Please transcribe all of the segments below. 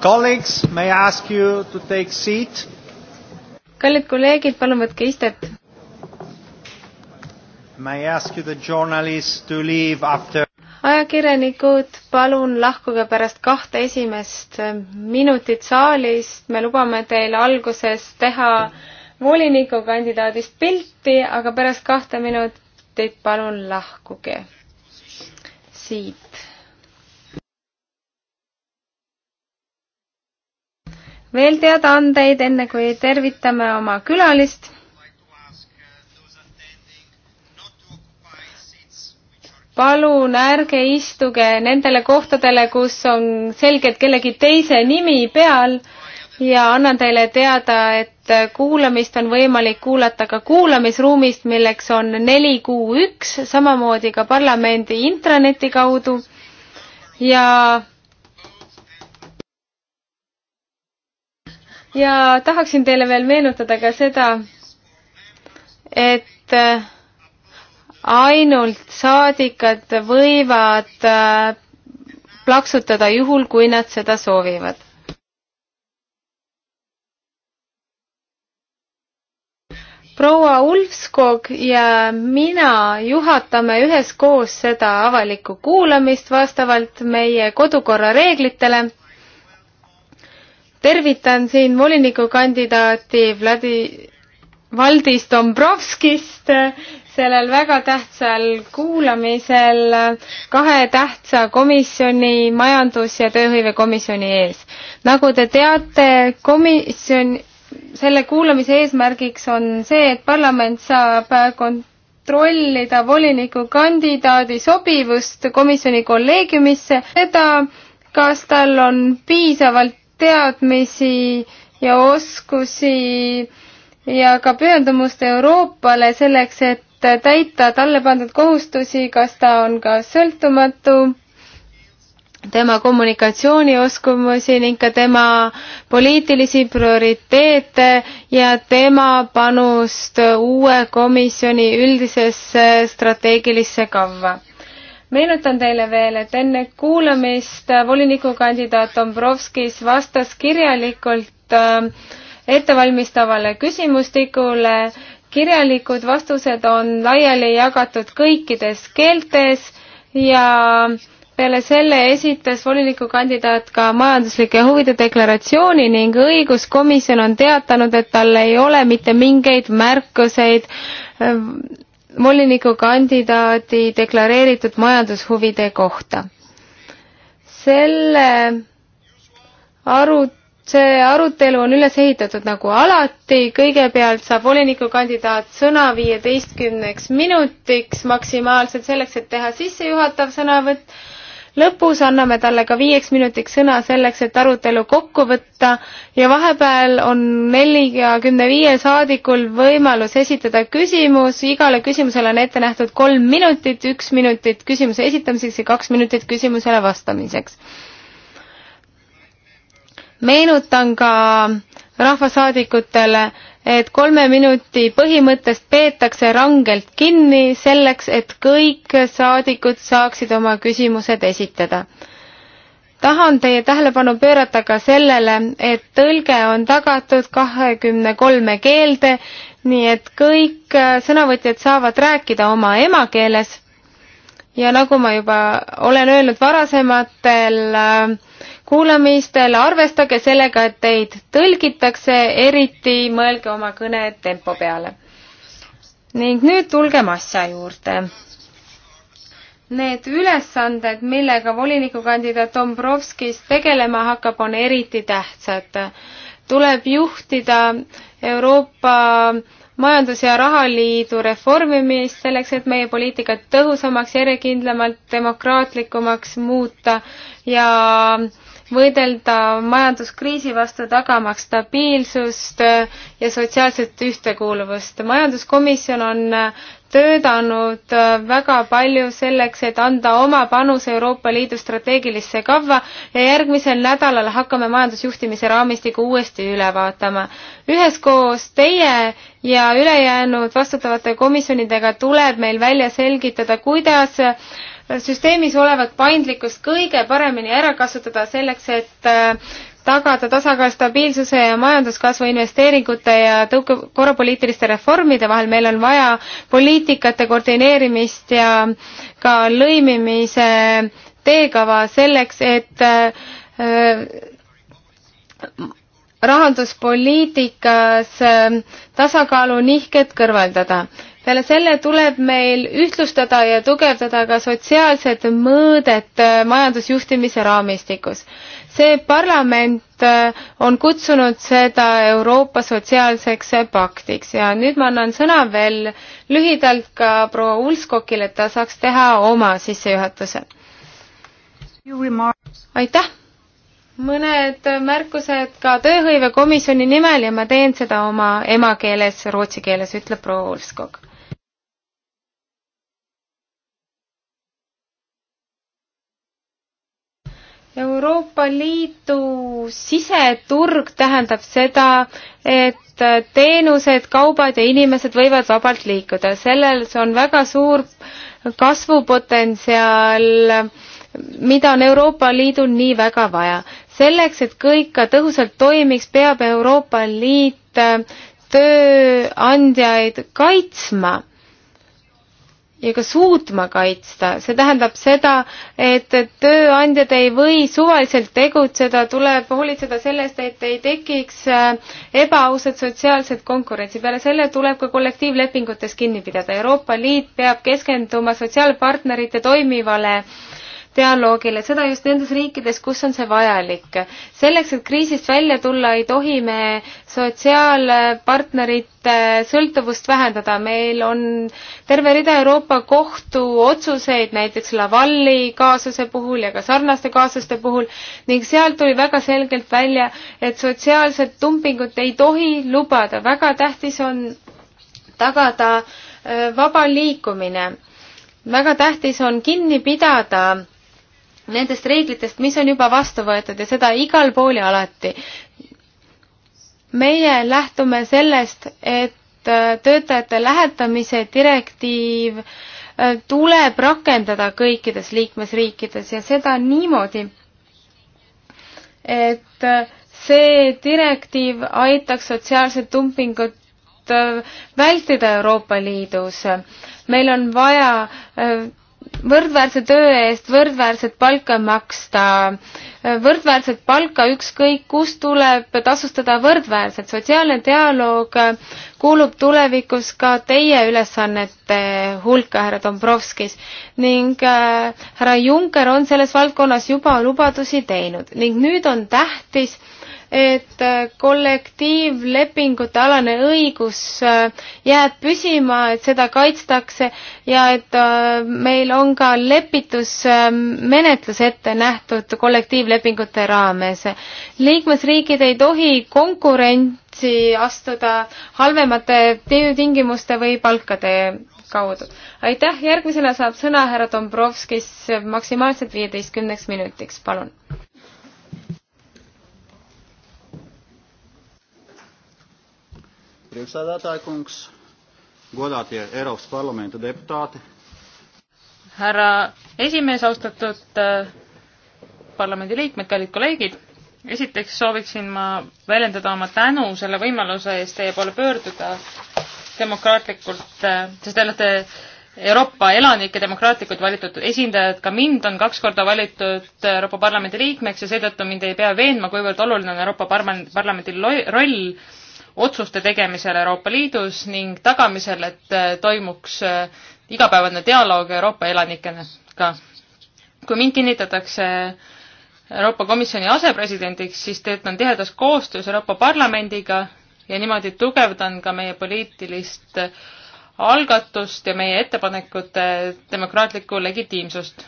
Colleagues, may I ask you to take seat? kallid kolleegid, palun võtke istet. May I ask you the journalists to leave after ajakirjanikud, palun lahkuge pärast kahte esimest minutit saalist, me lubame teil alguses teha volinikukandidaadist pilti, aga pärast kahte minutit palun lahkuge siit veel teadaandeid, enne kui tervitame oma külalist. palun ärge istuge nendele kohtadele, kus on selgelt kellegi teise nimi peal ja annan teile teada, et kuulamist on võimalik kuulata ka kuulamisruumist, milleks on neli kuu üks, samamoodi ka parlamendi intraneti kaudu ja ja tahaksin teile veel meenutada ka seda, et äh, ainult saadikad võivad äh, plaksutada juhul, kui nad seda soovivad. proua Ulfskog ja mina juhatame üheskoos seda avalikku kuulamist vastavalt meie kodukorra reeglitele tervitan siin volinikukandidaati Vladi-, Valdis Dombrovskist sellel väga tähtsal kuulamisel kahe tähtsa komisjoni, majandus- ja tööhõivekomisjoni ees. nagu te teate, komisjon, selle kuulamise eesmärgiks on see, et parlament saab kontrollida volinikukandidaadi sobivust komisjoni kolleegiumisse, seda, kas tal on piisavalt teadmisi ja oskusi ja ka pühendumust Euroopale selleks, et täita talle pandud kohustusi, kas ta on ka sõltumatu, tema kommunikatsioonioskusi ning ka tema poliitilisi prioriteete ja tema panust uue komisjoni üldisesse strateegilisse kavva meenutan teile veel, et enne kuulamist volinikukandidaat Dombrovskis vastas kirjalikult äh, ettevalmistavale küsimustikule. kirjalikud vastused on laiali jagatud kõikides keeltes ja peale selle esitas volinikukandidaat ka majanduslike huvide deklaratsiooni ning õiguskomisjon on teatanud, et tal ei ole mitte mingeid märkuseid äh, volinikukandidaadi deklareeritud majandushuvide kohta. selle aru-, see arutelu on üles ehitatud nagu alati, kõigepealt saab volinikukandidaat sõna viieteistkümneks minutiks maksimaalselt selleks, et teha sissejuhatav sõnavõtt lõpus anname talle ka viieks minutiks sõna selleks, et arutelu kokku võtta ja vahepeal on neljakümne viie saadikul võimalus esitada küsimus, igale küsimusele on ette nähtud kolm minutit, üks minutit küsimuse esitamiseks ja kaks minutit küsimusele vastamiseks. meenutan ka rahvasaadikutele, et kolme minuti põhimõttest peetakse rangelt kinni selleks, et kõik saadikud saaksid oma küsimused esitada. tahan teie tähelepanu pöörata ka sellele, et tõlge on tagatud kahekümne kolme keelde, nii et kõik sõnavõtjad saavad rääkida oma emakeeles ja nagu ma juba olen öelnud varasematel äh, kuulamistel, arvestage sellega, et teid tõlgitakse, eriti mõelge oma kõne tempo peale. ning nüüd tulgem asja juurde. Need ülesanded, millega volinikukandidaat Dombrovskis tegelema hakkab, on eriti tähtsad. tuleb juhtida Euroopa majandus- ja rahaliidu reformimist selleks, et meie poliitikat tõhusamaks, järjekindlamalt, demokraatlikumaks muuta ja äh, võidelda majanduskriisi vastu, tagamaks stabiilsust ja sotsiaalset ühtekuuluvust. majanduskomisjon on töötanud väga palju selleks, et anda oma panus Euroopa Liidu strateegilisse kavva ja järgmisel nädalal hakkame majandusjuhtimise raamistiku uuesti üle vaatama. üheskoos teie ja ülejäänud vastutavate komisjonidega tuleb meil välja selgitada, kuidas süsteemis olevat paindlikkust kõige paremini ära kasutada selleks, et äh, tagada tasakaal stabiilsuse ja majanduskasvu investeeringute ja tõuke, korrapoliitiliste reformide vahel, meil on vaja poliitikate koordineerimist ja ka lõimimise teekava selleks, et äh, rahanduspoliitikas äh, tasakaalunihked kõrvaldada peale selle tuleb meil ühtlustada ja tugevdada ka sotsiaalset mõõdet äh, majandusjuhtimise raamistikus. see parlament äh, on kutsunud seda Euroopa sotsiaalseks paktiks ja nüüd ma annan sõna veel lühidalt ka proua Ulskokile, et ta saaks teha oma sissejuhatuse. aitäh! mõned märkused ka tööhõivekomisjoni nimel ja ma teen seda oma emakeeles, rootsi keeles, ütleb proua Ulskog. Euroopa Liidu siseturg tähendab seda, et teenused, kaubad ja inimesed võivad vabalt liikuda. selles on väga suur kasvupotentsiaal, mida on Euroopa Liidul nii väga vaja. selleks, et kõik ka tõhusalt toimiks, peab Euroopa Liit tööandjaid kaitsma ja ka suutma kaitsta. see tähendab seda, et tööandjad ei või suvaliselt tegutseda, tuleb hoolitseda sellest, et ei tekiks äh, ebaausat sotsiaalset konkurentsi. peale selle tuleb ka kollektiivlepingutes kinni pidada. Euroopa Liit peab keskenduma sotsiaalpartnerite toimivale äh, dialoogile, seda just nendes riikides, kus on see vajalik. selleks, et kriisist välja tulla, ei tohi me sotsiaalpartnerite sõltuvust vähendada, meil on terve rida Euroopa Kohtu otsuseid, näiteks Lavalli kaasuse puhul ja ka sarnaste kaasuste puhul, ning seal tuli väga selgelt välja, et sotsiaalset dumpingut ei tohi lubada, väga tähtis on tagada äh, vaba liikumine väga tähtis on kinni pidada nendest reeglitest, mis on juba vastu võetud ja seda igal pool ja alati. meie lähtume sellest, et äh, töötajate lähetamise direktiiv äh, tuleb rakendada kõikides liikmesriikides ja seda niimoodi, et äh, see direktiiv aitaks sotsiaalset dumpingut vältida Euroopa Liidus. meil on vaja võrdväärse töö eest võrdväärset palka maksta, võrdväärset palka ükskõik kust tuleb tasustada võrdväärselt. sotsiaalne dialoog kuulub tulevikus ka teie ülesannete hulka, härra Dombrovskis, ning äh, härra Juncker on selles valdkonnas juba lubadusi teinud ning nüüd on tähtis, et äh, kollektiivlepingute alane õigus äh, jääb püsima, et seda kaitstakse ja et äh, meil on ka lepitusmenetlus ette nähtud kollektiivlepingute raames. liikmesriigid ei tohi konkurentsi astuda halvemate töötingimuste või palkade kaudu. aitäh, järgmisena saab sõna härra Dombrovskis maksimaalselt viieteistkümneks minutiks, palun. priekšsēdētāja kungs, godātie Eiropas parlamenta deputāti. härra esimees, austatud äh, parlamendiliikmed, kallid kolleegid, esiteks sooviksin ma väljendada oma tänu selle võimaluse eest teie poole pöörduda demokraatlikult, äh, sest te olete Euroopa elanike demokraatlikult valitud esindajad, ka mind on kaks korda valitud Euroopa Parlamendi liikmeks ja seetõttu mind ei pea veenma, kuivõrd oluline on Euroopa Parlamendi roll otsuste tegemisel Euroopa Liidus ning tagamisel, et äh, toimuks äh, igapäevane dialoog Euroopa elanikega. kui mind kinnitatakse äh, Euroopa Komisjoni asepresidendiks, siis töötan tihedas koostöös Euroopa Parlamendiga ja niimoodi tugevdan ka meie poliitilist algatust ja meie ettepanekute demokraatlikku legitiimsust.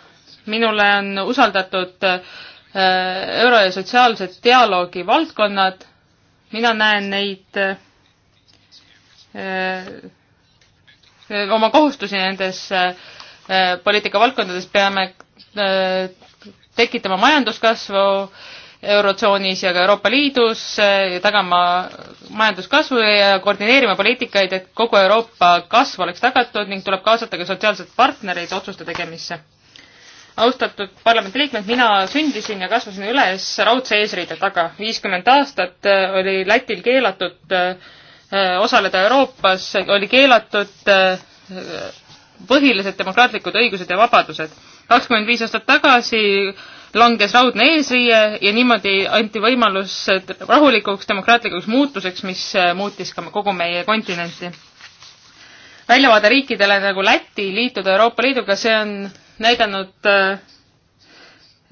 minule on usaldatud euro- ja sotsiaalse dialoogi valdkonnad mina näen neid äh, äh, oma kohustusi nendes äh, poliitikavaldkondades peame tekitama majanduskasvu Eurotsoonis ja ka Euroopa Liidus ja tagama majanduskasvu ja koordineerima poliitikaid, et kogu Euroopa kasv oleks tagatud ning tuleb kaasata ka sotsiaalsed partnerid otsuste tegemisse austatud parlamendiliikmed, mina sündisin ja kasvasin üles raudse eesriide taga. viiskümmend aastat äh, oli Lätil keelatud äh, osaleda Euroopas, oli keelatud äh, põhilised demokraatlikud õigused ja vabadused. kakskümmend viis aastat tagasi langes raudne eesriie ja niimoodi anti võimalus rahulikuks demokraatlikuks muutuseks, mis muutis ka kogu meie kontinenti. väljavaade riikidele nagu Läti liituda Euroopa Liiduga, see on näidanud äh,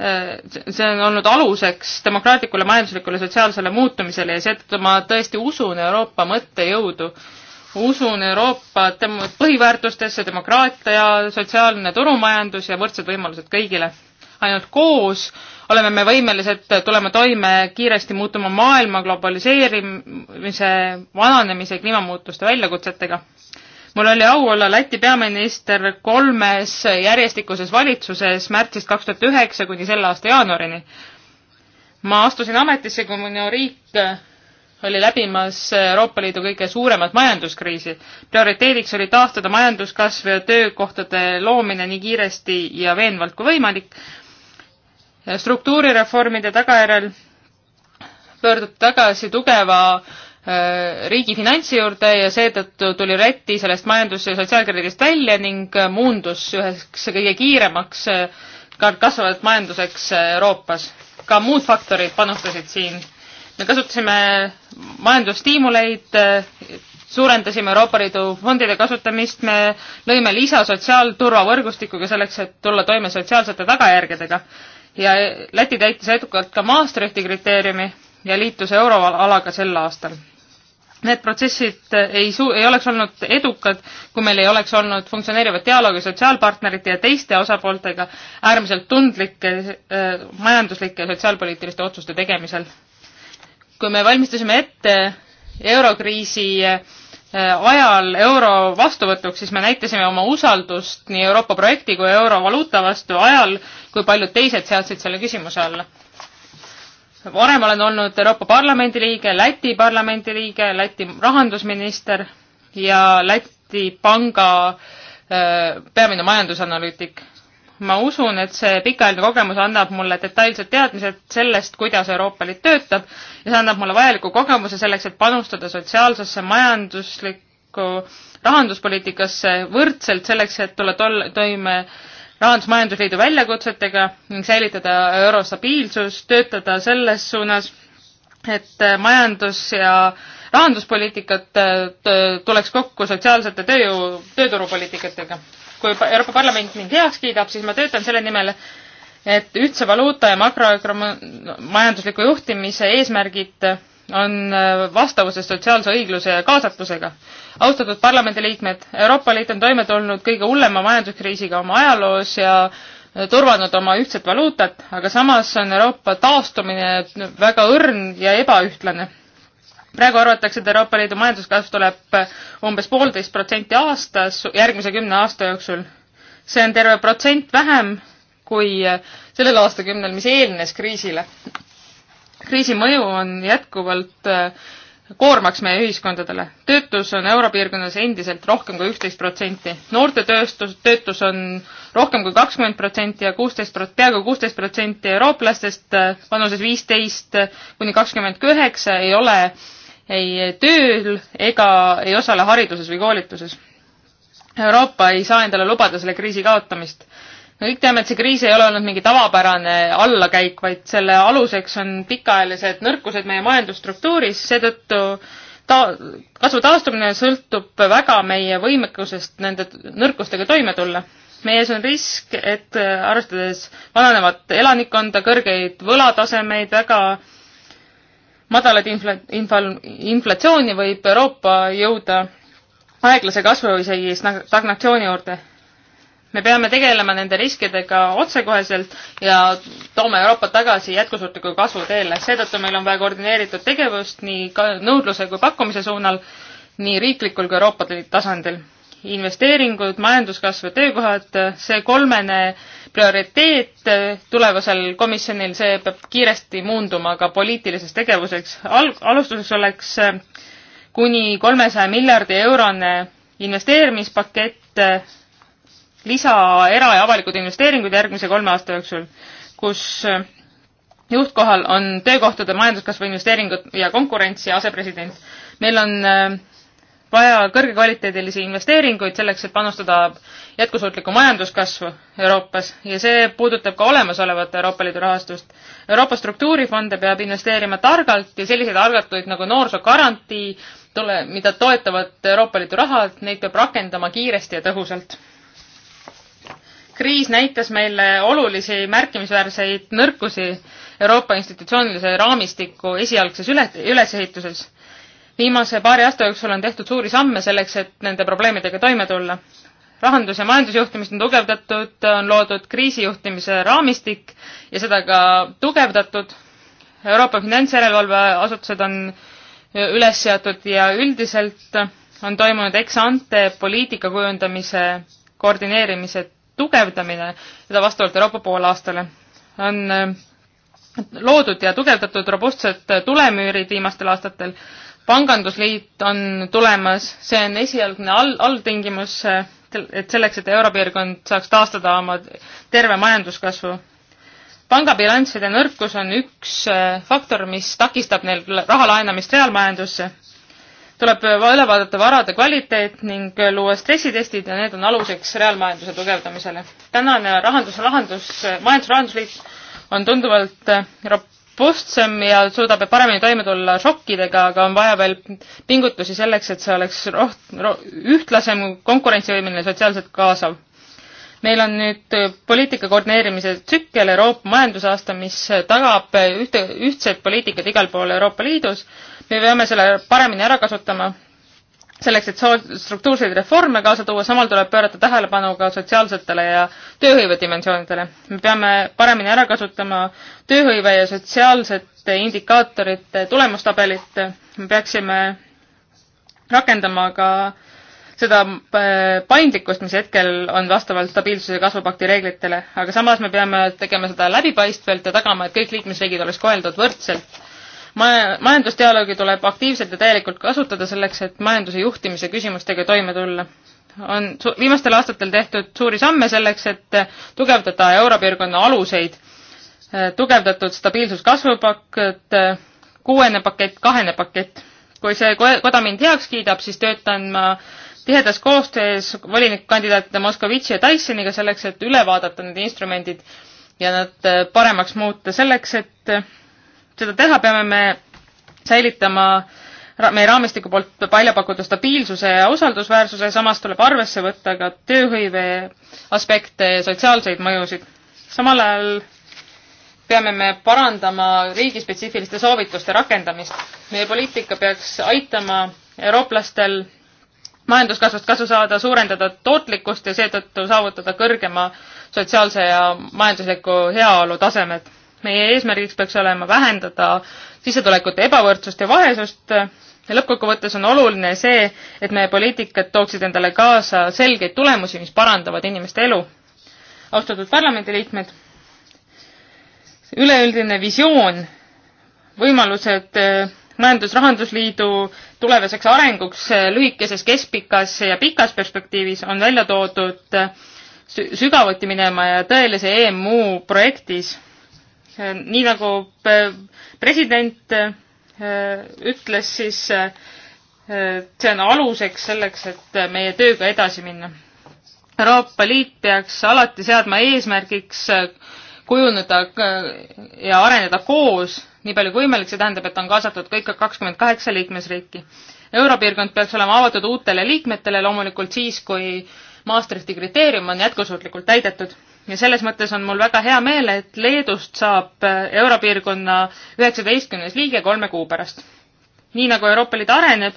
äh, see on olnud aluseks demokraatlikule, majanduslikule, sotsiaalsele muutumisele ja seetõttu ma tõesti usun Euroopa mõttejõudu. usun Euroopa dem-, põhiväärtustesse, demokraatia, sotsiaalne turumajandus ja võrdsed võimalused kõigile. ainult koos oleme me võimelised tulema toime kiiresti muutuma maailma globaliseerimise, vananemise, kliimamuutuste väljakutsetega mul oli au olla Läti peaminister kolmes järjestikuses valitsuses märtsist kaks tuhat üheksa kuni selle aasta jaanuarini. ma astusin ametisse, kui minu riik oli läbimas Euroopa Liidu kõige suuremat majanduskriisi. prioriteediks oli taastada majanduskasv ja töökohtade loomine nii kiiresti ja veenvalt kui võimalik. struktuurireformide tagajärjel pöördub tagasi tugeva Äh, riigi finantsi juurde ja seetõttu tuli Läti sellest majandus- ja sotsiaalkriisist välja ning äh, muundus üheks kõige kiiremaks äh, kasvavalt majanduseks Euroopas. ka muud faktorid panustasid siin. me kasutasime majandusstiimuleid, suurendasime Euroopa Liidu fondide kasutamist, me lõime lisa sotsiaalturvavõrgustikuga selleks, et tulla toime sotsiaalsete tagajärgedega. ja Läti täitis edukalt ka Maastrichti kriteeriumi ja liitus euroalaga sel aastal need protsessid äh, ei suu-, ei oleks olnud edukad, kui meil ei oleks olnud funktsioneerivat dialoogi sotsiaalpartnerite ja teiste osapooltega äärmiselt tundlike äh, majanduslike ja sotsiaalpoliitiliste otsuste tegemisel. kui me valmistasime ette eurokriisi äh, ajal euro vastuvõtuks, siis me näitasime oma usaldust nii Euroopa projekti kui eurovaluuta vastu ajal, kui paljud teised seadsid selle küsimuse alla varem olen olnud Euroopa Parlamendi liige, Läti parlamendi liige, Läti rahandusminister ja Läti panga äh, peamine majandusanalüütik. ma usun, et see pikaajaline kogemus annab mulle detailsed teadmised sellest, kuidas Euroopa Liit töötab ja see annab mulle vajaliku kogemuse selleks, et panustada sotsiaalsesse, majanduslikku, rahanduspoliitikasse võrdselt selleks, et tulla tol-, toime rahandusmajandusliidu väljakutsetega ning säilitada euro stabiilsus, töötada selles suunas, et majandus ja rahanduspoliitikat äh, tuleks kokku sotsiaalsete tööjõu, tööturupoliitikatega. kui Euroopa Parlament mind heaks kiidab, siis ma töötan selle nimel, et ühtse valuuta ja makromajandusliku juhtimise eesmärgid on äh, vastavuses sotsiaalse õigluse ja kaasatusega. austatud parlamendiliikmed, Euroopa Liit on toime tulnud kõige hullema majanduskriisiga oma ajaloos ja äh, turvanud oma ühtset valuutat, aga samas on Euroopa taastumine väga õrn ja ebaühtlane. praegu arvatakse, et Euroopa Liidu majanduskasv tuleb äh, umbes poolteist protsenti aastas järgmise kümne aasta jooksul. see on terve protsent vähem kui sellel aastakümnel, mis eelnes kriisile kriisi mõju on jätkuvalt äh, koormaks meie ühiskondadele. töötus on Europiirkonnas endiselt rohkem kui üksteist protsenti. noorte tööstus, töötus on rohkem kui kakskümmend protsenti ja kuusteist prot-, peaaegu kuusteist protsenti eurooplastest vanuses äh, viisteist äh, kuni kakskümmend kaheksa ei ole ei tööl ega ei osale hariduses või koolituses. Euroopa ei saa endale lubada selle kriisi kaotamist me kõik teame, et see kriis ei ole olnud mingi tavapärane allakäik, vaid selle aluseks on pikaajalised nõrkused meie majandusstruktuuris, seetõttu ta-, kasvu taastumine sõltub väga meie võimekusest nende nõrkustega toime tulla. meie ees on risk, et arvestades vananevat elanikkonda, kõrgeid võlatasemeid, väga madalat infla-, infla-, inflatsiooni võib Euroopa jõuda aeglase kasvu või isegi stagnatsiooni juurde me peame tegelema nende riskidega otsekoheselt ja toome Euroopat tagasi jätkusuutliku kasvu teele. seetõttu meil on vaja koordineeritud tegevust nii nõudluse kui pakkumise suunal, nii riiklikul kui Euroopa tasandil. investeeringud, majanduskasv ja töökohad, see kolmene prioriteet tulevasel komisjonil, see peab kiiresti muunduma ka poliitiliseks tegevuseks. Al-, alustuseks oleks kuni kolmesaja miljardi eurone investeerimispakett lisa era- ja avalikud investeeringud järgmise kolme aasta jooksul, kus äh, juhtkohal on töökohtade majanduskasvu investeeringud ja konkurentsi asepresident. meil on äh, vaja kõrgekvaliteedilisi investeeringuid selleks, et panustada jätkusuutlikku majanduskasvu Euroopas ja see puudutab ka olemasolevat Euroopa Liidu rahastust. Euroopa struktuurifonde peab investeerima targalt ja selliseid algatuid nagu noorsoogarantii, tule, mida toetavad Euroopa Liidu rahad, neid peab rakendama kiiresti ja tõhusalt kriis näitas meile olulisi märkimisväärseid nõrkusi Euroopa institutsioonilise raamistiku esialgses üle, ülesehituses. viimase paari aasta jooksul on tehtud suuri samme selleks, et nende probleemidega toime tulla. rahandus- ja majandusjuhtimist on tugevdatud, on loodud kriisijuhtimise raamistik ja seda ka tugevdatud. Euroopa finantsjärelevalveasutused on üles seatud ja üldiselt on toimunud ex-ante poliitika kujundamise koordineerimise tugevdamine, seda vastavalt Euroopa poolaastale, on äh, loodud ja tugevdatud robustsed äh, tulemüürid viimastel aastatel. pangandusliit on tulemas, see on esialgne all, alltingimus, äh, et selleks, et europiirkond saaks taastada oma terve majanduskasvu. pangabilansside nõrkus on üks faktor, mis takistab neil raha laenamist reaalmajandusse tuleb üle vaadata varade kvaliteet ning luua stressitestid ja need on aluseks reaalmajanduse tugevdamisele. tänane rahandus, rahandus, majandus-rahandusliit on tunduvalt äh, robustsem ja suudab paremini toime tulla šokkidega, aga on vaja veel pingutusi selleks, et see oleks roht- ro,, ühtlasem, konkurentsivõimeline, sotsiaalselt kaasav meil on nüüd äh, poliitika koordineerimise tsükkel Euroopa majandusaasta, mis äh, tagab äh, ühte, ühtset poliitikat igal pool Euroopa Liidus. me peame selle paremini ära kasutama selleks, et struktuurseid reforme kaasa tuua, samal tuleb pöörata tähelepanu ka sotsiaalsetele ja tööhõive dimensioonidele. me peame paremini ära kasutama tööhõive ja sotsiaalsete indikaatorite tulemustabelit, me peaksime rakendama ka äh, seda äh, paindlikkust, mis hetkel on vastavalt stabiilsuse kasvupakti reeglitele, aga samas me peame tegema seda läbipaistvalt ja tagama, et kõik liikmesriigid oleks koheldud võrdselt. Maja, majandusdialoogi tuleb aktiivselt ja täielikult kasutada selleks, et majanduse juhtimise küsimustega toime tulla. on su-, viimastel aastatel tehtud suuri samme selleks, et tugevdada europiirkonna aluseid, äh, tugevdatud stabiilsuskasvupakett, äh, kuuene pakett, kahene pakett kui see koda mind heaks kiidab, siis töötan ma tihedas koostöös volinikukandidaatide Moskovitši ja Tysoniga selleks, et üle vaadata need instrumendid ja nad äh, paremaks muuta. selleks, et äh, seda teha, peame me säilitama meie raamistiku poolt välja pakutud stabiilsuse ja usaldusväärsuse, samas tuleb arvesse võtta ka tööhõive aspekte ja sotsiaalseid mõjusid. samal ajal peame me parandama riigispetsiifiliste soovituste rakendamist. meie poliitika peaks aitama eurooplastel majanduskasvust kasu saada, suurendada tootlikkust ja seetõttu saavutada kõrgema sotsiaalse ja majandusliku heaolu tasemed. meie eesmärgiks peaks olema vähendada sissetulekute ebavõrdsust ja vaesust ja lõppkokkuvõttes on oluline see, et meie poliitikad tooksid endale kaasa selgeid tulemusi, mis parandavad inimeste elu. austatud parlamendiliikmed, üleüldine visioon, võimalused eh, majandus-rahandusliidu tulevaseks arenguks eh, lühikeses, keskpikas ja pikas perspektiivis on välja toodud eh, sügavuti minema ja tõelise EMU projektis. Eh, nii nagu president ütles, siis see on aluseks selleks, et meie tööga edasi minna. Euroopa Liit peaks alati seadma eesmärgiks kujuneda ja areneda koos nii palju kui võimalik, see tähendab, et on kaasatud kõik kakskümmend kaheksa liikmesriiki. europiirkond peaks olema avatud uutele liikmetele loomulikult siis, kui Maastrichti kriteerium on jätkusuutlikult täidetud ja selles mõttes on mul väga hea meel, et Leedust saab äh, europiirkonna üheksateistkümnes liige kolme kuu pärast. nii nagu Euroopa Liit areneb,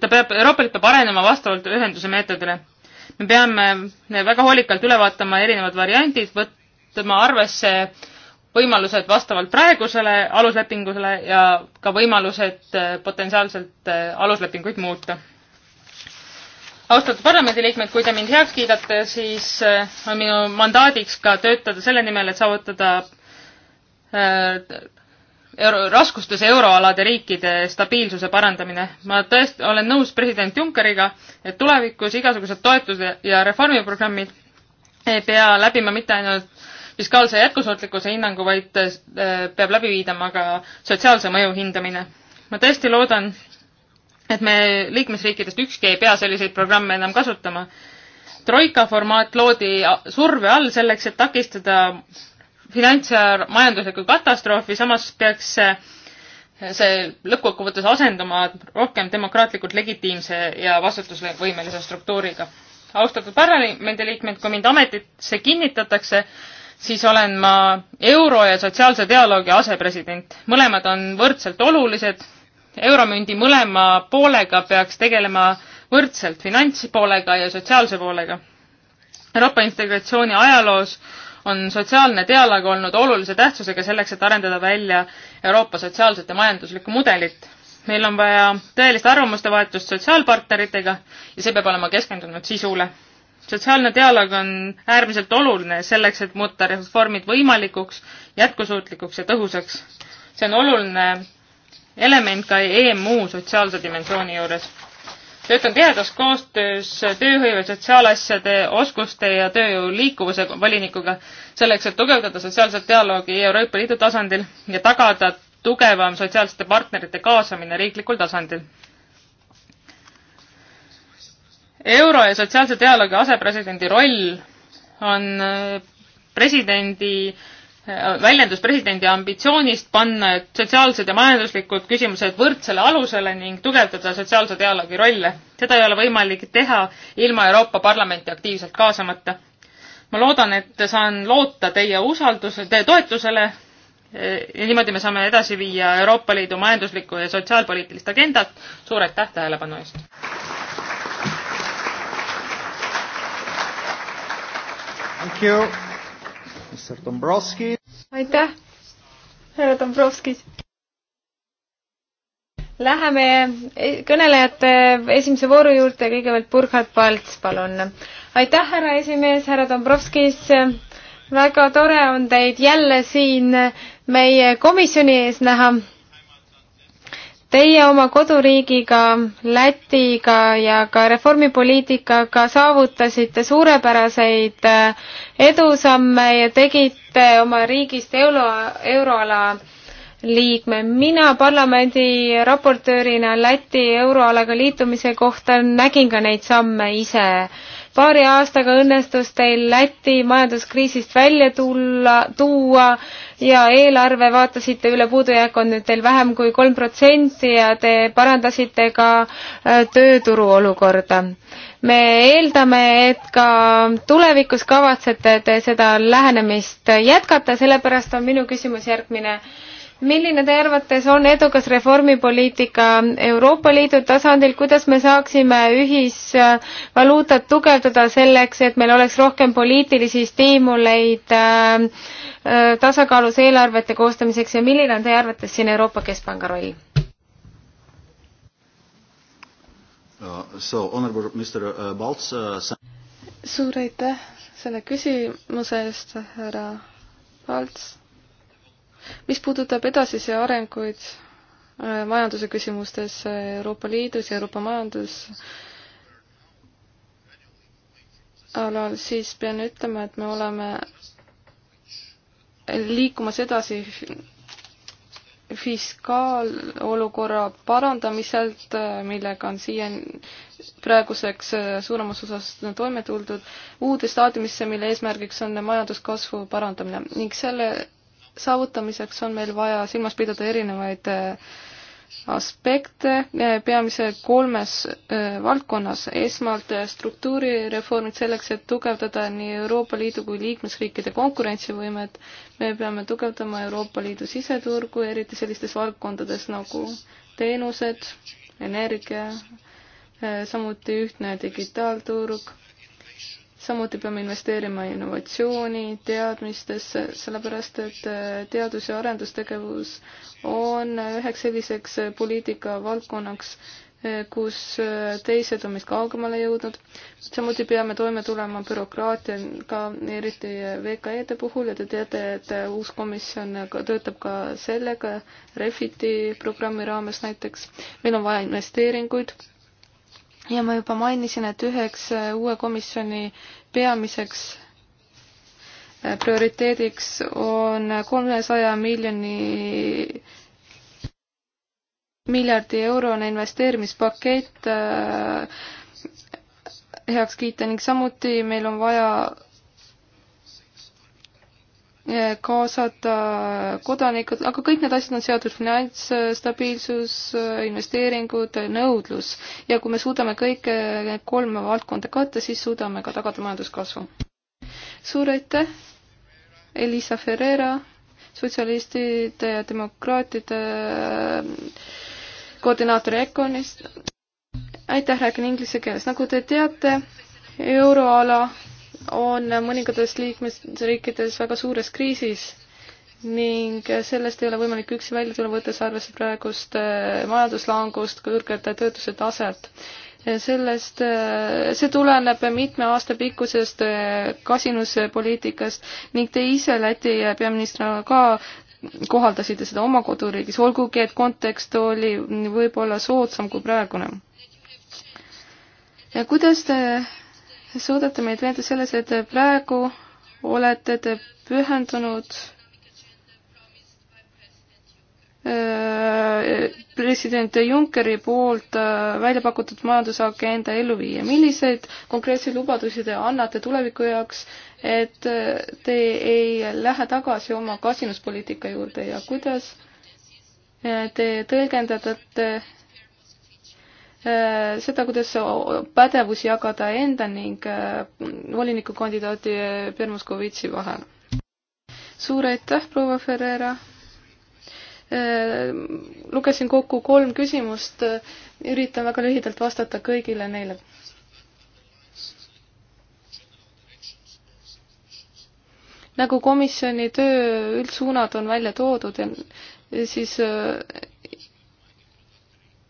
ta peab, Euroopa Liit peab arenema vastavalt ühenduse meetodile. me peame väga hoolikalt üle vaatama erinevad variandid, võt-, võtma arvesse võimalused vastavalt praegusele aluslepingule ja ka võimalused äh, potentsiaalselt äh, aluslepinguid muuta. austatud parlamendiliikmed, kui te mind heaks kiidate, siis äh, on minu mandaadiks ka töötada selle nimel, et saavutada euro, raskustes euroalade riikide stabiilsuse parandamine. ma tõesti olen nõus president Junckeriga, et tulevikus igasugused toetused ja reformiprogrammid ei pea läbima mitte ainult fiskaalse jätkusuutlikkuse hinnangu, vaid äh, peab läbi viidama ka sotsiaalse mõju hindamine. ma tõesti loodan, et me liikmesriikidest ükski ei pea selliseid programme enam kasutama. troika formaat loodi surve all selleks, et takistada finants- ja majanduslikku katastroofi, samas peaks see lõppkokkuvõttes asenduma rohkem demokraatlikult legitiimse ja vastutusvõimelise struktuuriga. austatud parlamendiliikmed, kui mind ametisse kinnitatakse, siis olen ma euro ja sotsiaalse dialoogi asepresident. mõlemad on võrdselt olulised. euromündi mõlema poolega peaks tegelema võrdselt finantspoolega ja sotsiaalse poolega. Euroopa integratsiooni ajaloos on sotsiaalne dialoog olnud olulise tähtsusega selleks, et arendada välja Euroopa sotsiaalset ja majanduslikku mudelit. meil on vaja tõelist arvamuste vahetust sotsiaalpartneritega ja see peab olema keskendunud sisule sotsiaalne dialoog on äärmiselt oluline selleks, et muuta reformid võimalikuks, jätkusuutlikuks ja tõhusaks. see on oluline element ka EMU sotsiaalse dimensiooni juures. töötan tihedas koostöös tööhõive sotsiaalasjade, oskuste ja tööjõu liikuvuse volinikuga selleks, et tugevdada sotsiaalset dialoogi Euroopa Liidu tasandil ja tagada tugevam sotsiaalsete partnerite kaasamine riiklikul tasandil euro ja sotsiaalse dialoogi asepresidendi roll on äh, presidendi äh, väljendus presidendi ambitsioonist panna sotsiaalsed ja majanduslikud küsimused võrdsele alusele ning tugevdada sotsiaalse dialoogi rolle. seda ei ole võimalik teha ilma Euroopa Parlamenti aktiivselt kaasamata. ma loodan, et saan loota teie usalduse, teie toetusele ja äh, niimoodi me saame edasi viia Euroopa Liidu majanduslikku ja sotsiaalpoliitilist agendat. suur aitäh tähelepanu eest! aitäh, härra Dombrovskis. Läheme kõnelejate esimese vooru juurde, kõigepealt Burkhard Palts, palun. aitäh, härra esimees, härra Dombrovskis. väga tore on teid jälle siin meie komisjoni ees näha Teie oma koduriigiga, Lätiga ja ka reformipoliitikaga saavutasite suurepäraseid äh, edusamme ja tegite oma riigist euro, euroala liikme. mina parlamendi raportöörina Läti euroalaga liitumise kohta nägin ka neid samme ise. paari aastaga õnnestus teil Läti majanduskriisist välja tulla, tuua ja eelarve vaatasite üle, puudujääk on nüüd teil vähem kui kolm protsenti ja te parandasite ka äh, tööturu olukorda. me eeldame, et ka tulevikus kavatsete te seda lähenemist jätkata, sellepärast on minu küsimus järgmine milline teie arvates on edukas reformipoliitika Euroopa Liidu tasandil, kuidas me saaksime ühisvaluutat tugevdada selleks, et meil oleks rohkem poliitilisi stiimuleid äh, äh tasakaalus eelarvete koostamiseks ja milline on teie arvates siin Euroopa Keskpanga roll uh,? Uh, uh suur aitäh selle küsimuse eest, härra Palts mis puudutab edasisi arenguid äh, majanduse küsimustes äh, Euroopa Liidus ja Euroopa majandusalal, siis pean ütlema, et me oleme liikumas edasi fiskaalolukorra parandamiselt, äh, millega on siiani praeguseks suuremas osas toime tuldud, uude staadiumisse, mille eesmärgiks on majanduskasvu parandamine ning selle saavutamiseks on meil vaja silmas pidada erinevaid äh, aspekte äh, peamise kolmes äh, valdkonnas. esmalt struktuurireformid selleks, et tugevdada nii Euroopa Liidu kui liikmesriikide konkurentsivõimet. me peame tugevdama Euroopa Liidu siseturgu, eriti sellistes valdkondades nagu teenused, energia, samuti ühtne digitaalturg samuti peame investeerima innovatsiooni, teadmistesse, sellepärast et eh, teadus- ja arendustegevus on üheks selliseks eh, poliitikavaldkonnaks, eh, kus teised on meist kaugemale jõudnud. samuti peame toime tulema bürokraatiaga, eriti VKE-de puhul ja te teate, et uus komisjon töötab ka sellega, Refiti programmi raames näiteks. meil on vaja investeeringuid ja ma juba mainisin, et üheks äh, uue komisjoni peamiseks äh, prioriteediks on kolmesaja miljoni, miljardi eurone investeerimispakett äh, heaks kiita ning samuti meil on vaja kaasata kodanikud, aga kõik need asjad on seotud finantsstabiilsus, investeeringud, nõudlus. ja kui me suudame kõik need kolm valdkonda katta, siis suudame ka tagada majanduskasvu. suur aitäh, Elisa Ferreira, sotsialistide ja demokraatide ähm, koordinaator EKONist. aitäh, räägin inglise keeles. nagu te teate, euroala on mõningates liikmesriikides väga suures kriisis ning sellest ei ole võimalik üksi välja tulla, võttes arvesse praegust eh, majanduslangust, kõrget töötuse taset. sellest, eh, see tuleneb mitme aasta pikkusest eh, kasinuspoliitikast ning te ise Läti peaministrina ka kohaldasite seda oma koduriigis, olgugi et kontekst oli võib-olla soodsam kui praegune. kuidas te suudate meid veenda selles, et praegu olete te pühendunud äh, president Junckeri poolt äh, välja pakutud majandusagenda ellu viia. milliseid konkreetseid lubadusi te annate tuleviku jaoks, et äh, te ei lähe tagasi oma kasinuspoliitika juurde ja kuidas te tõlgendate Äh, seda, kuidas pädevusi jagada enda ning äh, volinikukandidaadi äh, Bermuskovitši vahel. suur aitäh, proua Ferreira! lugesin kokku kolm küsimust, üritan väga lühidalt vastata kõigile neile. nagu komisjoni töö üldsuunad on välja toodud, siis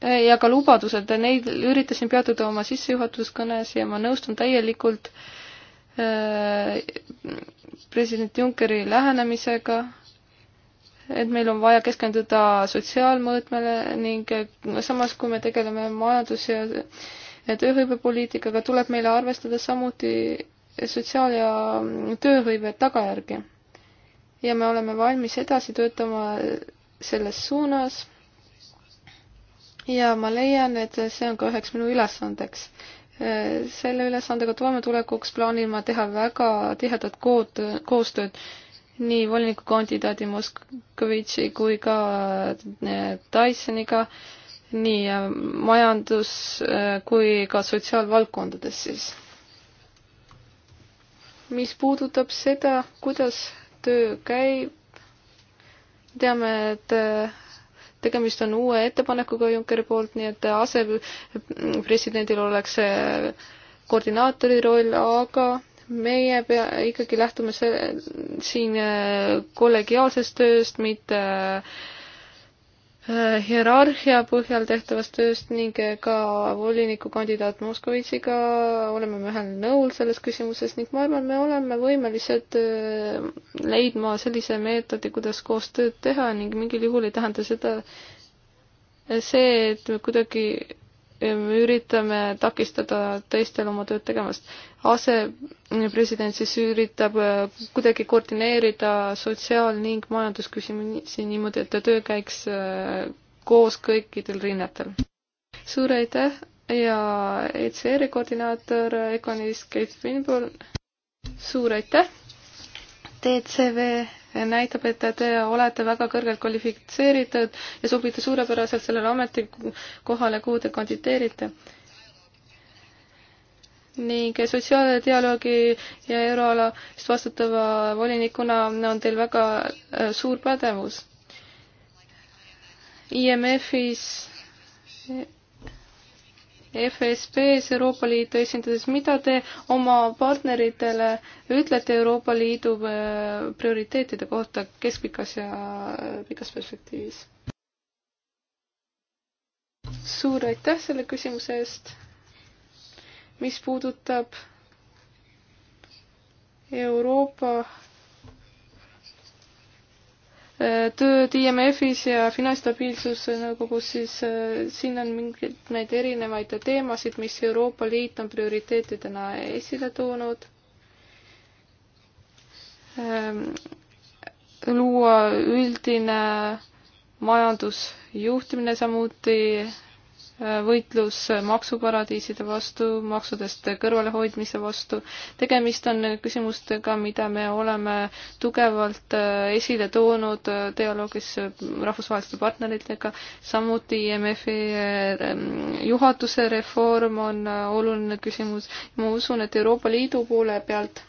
ja ka lubadused, neid üritasin peatuda oma sissejuhatuskõnes ja ma nõustun täielikult äh, president Junckeri lähenemisega, et meil on vaja keskenduda sotsiaalmõõtmele ning äh, samas, kui me tegeleme majandus- ja, ja tööhõivepoliitikaga, tuleb meile arvestada samuti sotsiaal- ja mm, tööhõive tagajärgi. ja me oleme valmis edasi töötama selles suunas ja ma leian, et see on ka üheks minu ülesandeks. Äh, selle ülesandega toimetulekuks plaanin ma teha väga tihedat kood, koostööd nii volinikukandidaadi Moskvitši kui ka Dysoniga, äh, nii äh, majandus kui ka sotsiaalvaldkondades siis. mis puudutab seda, kuidas töö käib, teame, et tegemist on uue ettepanekuga Junckeri poolt, nii et asepresidendil oleks koordinaatori roll, aga meie pea, ikkagi lähtume see, siin kollegiaalsest tööst, mitte äh, Äh, hierarhia põhjal tehtavast tööst ning äh, ka volinikukandidaat Moskovitšiga oleme me ühel nõul selles küsimuses ning ma arvan, me oleme võimelised äh, leidma sellise meetodi, kuidas koos tööd teha ning mingil juhul ei tähenda seda see, et me kuidagi me üritame takistada teistel oma tööd tegemast asepresident siis üritab äh, kuidagi koordineerida sotsiaal- ning majandusküsimusi niimoodi, et töö käiks äh, koos kõikidel rinnetel. suur aitäh ja ECR-i koordinaator Econis Kate Finborn, suur aitäh! DCV näitab, et te olete väga kõrgelt kvalifitseeritud ja sobite suurepäraselt sellele ametikohale, kuhu te kandideerite ning sotsiaaldialoogi ja euroala eest vastutava volinikuna on teil väga äh, suur pädevus. IMF-is, FSB-s, Euroopa Liitu esindades, mida te oma partneritele ütlete Euroopa Liidu äh, prioriteetide kohta keskpikas ja äh, pikas perspektiivis? suur aitäh selle küsimuse eest mis puudutab Euroopa äh, tööd IMF-is ja Finantsstabiilsusnõukogus, siis äh, siin on mingeid neid erinevaid teemasid, mis Euroopa Liit on prioriteetidena esile toonud. Ähm, luua üldine majandusjuhtimine, samuti võitlus maksuparadiiside vastu, maksudest kõrvalehoidmise vastu. tegemist on küsimustega, mida me oleme tugevalt äh, esile toonud äh, dialoogis äh, rahvusvaheliste partneritega, samuti IMF-i ähm, juhatuse reform on oluline küsimus. ma usun, et Euroopa Liidu poole pealt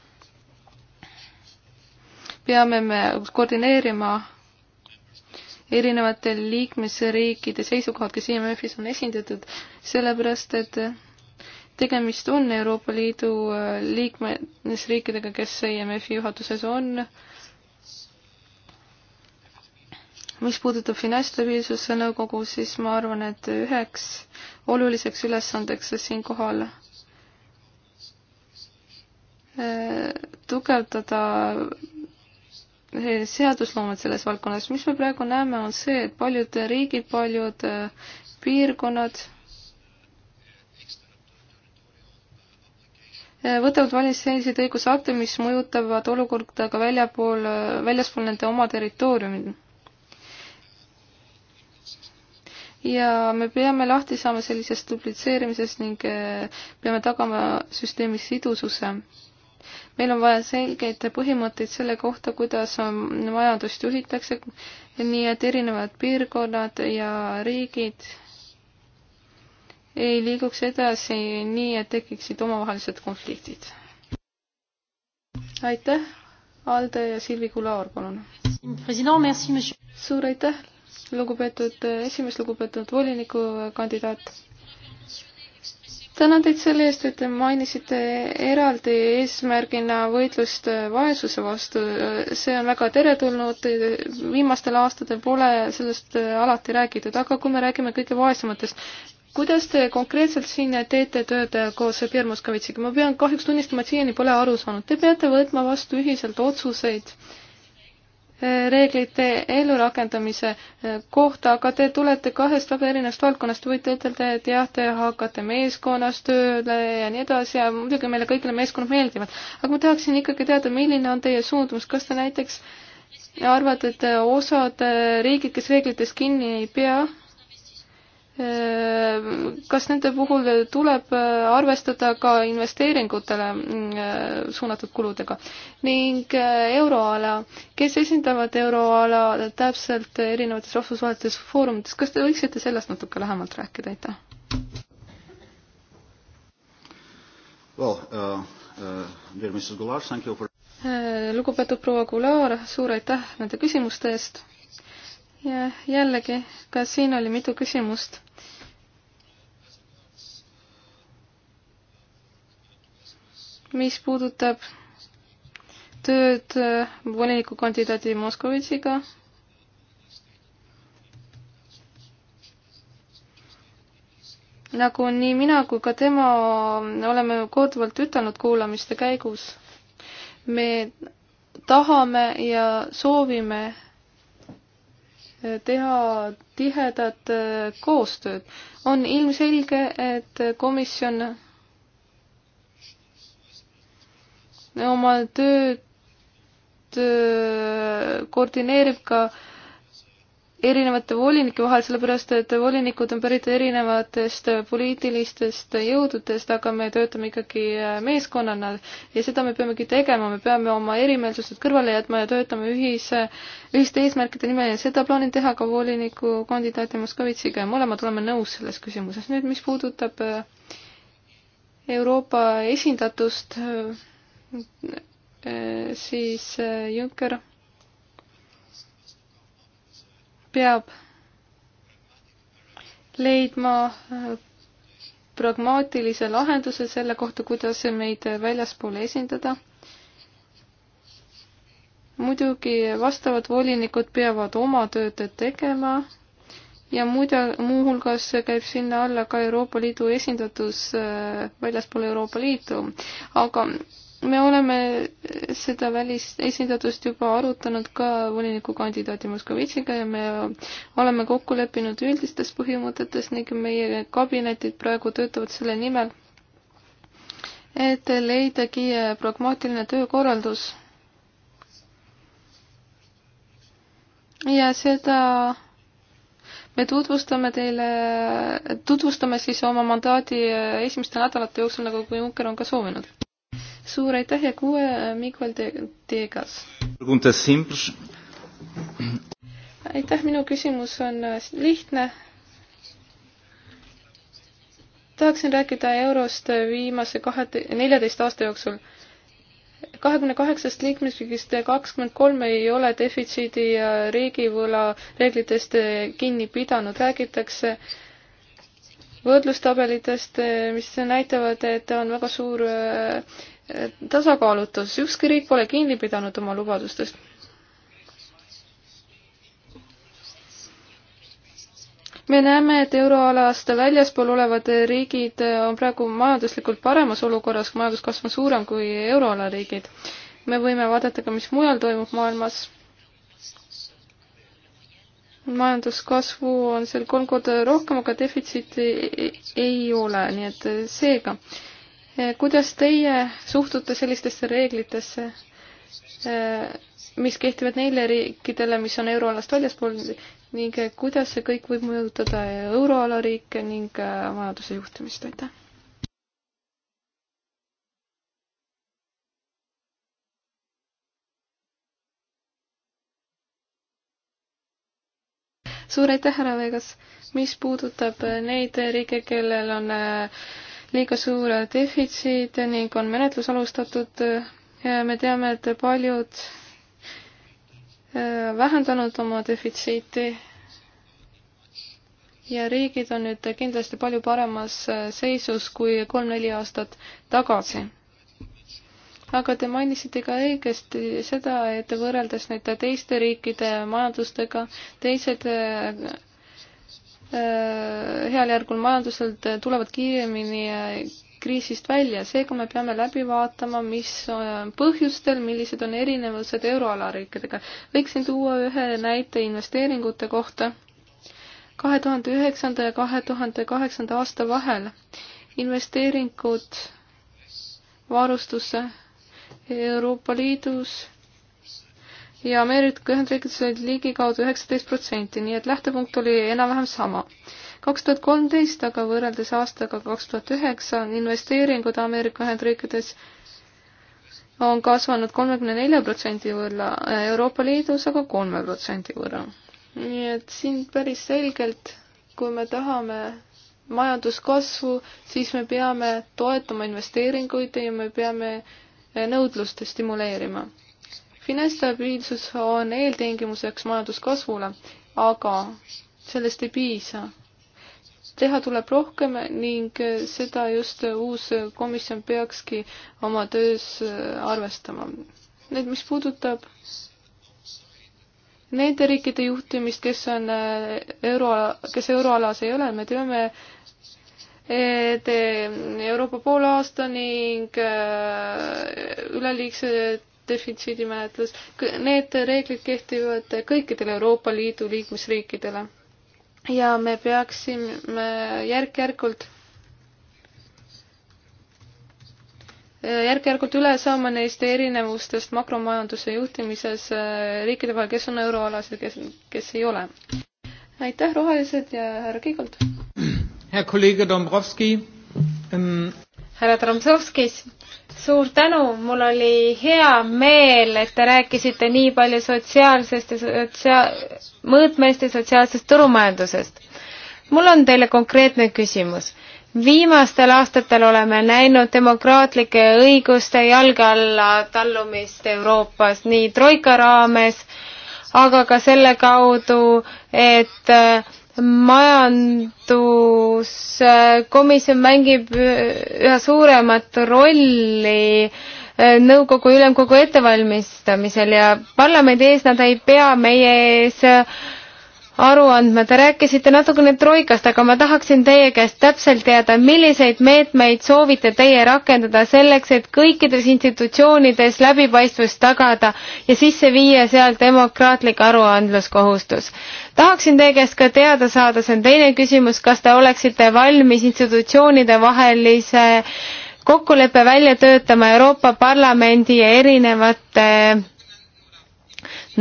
peame me koordineerima erinevate liikmesriikide seisukohad, kes IMF-is e on esindatud, sellepärast et tegemist on Euroopa Liidu äh, liikmesriikidega, kes IMF-i e juhatuses on. mis puudutab finantsstabiilsuse nõukogu, siis ma arvan, et üheks oluliseks ülesandeks siinkohal äh, tugevdada seadusloomet selles valdkonnas. mis me praegu näeme, on see, et paljud riigid, paljud äh, piirkonnad äh, võtavad valis selliseid õigusakte, mis mõjutavad olukorda ka väljapool, äh, väljaspool nende oma territooriumi. ja me peame lahti saama sellisest duplitseerimisest ning peame tagama süsteemi sidususe meil on vaja selgeid põhimõtteid selle kohta, kuidas majandust juhitakse, nii et erinevad piirkonnad ja riigid ei liiguks edasi nii, et tekiksid omavahelised konfliktid. aitäh, Alde ja Silvi Kulaar, palun. suur aitäh, lugupeetud esimees, lugupeetud volinikukandidaat tänan teid selle eest, et te mainisite eraldi eesmärgina võitlust vaesuse vastu. see on väga teretulnud, viimastel aastatel pole sellest alati räägitud, aga kui me räägime kõige vaesematest, kuidas te konkreetselt siin teete tööd koos Pierre Moskovitšiga? ma pean kahjuks tunnistama, et siiani pole aru saanud. Te peate võtma vastu ühiselt otsuseid äh, reeglite ellurakendamise eh, kohta, aga te tulete kahest väga erinevast valdkonnast, võite ütelda, et jah, te hakkate meeskonnas tööle ja nii edasi ja muidugi meile kõigile meeskonnad meeldivad. aga ma tahaksin ikkagi teada, milline on teie suundumus, kas te näiteks arvate, et osad eh, riigid, kes reeglitest kinni ei pea, kas nende puhul tuleb äh, arvestada ka investeeringutele mm, äh, suunatud kuludega ning äh, euroala, kes esindavad euroala täpselt erinevates rahvusvahelistes foorumites, kas te võiksite sellest natuke lähemalt rääkida, aitäh? Well, uh, uh, dear Mrs. Goulart, thank you for... Lugupeetud proua Goulart, suur aitäh nende küsimuste eest ja jällegi, ka siin oli mitu küsimust. mis puudutab tööd äh, volinikukandidaadi Moskovitšiga, nagu nii mina kui ka tema oleme korduvalt ütelnud kuulamiste käigus, me tahame ja soovime teha tihedat äh, koostööd. on ilmselge, et komisjon oma tööd äh, koordineerib ka äh, erinevate volinike vahel, sellepärast et volinikud on pärit erinevatest poliitilistest jõududest, aga me töötame ikkagi äh, meeskonnana ja seda me peamegi tegema, me peame oma erimeelsused kõrvale jätma ja töötame ühise, ühiste eesmärkide nimel ja seda plaanin teha ka voliniku kandidaati Moskovitšiga ja mõlemad oleme nõus selles küsimuses. nüüd, mis puudutab äh, Euroopa esindatust, äh, siis Juncker peab leidma äh, pragmaatilise lahenduse selle kohta, kuidas meid väljaspool esindada. muidugi vastavad volinikud peavad oma tööd tegema ja muide, muuhulgas käib sinna alla ka Euroopa Liidu esindatus äh, väljaspool Euroopa Liitu, aga me oleme seda välisesindatust juba arutanud ka volinikukandidaadi Moskovitšiga ja me oleme kokku leppinud üldistes põhimõtetes ning meie kabinetid praegu töötavad selle nimel, et leidagi pragmaatiline töökorraldus ja seda me tutvustame teile, tutvustame siis oma mandaadi esimeste nädalate jooksul, nagu Juncker on ka soovinud suur aitäh ja kuue äh, Miguel Teegas. aitäh, minu küsimus on äh, lihtne. tahaksin rääkida eurost äh, viimase kahe, neljateist aasta jooksul. kahekümne kaheksast liikmesriigist kakskümmend kolm ei ole defitsiidi ja riigivõla reeglitest kinni pidanud, räägitakse võrdlustabelitest, mis näitavad, et on väga suur tasakaalutus, ükski riik pole kinni pidanud oma lubadustest. me näeme, et euroalast väljaspool olevad riigid on praegu majanduslikult paremas olukorras, majanduskasv on suurem kui euroala riigid. me võime vaadata ka, mis mujal toimub maailmas. majanduskasvu on seal kolm korda rohkem, aga defitsiiti ei ole, nii et seega äh, Eh, kuidas teie suhtute sellistesse reeglitesse, eh, mis kehtivad neile riikidele, mis on euroalast väljaspool ning eh, kuidas see kõik võib mõjutada euroala riike ning majanduse juhtimist, aitäh? suur aitäh, härra Vegas. mis puudutab neid riike, kellel on äh, liiga suur defitsiit ning on menetlus alustatud. me teame, et paljud äh, vähendanud oma defitsiiti ja riigid on nüüd kindlasti palju paremas äh, seisus kui kolm-neli aastat tagasi aga te mainisite ka õigesti seda, et võrreldes nüüd teiste riikide majandustega, teised äh, Äh, heal järgul majanduselt äh, tulevad kiiremini äh, kriisist välja, seega me peame läbi vaatama, mis põhjustel, millised on erinevused euroala riikidega. võiksin tuua ühe näite investeeringute kohta. kahe tuhande üheksanda ja kahe tuhande kaheksanda aasta vahel investeeringud varustusse Euroopa Liidus ja Ameerika Ühendriikides olid ligikaudu üheksateist protsenti, nii et lähtepunkt oli enam-vähem sama. kaks tuhat kolmteist aga võrreldes aastaga kaks tuhat üheksa on investeeringud Ameerika Ühendriikides on kasvanud kolmekümne nelja protsendi võrra, Euroopa Liidus aga kolme protsendi võrra. nii et siin päris selgelt, kui me tahame majanduskasvu, siis me peame toetama investeeringuid ja me peame nõudlust stimuleerima finantsstabiilsus on eeltingimuseks majanduskasvule, aga sellest ei piisa. teha tuleb rohkem ning seda just uus komisjon peakski oma töös arvestama. nüüd, mis puudutab nende riikide juhtimist, kes on äh, euro, kes euroalas ei ole, me teame, et äh, Euroopa poolaasta ning äh, üleliigse defitsiidimenetlus, need reeglid kehtivad kõikidele Euroopa Liidu liikmesriikidele. ja me peaksime järk-järgult järk-järgult üle saama neist erinevustest makromajanduse juhtimises äh, riikide vahel, kes on euroalas ja kes, kes ei ole. aitäh, rohelised ja härra Kiigolt! Herr Kollege Dombrovski ähm härra Tromsovskis, suur tänu, mul oli hea meel, et te rääkisite nii palju sotsiaalsest ja sotsia-, mõõtmest ja sotsiaalsest turumajandusest. mul on teile konkreetne küsimus. viimastel aastatel oleme näinud demokraatlike õiguste jalge alla tallumist Euroopas nii troika raames, aga ka selle kaudu, et äh, majanduskomisjon mängib üha suuremat rolli eh, nõukogu ülemkogu ettevalmistamisel ja parlamendi ees nad ei pea meie ees eh, aru andma. Te rääkisite natukene troikast, aga ma tahaksin teie käest täpselt teada, milliseid meetmeid soovite teie rakendada selleks, et kõikides institutsioonides läbipaistvus tagada ja sisse viia seal demokraatlik aruandluskohustus. tahaksin teie käest ka teada saada, see on teine küsimus, kas te oleksite valmis institutsioonide vahelise kokkuleppe välja töötama Euroopa Parlamendi ja erinevate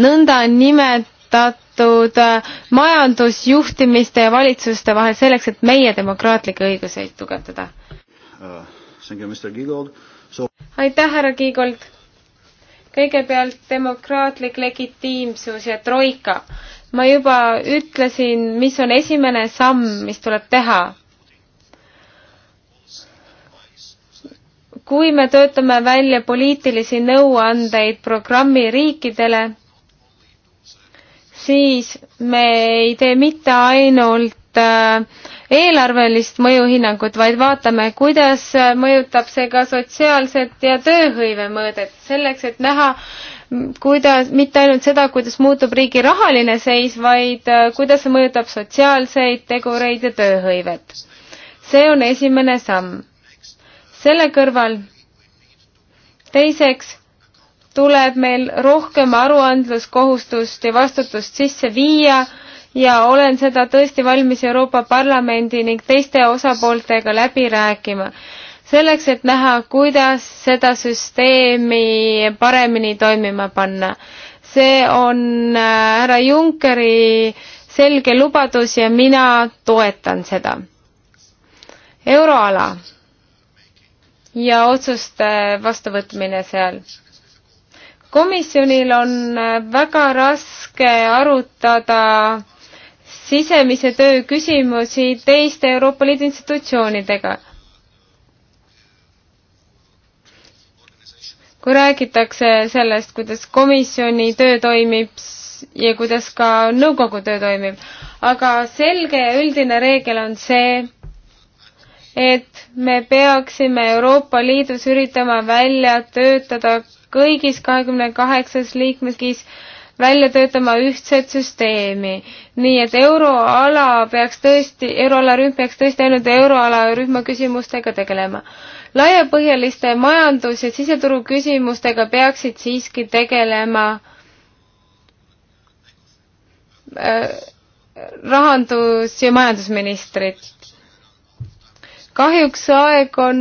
nõndanimetatud teatud äh, majandusjuhtimiste ja valitsuste vahel selleks, et meie demokraatlikke õiguseid tugevdada uh,? So... aitäh, härra Kiigold! kõigepealt demokraatlik legitiimsus ja troika. ma juba ütlesin, mis on esimene samm, mis tuleb teha. kui me töötame välja poliitilisi nõuandeid programmi riikidele, siis me ei tee mitte ainult äh, eelarvelist mõjuhinnangut, vaid vaatame, kuidas äh, mõjutab see ka sotsiaalset ja tööhõive mõõdet, selleks et näha, kuidas, mitte ainult seda, kuidas muutub riigi rahaline seis, vaid äh, kuidas see mõjutab sotsiaalseid tegureid ja tööhõivet. see on esimene samm. selle kõrval teiseks tuleb meil rohkem aruandluskohustust ja vastutust sisse viia ja olen seda tõesti valmis Euroopa Parlamendi ning teiste osapooltega läbi rääkima. selleks, et näha, kuidas seda süsteemi paremini toimima panna. see on äh, härra Junckeri selge lubadus ja mina toetan seda. euroala ja otsuste vastuvõtmine seal komisjonil on äh, väga raske arutada sisemise töö küsimusi teiste Euroopa Liidu institutsioonidega. kui räägitakse sellest, kuidas komisjoni töö toimib ja kuidas ka nõukogu töö toimib, aga selge ja üldine reegel on see, et me peaksime Euroopa Liidus üritama välja töötada kõigis kahekümne kaheksas liikmesriigis välja töötama ühtset süsteemi. nii et euroala peaks tõesti, euroala rühm peaks tõesti ainult euroala rühma küsimustega tegelema. laiapõhjaliste majandus- ja siseturu küsimustega peaksid siiski tegelema äh, rahandus- ja majandusministrid kahjuks aeg on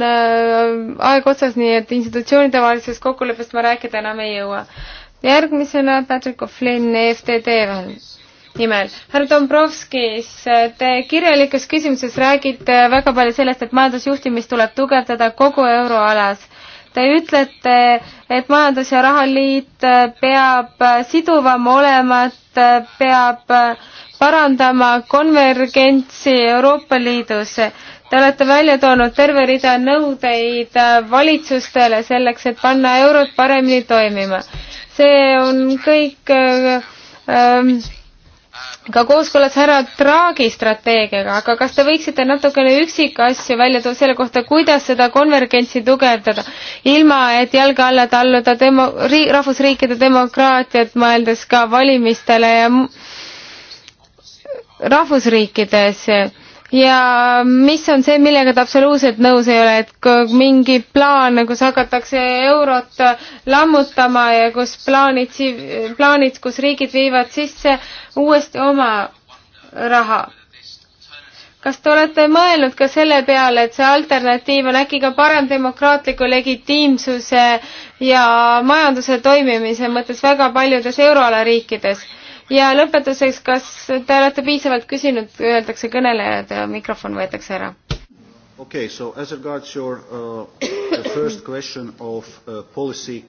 äh,, aeg otsas, nii et institutsioonidevahelisest kokkuleppest ma rääkida enam ei jõua. järgmisena Patrick O'Flynn EFTD nimel. härra Dombrovskis, äh, te kirjalikus küsimuses räägite väga palju sellest, et majandusjuhtimist tuleb tugevdada kogu euroalas Te ütlete, et majandus- ja rahaliit äh, peab äh, siduvam olema, et peab parandama konvergentsi Euroopa Liidus. Te olete välja toonud terve rida nõudeid äh, valitsustele selleks, et panna eurot paremini toimima. see on kõik äh, ähm, ka kooskõlas härra Draghi strateegiaga, aga kas te võiksite natukene üksikasju välja tuua selle kohta, kuidas seda konvergentsi tugevdada, ilma et jalge alla talluda demo-, ri-, rahvusriikide demokraatiat, mõeldes ka valimistele ja rahvusriikides ja mis on see, millega ta absoluutselt nõus ei ole, et mingi plaan, kus hakatakse eurot lammutama ja kus plaanid, plaanid, kus riigid viivad sisse uuesti oma raha. kas te olete mõelnud ka selle peale, et see alternatiiv on äkki ka parem demokraatliku legitiimsuse ja majanduse toimimise mõttes väga paljudes euroala riikides? ja lõpetuseks, kas te olete piisavalt küsinud, öeldakse kõnelejad ja mikrofon võetakse ära. Okay, so as regards your uh, the first question of uh, policy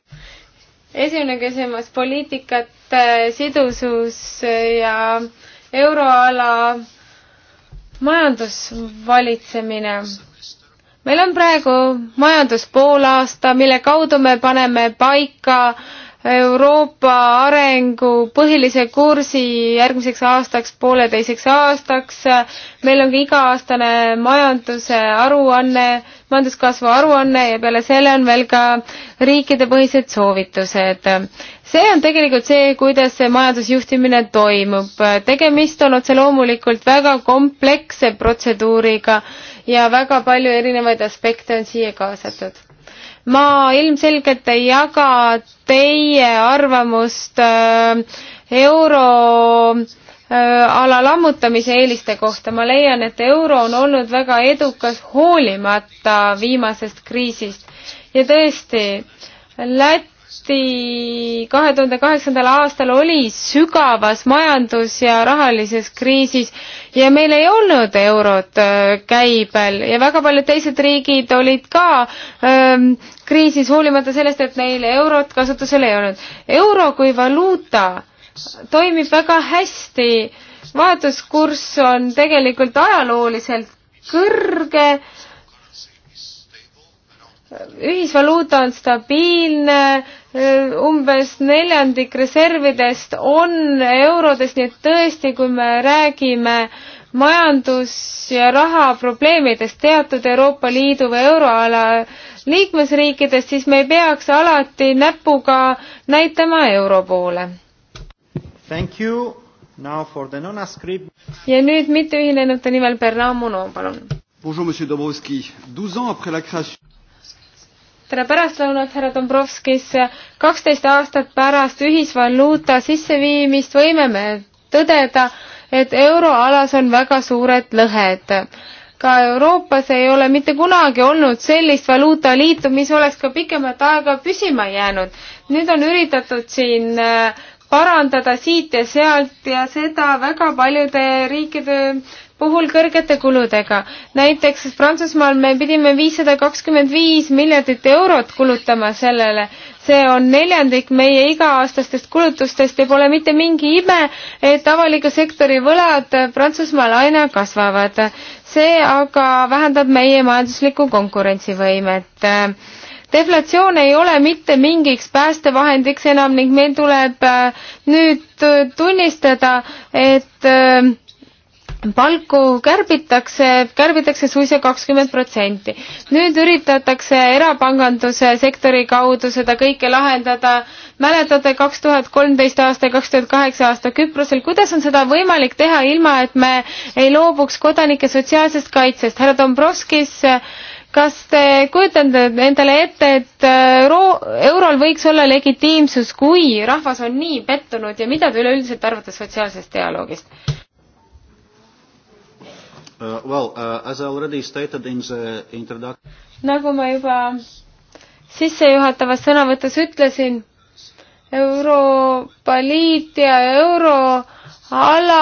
esimene küsimus, poliitikate sidusus ja euroala majandusvalitsemine. meil on praegu majandus poolaasta, mille kaudu me paneme paika äh, Euroopa arengu põhilise kursi järgmiseks aastaks, pooleteiseks aastaks. meil on ka iga-aastane majanduse aruanne, majanduskasvu aruanne ja peale selle on veel ka riikidepõhised soovitused. see on tegelikult see, kuidas see majandusjuhtimine toimub. tegemist on otse loomulikult väga kompleksse protseduuriga ja väga palju erinevaid aspekte on siia kaasatud ma ilmselgelt ei jaga teie arvamust äh, euro äh, ala lammutamise eeliste kohta. ma leian, et euro on olnud väga edukas hoolimata viimasest kriisist ja tõesti, Läti Eesti kahe tuhande kaheksandal aastal oli sügavas majandus- ja rahalises kriisis ja meil ei olnud eurot äh, käibel ja väga paljud teised riigid olid ka ähm, kriisis, hoolimata sellest, et neil eurot kasutusel ei olnud. euro kui valuuta toimib väga hästi, vahetuskurss on tegelikult ajalooliselt kõrge ühisvaluuta on stabiilne, umbes neljandik reservidest on eurodes, nii et tõesti, kui me räägime majandus- ja rahaprobleemidest teatud Euroopa Liidu või euroala liikmesriikidest, siis me ei peaks alati näpuga näitama euro poole. ja nüüd mitteühinenute nimel Bernard Monod, palun. Bonjour, monsieur Dombrovski. 12 ans après la création tere pärastlõunat, härra Dombrovskis. kaksteist aastat pärast ühisvaluuta sisseviimist võime me tõdeda, et euroalas on väga suured lõhed. ka Euroopas ei ole mitte kunagi olnud sellist valuutaliitu, mis oleks ka pikemat aega püsima jäänud. nüüd on üritatud siin äh, parandada siit ja sealt ja seda väga paljude riikide puhul kõrgete kuludega. näiteks Prantsusmaal me pidime viissada kakskümmend viis miljardit eurot kulutama sellele. see on neljandik meie iga-aastastest kulutustest ja pole mitte mingi ime, et avaliku sektori võlad Prantsusmaal aina kasvavad. see aga vähendab meie majanduslikku konkurentsivõimet deflatsioon ei ole mitte mingiks päästevahendiks enam ning meil tuleb äh, nüüd äh, tunnistada, et äh, palku kärbitakse, kärbitakse suisa kakskümmend protsenti. nüüd üritatakse erapanganduse sektori kaudu seda kõike lahendada. mäletate kaks tuhat kolmteist aasta ja kaks tuhat kaheksa aasta Küprosel, kuidas on seda võimalik teha, ilma et me ei loobuks kodanike sotsiaalsest kaitsest? härra Dombrovskis, kas te kujutate endale ette, et euro, äh, eurol võiks olla legitiimsus, kui rahvas on nii pettunud ja mida te üleüldiselt arvate sotsiaalsest dialoogist? Uh, well, uh, as I already stated in the introduction. nagu ma juba sissejuhatavas sõnavõtus ütlesin, Euroopa Liit ja euroala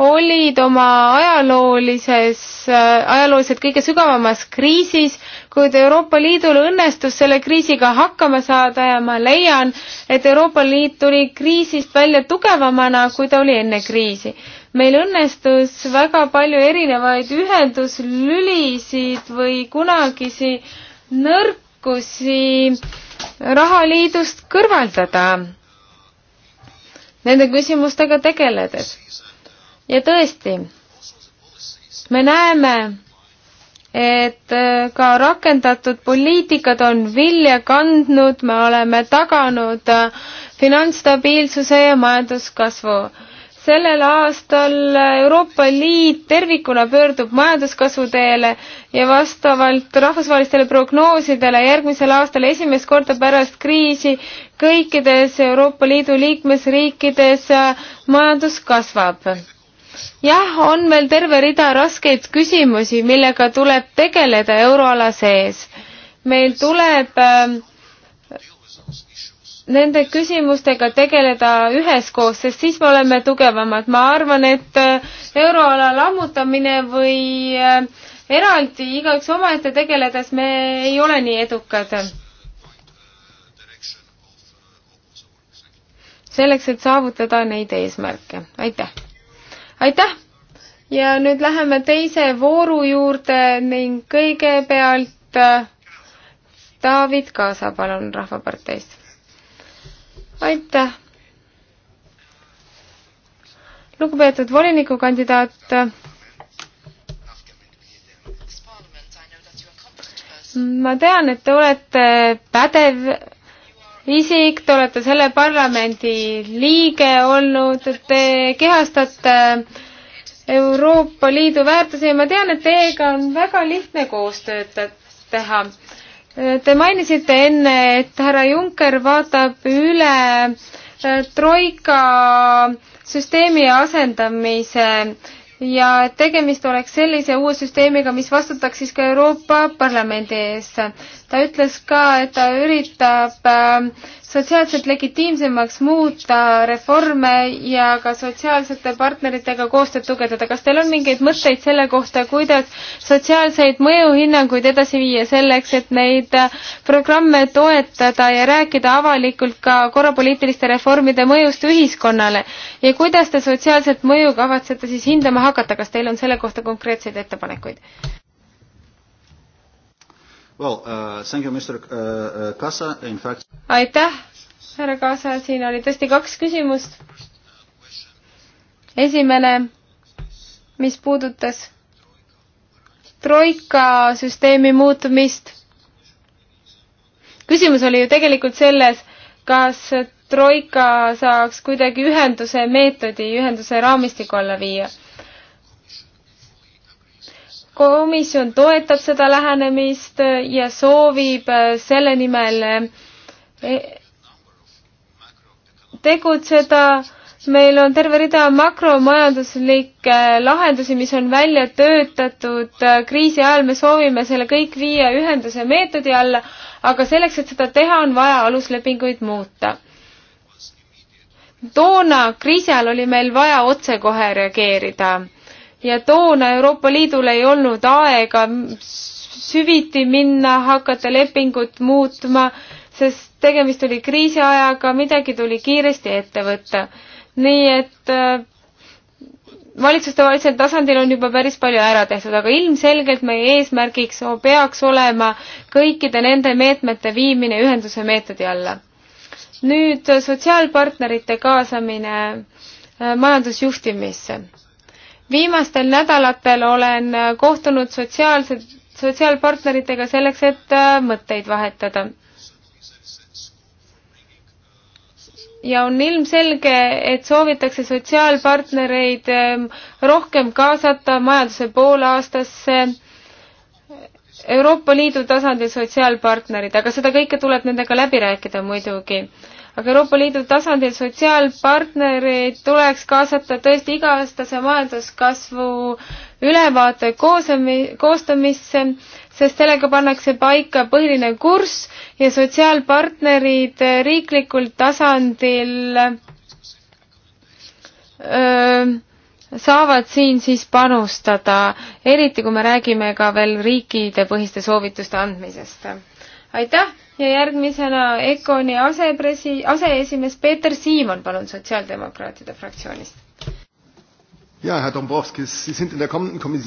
olid oma ajaloolises, äh, ajalooliselt kõige sügavamas kriisis, kuid Euroopa Liidul õnnestus selle kriisiga hakkama saada ja ma leian, et Euroopa Liit tuli kriisist välja tugevamana, kui ta oli enne kriisi meil õnnestus väga palju erinevaid ühenduslülisid või kunagisi nõrkusi rahaliidust kõrvaldada nende küsimustega tegeledes. ja tõesti, me näeme, et äh, ka rakendatud poliitikad on vilja kandnud, me oleme taganud äh, finantsstabiilsuse ja majanduskasvu sellel aastal Euroopa Liit tervikuna pöördub majanduskasvu teele ja vastavalt rahvusvahelistele prognoosidele järgmisel aastal esimest korda pärast kriisi kõikides Euroopa Liidu liikmesriikides majandus kasvab. jah, on veel terve rida raskeid küsimusi, millega tuleb tegeleda euroala sees. meil tuleb äh, nende küsimustega tegeleda üheskoos, sest siis me oleme tugevamad. ma arvan, et äh, euroala lammutamine või äh, eraldi igaüks omaette tegeledes me ei ole nii edukad. selleks, et saavutada neid eesmärke. aitäh! aitäh! ja nüüd läheme teise vooru juurde ning kõigepealt äh, David Kaasa, palun, Rahvaparteist aitäh! lugupeetud volinikukandidaat, ma tean, et te olete pädev isik, te olete selle parlamendi liige olnud, te kehastate Euroopa Liidu väärtusi ja ma tean, et teiega on väga lihtne koostööd teha Te mainisite enne, et härra Juncker vaatab üle äh, troika süsteemi asendamise ja et tegemist oleks sellise uue süsteemiga, mis vastutaks siis ka Euroopa Parlamendi ees. ta ütles ka, et ta üritab äh, sotsiaalselt legitiimsemaks muuta reforme ja ka sotsiaalsete partneritega koostööd tugevdada. kas teil on mingeid mõtteid selle kohta, kuidas sotsiaalseid mõjuhinnanguid edasi viia selleks, et neid programme toetada ja rääkida avalikult ka korrapoliitiliste reformide mõjust ühiskonnale? ja kuidas te sotsiaalset mõju kavatsete siis hindama hakata, kas teil on selle kohta konkreetseid ettepanekuid? Well, uh, thank you, Mr uh, uh Kasa, in fact. aitäh, härra Kasa, siin oli tõesti kaks küsimust. esimene, mis puudutas troika süsteemi muutumist. küsimus oli ju tegelikult selles, kas troika saaks kuidagi ühenduse meetodi, ühenduse raamistiku alla viia komisjon toetab seda lähenemist ja soovib äh, selle nimel äh, tegutseda. meil on terve rida makromajanduslikke äh, lahendusi, mis on välja töötatud kriisi ajal, me soovime selle kõik viia ühenduse meetodi alla, aga selleks, et seda teha, on vaja aluslepinguid muuta. toona kriisi ajal oli meil vaja otsekohe reageerida ja toona Euroopa Liidul ei olnud aega süviti minna, hakata lepingut muutma, sest tegemist oli kriisiajaga, midagi tuli kiiresti ette võtta. nii et äh, valitsustevahelisel tasandil on juba päris palju ära tehtud, aga ilmselgelt meie eesmärgiks peaks olema kõikide nende meetmete viimine ühenduse meetodi alla. nüüd sotsiaalpartnerite kaasamine äh, majandusjuhtimisse viimastel nädalatel olen äh, kohtunud sotsiaalse, sotsiaalpartneritega selleks, et äh, mõtteid vahetada. ja on ilmselge, et soovitakse sotsiaalpartnereid ähm, rohkem kaasata majanduse poolaastasse Euroopa Liidu tasandil sotsiaalpartnerid, aga seda kõike tuleb nendega läbi rääkida muidugi aga Euroopa Liidu tasandil sotsiaalpartnereid tuleks kaasata tõesti iga-aastase majanduskasvu ülevaate koostamisse, sest sellega pannakse paika põhiline kurss ja sotsiaalpartnerid riiklikul tasandil öö, saavad siin siis panustada, eriti kui me räägime ka veel riikide põhiste soovituste andmisest. aitäh! ja järgmisena EKONi asepresi-, aseesimees Peeter Siimon, palun, Sotsiaaldemokraatide fraktsioonist. ja, härra Dombrovskis,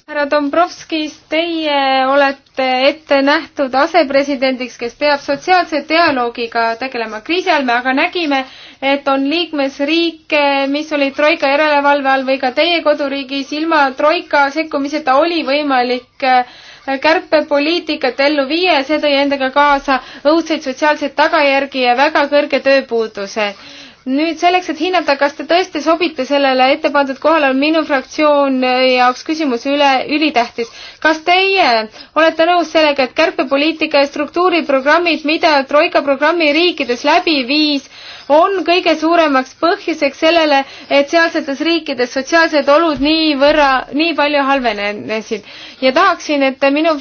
härra Dombrovskis, teie olete ette nähtud asepresidendiks, kes peab sotsiaalse dialoogiga tegelema. kriisi ajal me aga nägime, et on liikmesriike, mis olid Troika järelevalve all või ka teie koduriigis ilma Troika sekkumiseta oli võimalik äh, kärpepoliitikat ellu viia ja see tõi endaga kaasa õudseid sotsiaalseid tagajärgi ja väga kõrge tööpuuduse nüüd selleks, et hinnata, kas te tõesti sobite sellele ette pandud kohale, on minu fraktsioon äh, jaoks küsimus üle, ülitähtis. kas teie olete nõus sellega, et kärpepoliitika ja struktuuriprogrammid, mida Troika programmi riikides läbi viis, on kõige suuremaks põhjuseks sellele, et sealsetes riikides sotsiaalsed olud niivõrra, nii palju halvenesid ja tahaksin, et minu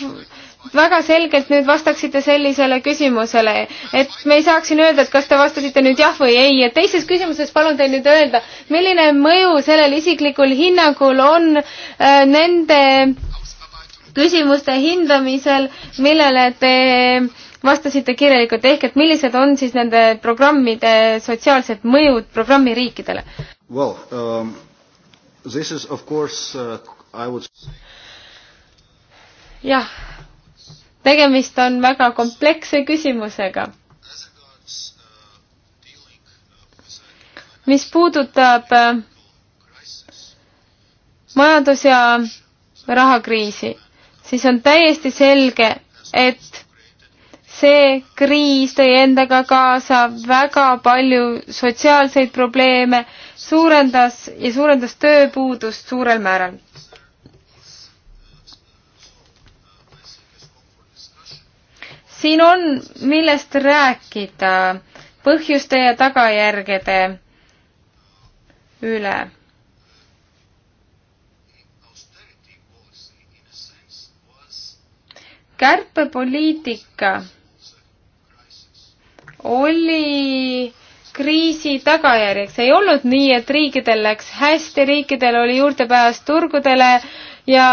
väga selgelt nüüd vastaksite sellisele küsimusele, et me ei saaks siin öelda, et kas te vastasite nüüd jah või ei, et teises küsimuses palun teil nüüd öelda, milline mõju sellel isiklikul hinnangul on äh, nende küsimuste hindamisel, millele te vastasite kirjalikult, ehk et millised on siis nende programmide sotsiaalsed mõjud programmiriikidele well,? Um, this is of course uh, I would jah tegemist on väga kompleksse küsimusega. mis puudutab äh, majandus- ja rahakriisi, siis on täiesti selge, et see kriis tõi endaga kaasa väga palju sotsiaalseid probleeme, suurendas ja suurendas tööpuudust suurel määral siin on, millest rääkida põhjuste ja tagajärgede üle. kärpepoliitika oli kriisi tagajärjeks, ei olnud nii, et riikidel läks hästi, riikidel oli juurdepääs turgudele ja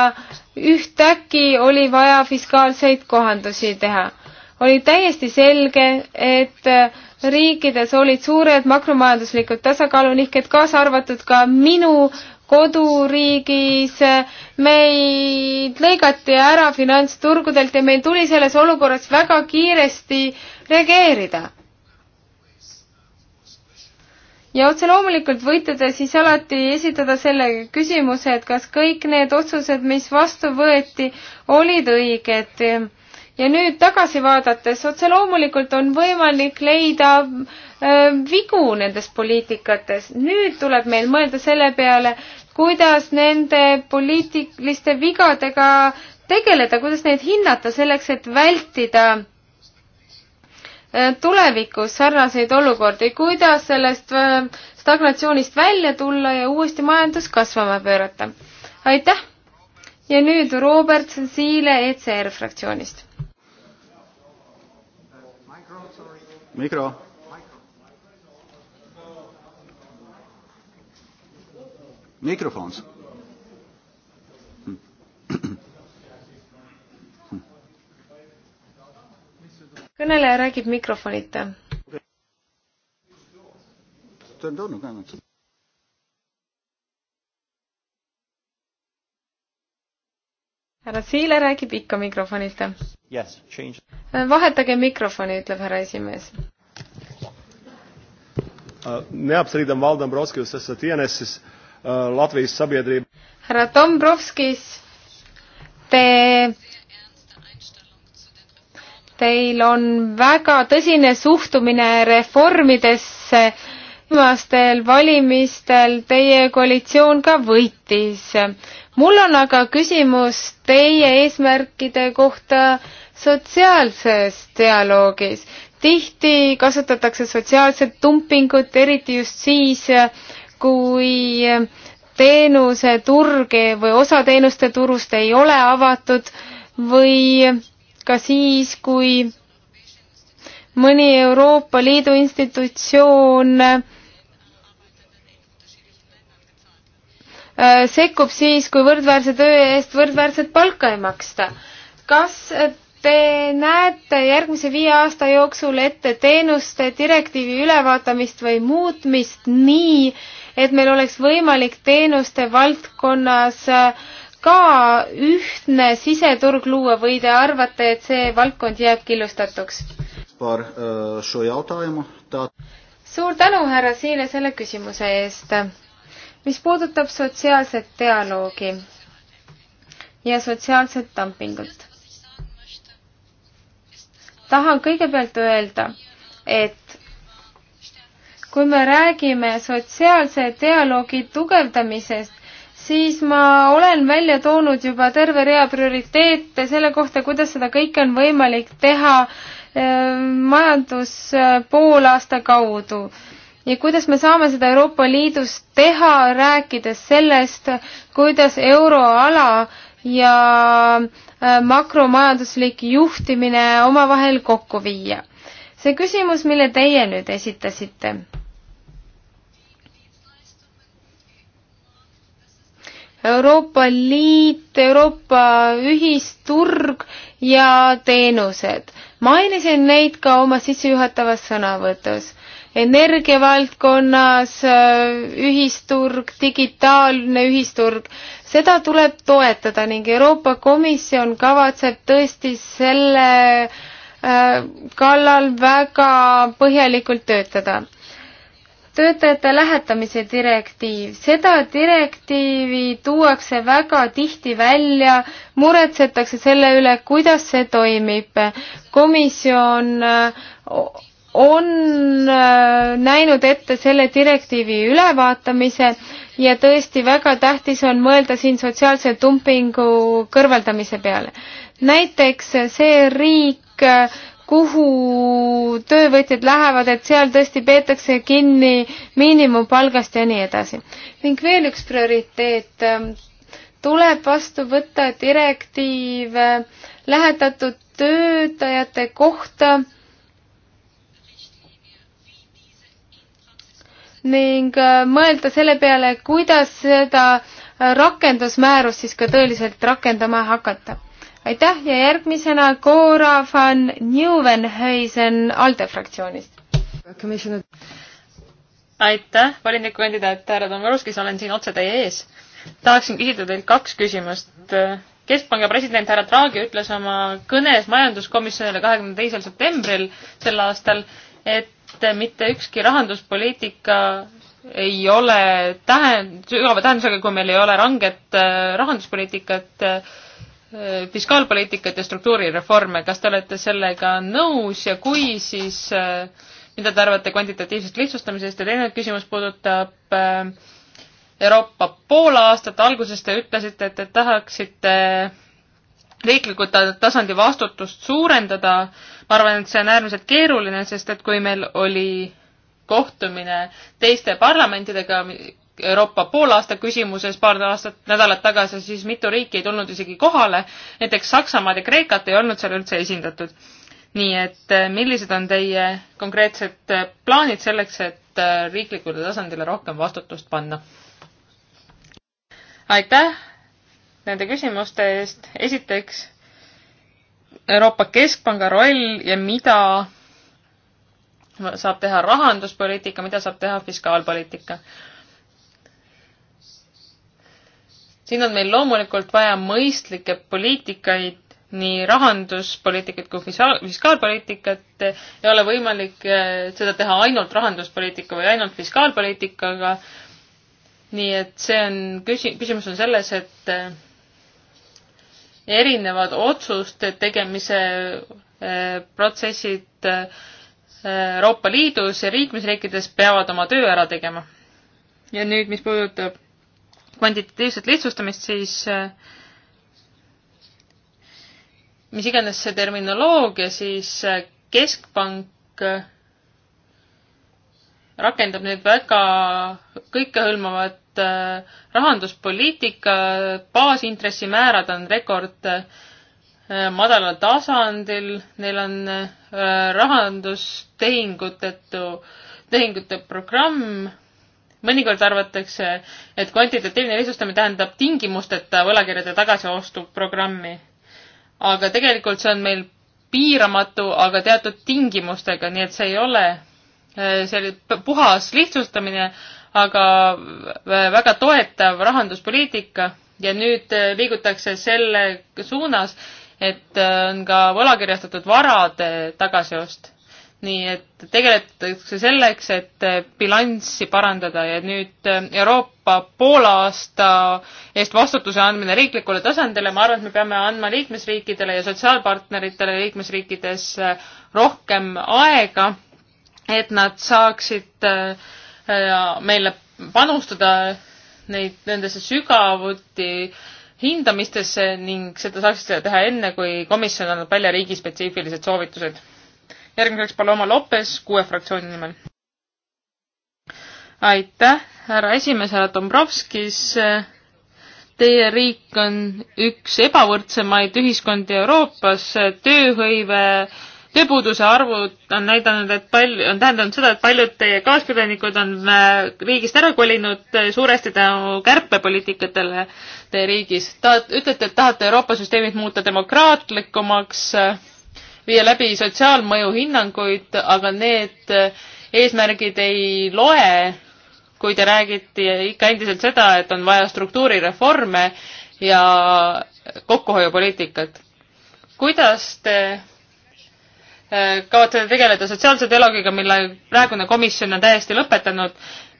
ühtäkki oli vaja fiskaalseid kohandusi teha oli täiesti selge, et äh, riikides olid suured makromajanduslikud tasakaalunihked, kaasa arvatud ka minu koduriigis, meid lõigati ära finantsturgudelt ja meil tuli selles olukorras väga kiiresti reageerida. ja otse loomulikult võite te siis alati esitada selle küsimuse, et kas kõik need otsused, mis vastu võeti, olid õiged ja nüüd tagasi vaadates otse loomulikult on võimalik leida äh, vigu nendes poliitikates. nüüd tuleb meil mõelda selle peale, kuidas nende poliitiliste vigadega tegeleda, kuidas neid hinnata selleks, et vältida äh, tulevikus sarnaseid olukordi, kuidas sellest äh, stagnatsioonist välja tulla ja uuesti majandus kasvama pöörata. aitäh! ja nüüd Robert Siile ECR fraktsioonist. Mikro. Mikrofons. kõneleja räägib mikrofonita. see on tulnud ainult. härra Siile räägib ikka mikrofonist yes,. Äh, vahetage mikrofoni, ütleb härra esimees uh,. Äh, neapsrīdam Valdembrovskis, esat ienesis uh, Latvijas sabiedrība. härra Dombrovskis, te teil on väga tõsine suhtumine reformidesse. viimastel valimistel teie koalitsioon ka võitis mul on aga küsimus teie eesmärkide kohta sotsiaalses dialoogis. tihti kasutatakse sotsiaalset dumpingut, eriti just siis, kui teenuse turg või osa teenuste turust ei ole avatud või ka siis, kui mõni Euroopa Liidu institutsioon äh, Äh, sekkub siis, kui võrdväärse töö eest võrdväärset palka ei maksta. kas te näete järgmise viie aasta jooksul ette teenuste direktiivi ülevaatamist või muutmist nii, et meil oleks võimalik teenuste valdkonnas äh, ka ühtne siseturg luua või te arvate, et see valdkond jääb killustatuks? Äh, suur tänu, härra Siile, selle küsimuse eest mis puudutab sotsiaalset dialoogi ja sotsiaalset dumpingut, tahan kõigepealt öelda, et kui me räägime sotsiaalse dialoogi tugevdamisest, siis ma olen välja toonud juba terve rea prioriteete selle kohta, kuidas seda kõike on võimalik teha eh, majandus eh, poolaasta kaudu ja kuidas me saame seda Euroopa Liidus teha, rääkides sellest, kuidas euroala ja äh, makromajanduslik juhtimine omavahel kokku viia. see küsimus, mille teie nüüd esitasite. Euroopa Liit, Euroopa ühisturg ja teenused. mainisin neid ka oma sissejuhatavas sõnavõtus energiavaldkonnas, äh, ühisturg, digitaalne ühisturg, seda tuleb toetada ning Euroopa Komisjon kavatseb tõesti selle äh, kallal väga põhjalikult töötada töötajate lähetamise direktiiv, seda direktiivi tuuakse väga tihti välja, muretsetakse selle üle, kuidas see toimib. komisjon äh, on äh, näinud ette selle direktiivi ülevaatamise ja tõesti väga tähtis on mõelda siin sotsiaalse dumpingu kõrvaldamise peale. näiteks see riik, kuhu töövõtjad lähevad, et seal tõesti peetakse kinni miinimumpalgast ja nii edasi. ning veel üks prioriteet, tuleb vastu võtta direktiiv lähetatud töötajate kohta ning äh, mõelda selle peale, kuidas seda rakendusmäärust siis ka tõeliselt rakendama hakata. aitäh ja järgmisena Cora van Nieuwenhuisen ALDE fraktsioonist. aitäh, valinikukandidaat härra Tomorovskis, olen siin otse teie ees. tahaksin küsida teilt kaks küsimust. keskpanga president härra Draghi ütles oma kõnes majanduskomisjonile kahekümne teisel septembril sel aastal, et et mitte ükski rahanduspoliitika ei ole tähend-, sügava tähendusega, kui meil ei ole ranget äh, rahanduspoliitikat, äh, fiskaalpoliitikat ja struktuurireforme. kas te olete sellega nõus ja kui, siis äh, mida te arvate kvantitatiivsest lihtsustamisest ja teine küsimus puudutab Euroopa pool aastat. alguses te ütlesite, et te tahaksite riikliku tasandi vastutust suurendada, ma arvan, et see on äärmiselt keeruline, sest et kui meil oli kohtumine teiste parlamentidega Euroopa poolaasta küsimuses paar aastat, nädalat tagasi, siis mitu riiki ei tulnud isegi kohale, näiteks Saksamaad ja Kreekat ei olnud seal üldse esindatud. nii et äh, millised on teie konkreetsed äh, plaanid selleks, et äh, riiklikule tasandile rohkem vastutust panna? aitäh nende küsimuste eest. esiteks, Euroopa Keskpanga roll ja mida saab teha rahanduspoliitika, mida saab teha fiskaalpoliitika. siin on meil loomulikult vaja mõistlikke poliitikaid, nii rahanduspoliitikat kui fiskaalpoliitikat ei ole võimalik eh, seda teha ainult rahanduspoliitika või ainult fiskaalpoliitikaga. nii et see on küsi-, küsimus on selles, et eh, erinevad otsuste tegemise eh, protsessid eh, Euroopa Liidus ja liikmesriikides peavad oma töö ära tegema. ja nüüd, mis puudutab kvantitatiivset lihtsustamist, siis eh, mis iganes see terminoloogia, siis keskpank rakendab nüüd väga kõikehõlmavat äh, rahanduspoliitika, baasintressimäärad on rekord äh, madalal tasandil, neil on äh, rahandustehingutetu, tehingute programm, mõnikord arvatakse, et kvantitatiivne lihtsustamine tähendab tingimusteta võlakirjade tagasiostu programmi. aga tegelikult see on meil piiramatu, aga teatud tingimustega, nii et see ei ole Äh, see puhas lihtsustamine, aga äh, väga toetav rahanduspoliitika ja nüüd äh, liigutakse selle suunas, et on ka võlakirjastatud varade tagasiost. nii et tegeletakse selleks, et bilanssi parandada ja nüüd Euroopa poole aasta eest vastutuse andmine riiklikule tasandile, ma arvan, et me peame andma liikmesriikidele ja sotsiaalpartneritele liikmesriikides rohkem aega et nad saaksid äh, meile panustada neid, nendesse sügavuti hindamistesse ning seda saaksid teha enne, kui komisjon annab välja riigispetsiifilised soovitused. järgmiseks Paloma Lopes kuue fraktsiooni nimel. aitäh, härra esimees, härra Dombrovskis. Teie riik on üks ebavõrdsemaid ühiskondi Euroopas, tööhõive äh, tööpuuduse arvud on näidanud, et palju, on tähendanud seda, et paljud teie kaaskodanikud on äh, riigist ära kolinud äh, suuresti tänu kärpepoliitikatele teie riigis. tahad, ütlete, et tahate Euroopa süsteemid muuta demokraatlikumaks, äh, viia läbi sotsiaalmõju hinnanguid, aga need eesmärgid ei loe, kui te räägite ikka endiselt seda, et on vaja struktuurireforme ja kokkuhoiupoliitikat. kuidas te Äh, kavatsevad tegeleda sotsiaalse dialoogiga, mille praegune komisjon on täiesti lõpetanud.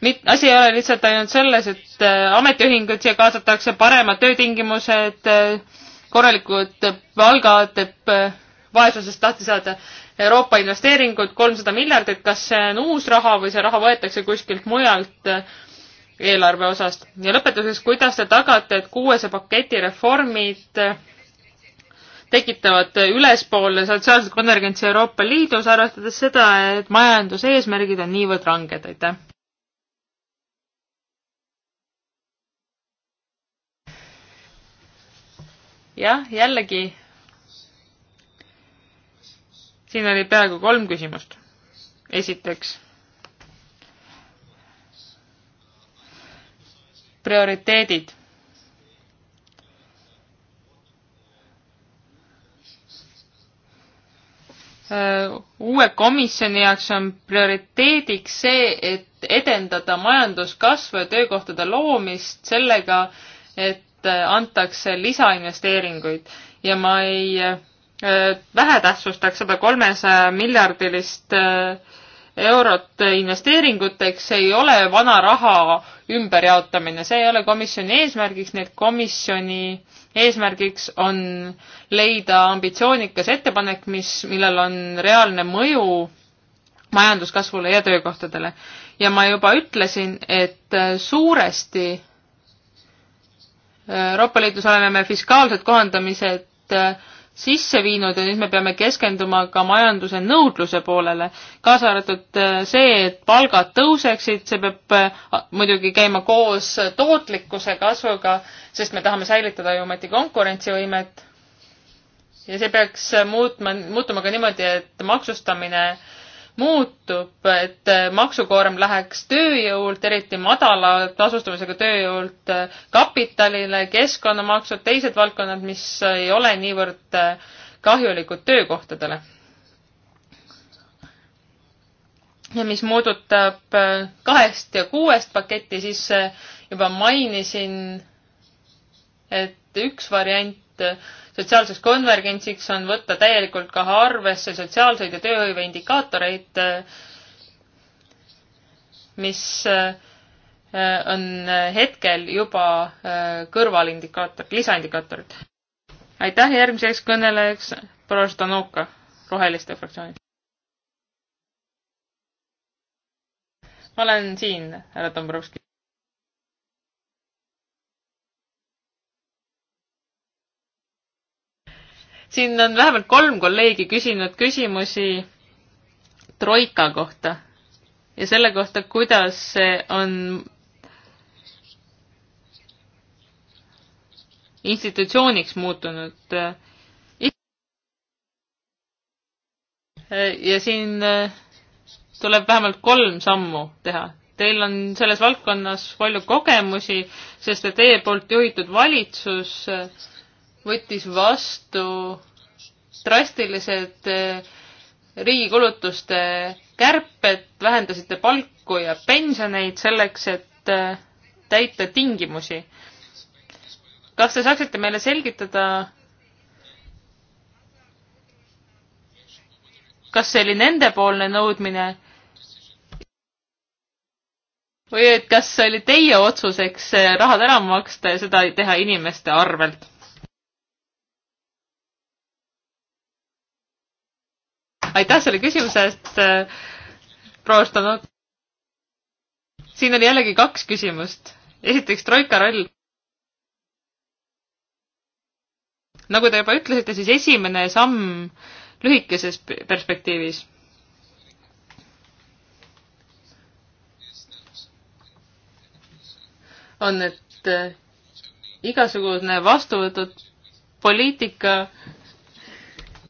mit-, asi ei ole lihtsalt ainult selles, et äh, ametiühingud siia kaasatakse, paremad töötingimused, äh, korralikud palgad, et vaesusest lahti saada. Euroopa investeeringud kolmsada miljardit, kas see on uus raha või see raha võetakse kuskilt mujalt eelarve osast? ja lõpetuseks, kuidas te tagate, et kuuese paketi reformid tekitavad ülespoole sotsiaalset konvergentsi Euroopa Liidus, arvestades seda, et majanduseesmärgid on niivõrd ranged, aitäh! jah, jällegi, siin oli peaaegu kolm küsimust. esiteks, prioriteedid Äh, uue komisjoni jaoks on prioriteediks see, et edendada majanduskasvu ja töökohtade loomist sellega, et äh, antakse lisainvesteeringuid ja ma ei äh, vähetähtsustaks seda kolmesaja miljardilist äh, eurot investeeringuteks ei ole vana raha ümberjaotamine, see ei ole komisjoni eesmärgiks, nii et komisjoni eesmärgiks on leida ambitsioonikas ettepanek, mis, millel on reaalne mõju majanduskasvule ja töökohtadele. ja ma juba ütlesin, et suuresti Euroopa Liidus oleme me fiskaalsed kohandamised äh, sisse viinud ja nüüd me peame keskenduma ka majanduse nõudluse poolele, kaasa arvatud äh, see, et palgad tõuseksid, see peab äh, muidugi käima koos tootlikkuse kasvuga, sest me tahame säilitada ju ometi konkurentsivõimet. ja see peaks muutma, muutuma ka niimoodi, et maksustamine äh, muutub, et äh, maksukoorem läheks tööjõult, eriti madala tasustamisega tööjõult äh, kapitalile, keskkonnamaksud, teised valdkonnad, mis ei ole niivõrd äh, kahjulikud töökohtadele. ja mis muudutab kahest ja kuuest paketti, siis juba mainisin, et üks variant et sotsiaalseks konvergentsiks on võtta täielikult ka arvesse sotsiaalseid ja tööhõive indikaatoreid, mis eh, on hetkel juba eh, kõrvalindikaator, lisaindikaatorid. aitäh järgmiseks kõnelejaks, proua Ždanoka, Roheliste fraktsioonist. ma olen siin, härra Dombrovski. siin on vähemalt kolm kolleegi küsinud küsimusi troika kohta ja selle kohta, kuidas see on institutsiooniks muutunud. ja siin äh, tuleb vähemalt kolm sammu teha. Teil on selles valdkonnas palju kogemusi, sest et teie poolt juhitud valitsus äh, võttis vastu drastilised eh, riigi kulutuste kärped, vähendasite palku ja pensioneid selleks, et eh, täita tingimusi. kas te saaksite meile selgitada, kas see oli nendepoolne nõudmine või et kas see oli teie otsus, eks eh, rahad ära maksta ja seda teha inimeste arvelt? aitäh selle küsimuse eest, äh, proua Štanov. siin oli jällegi kaks küsimust. esiteks troika roll. nagu te juba ütlesite, siis esimene samm lühikeses perspektiivis on, et äh, igasugune vastuvõtud poliitika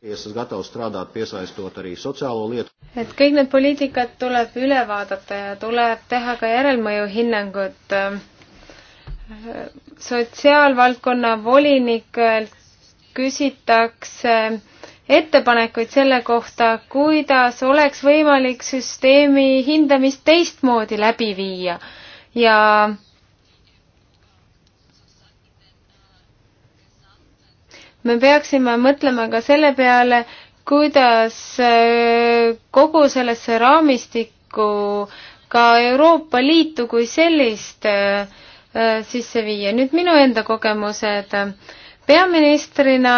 et kõik need poliitikad tuleb üle vaadata ja tuleb teha ka järelmõjuhinnangud. Ähm, sotsiaalvaldkonna volinikelt küsitakse ettepanekuid selle kohta, kuidas oleks võimalik süsteemi hindamist teistmoodi läbi viia ja me peaksime mõtlema ka selle peale, kuidas äh, kogu sellesse raamistikku ka Euroopa Liitu kui sellist äh, sisse viia. nüüd minu enda kogemused. peaministrina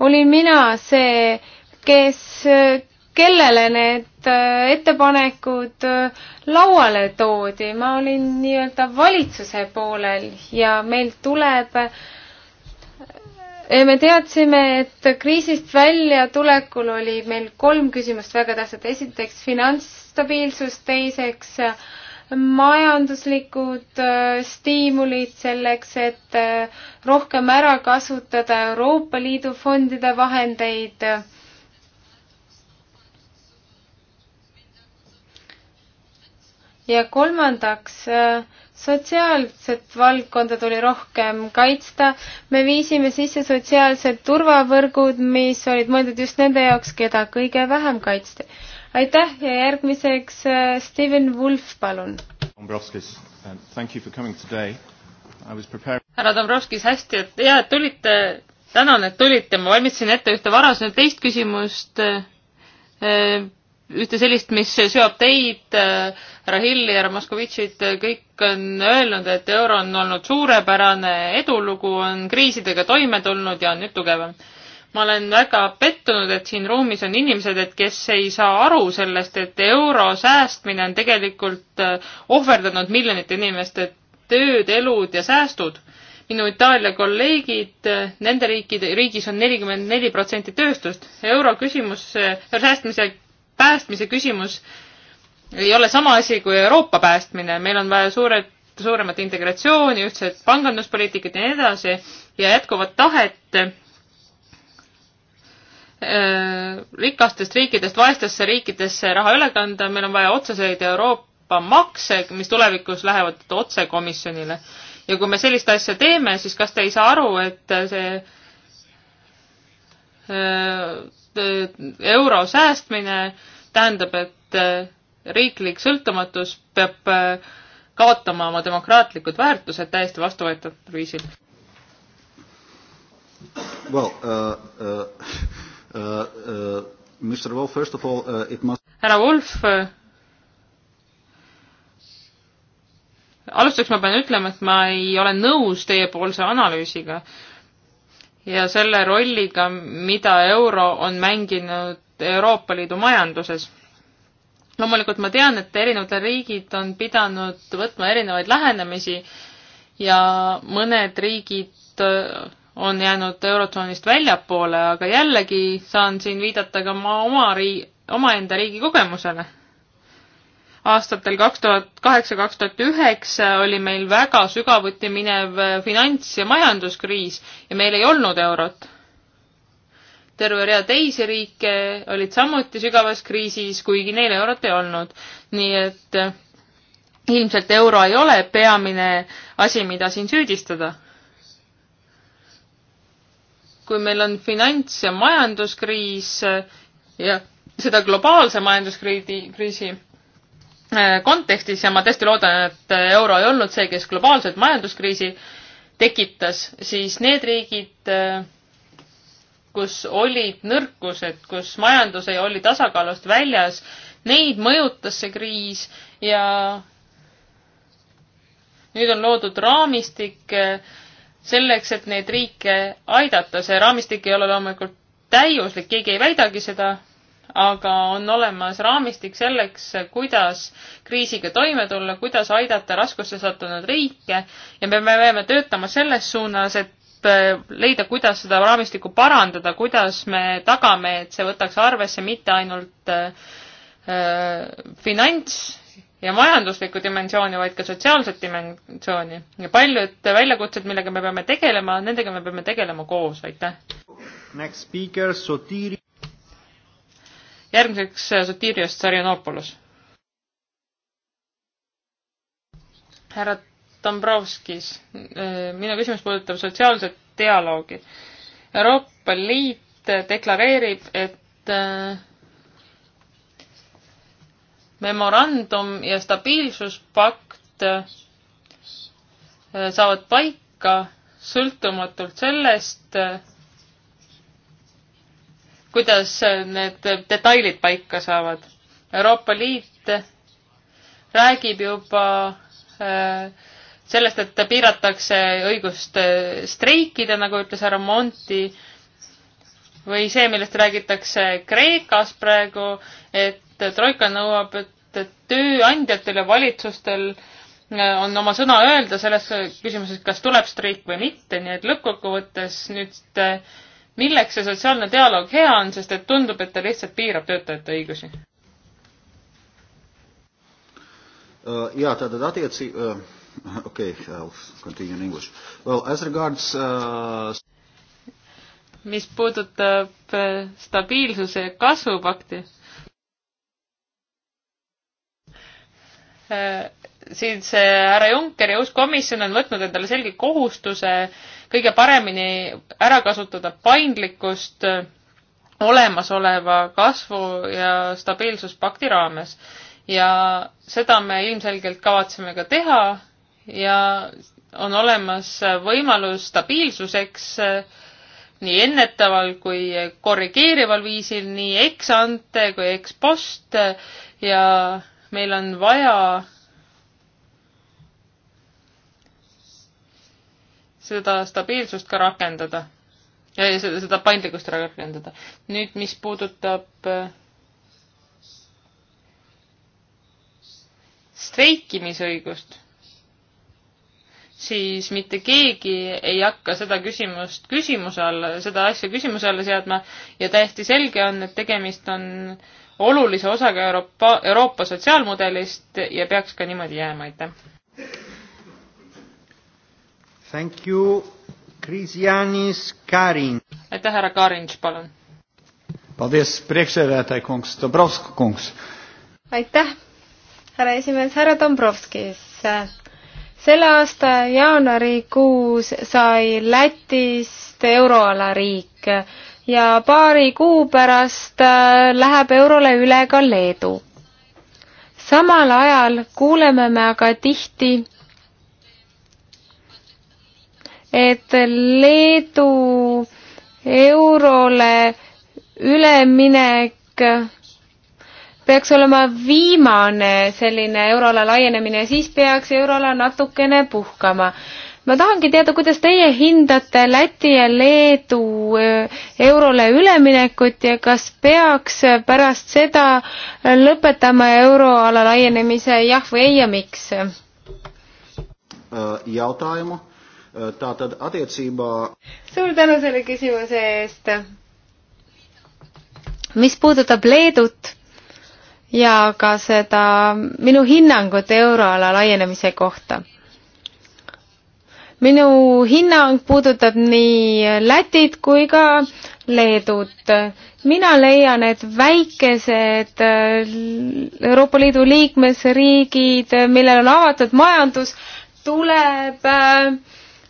olin mina see, kes, äh, kellele need ettepanekud lauale toodi. ma olin nii-öelda valitsuse poolel ja meil tuleb äh, Eh, me teadsime, et kriisist väljatulekul oli meil kolm küsimust väga tähtsat. esiteks finantsstabiilsus, teiseks eh, majanduslikud eh, stiimulid selleks, et rohkem ära kasutada Euroopa Liidu fondide vahendeid. ja kolmandaks sotsiaalset valdkonda tuli rohkem kaitsta. me viisime sisse sotsiaalsed turvavõrgud, mis olid mõeldud just nende jaoks, keda kõige vähem kaitsti. aitäh ja järgmiseks äh, Steven Wolf, palun. Uh, härra Dombrovskis, hästi, et hea, et tulite. tänan, et tulite, ma valmistasin ette ühte varasemat teist küsimust äh, äh, ühte sellist, mis seob teid, härra Hilli, härra Moskovitšit, kõik on öelnud, et euro on olnud suurepärane edulugu, on kriisidega toime tulnud ja on nüüd tugevam. ma olen väga pettunud, et siin ruumis on inimesed, et kes ei saa aru sellest, et euro säästmine on tegelikult äh, ohverdanud miljonite inimeste tööd, elud ja säästud minu Itaalia kolleegid, äh, nende riikide, riigis on nelikümmend neli protsenti tööstust. euro küsimus, äh, säästmise päästmise küsimus ei ole sama asi kui Euroopa päästmine, meil on vaja suured, suuremat integratsiooni, ühtset panganduspoliitikat ja nii edasi ja jätkuvat tahet äh, rikastest riikidest vaestesse riikidesse raha üle kanda, meil on vaja otseseid Euroopa makse, mis tulevikus lähevad otse komisjonile. ja kui me sellist asja teeme, siis kas te ei saa aru, et see äh, euro säästmine tähendab, et eh, riiklik sõltumatus peab eh, kaotama oma demokraatlikud väärtused täiesti vastuvõetatud viisil. Well, uh, uh, uh, uh, Mr. Wolf, first of all, uh, it must... härra Wolf uh,, alustuseks ma pean ütlema, et ma ei ole nõus teiepoolse analüüsiga uh, ja selle rolliga, mida euro on mänginud Euroopa Liidu majanduses. loomulikult ma tean, et erinevad riigid on pidanud võtma erinevaid lähenemisi ja mõned riigid äh, on jäänud Eurotsoonist väljapoole, aga jällegi saan siin viidata ka ma oma riigi, omaenda riigi kogemusele aastatel kaks tuhat kaheksa, kaks tuhat üheksa oli meil väga sügavuti minev äh, finants- ja majanduskriis ja meil ei olnud eurot. terve rea teisi riike olid samuti sügavas kriisis, kuigi neil eurot ei olnud. nii et äh, ilmselt euro ei ole peamine asi, mida siin süüdistada. kui meil on finants- ja majanduskriis äh, ja seda globaalse majanduskriisi, Äh, kontekstis ja ma tõesti loodan, et äh, euro ei olnud see, kes globaalset majanduskriisi tekitas, siis need riigid, äh, kus olid nõrkused, kus majandus ei olnud tasakaalust väljas, neid mõjutas see kriis ja nüüd on loodud raamistik selleks, et neid riike aidata. see raamistik ei ole loomulikult täiuslik, keegi ei väidagi seda, aga on olemas raamistik selleks, kuidas kriisiga toime tulla, kuidas aidata raskusse sattunud riike ja me peame töötama selles suunas, et äh, leida, kuidas seda raamistikku parandada, kuidas me tagame, et see võtaks arvesse mitte ainult äh, äh, finants ja majanduslikku dimensiooni, vaid ka sotsiaalset dimensiooni. ja paljud väljakutsed, millega me peame tegelema, nendega me peame tegelema koos, aitäh! Next speaker, Sotiri järgmiseks äh, Sotirios Tsarjanopoulos. härra Dombrovskis, äh, minu küsimus puudutab sotsiaalset dialoogi. Euroopa Liit deklareerib, et äh, memorandum ja stabiilsuspakt saavad paika sõltumatult sellest, kuidas need detailid paika saavad. Euroopa Liit räägib juba äh, sellest, et piiratakse õigust äh, streikida, nagu ütles härra Monti, või see, millest räägitakse Kreekas praegu, et Troika nõuab, et tööandjatel ja valitsustel äh, on oma sõna öelda selles küsimuses, kas tuleb streik või mitte, nii et lõppkokkuvõttes nüüd milleks see sotsiaalne dialoog hea on, sest et tundub, et ta lihtsalt piirab töötajate õigusi. Uh, yeah, tātad attiecī, uh, okay, I'll continue in English. Well, as regards uh, mis puudutab stabiilsuse ja kasvu pakti, siin see härra Juncker ja uus komisjon on võtnud endale selge kohustuse uh, kõige paremini ära kasutada paindlikkust äh, olemasoleva kasvu ja stabiilsuspakti raames. ja seda me ilmselgelt kavatseme ka teha ja on olemas võimalus stabiilsuseks äh, nii ennetaval kui korrigeerival viisil, nii ex ante kui ex post äh, ja meil on vaja seda stabiilsust ka rakendada ja, ja seda, seda paindlikkust rakendada. nüüd, mis puudutab äh, streikimisõigust, siis mitte keegi ei hakka seda küsimust küsimuse alla, seda asja küsimuse alla seadma ja täiesti selge on, et tegemist on olulise osaga Euroopa, Euroopa sotsiaalmudelist ja peaks ka niimoodi jääma, aitäh! Thank you, Kristjanis Karin. aitäh, härra Karinš, palun. aitäh, härra esimees, härra Dombrovskis. selle aasta jaanuarikuus sai Lätist euroala riik ja paari kuu pärast äh, läheb eurole üle ka Leedu. samal ajal kuuleme me aga tihti et Leedu eurole üleminek peaks olema viimane selline euroala laienemine ja siis peaks euroala natukene puhkama. ma tahangi teada, kuidas teie hindate Läti ja Leedu eh, eurole üleminekut ja kas peaks pärast seda lõpetama euroala laienemise jah või ei ja miks? Eh, jaotaema Tātad attiecībā. suur tänu selle küsimuse eest. mis puudutab Leedut ja ka seda minu hinnangut euroala laienemise kohta minu hinnang puudutab nii Lätit kui ka Leedut. mina leian, et väikesed äh, Euroopa Liidu liikmesriigid, millel on avatud majandus, tuleb äh,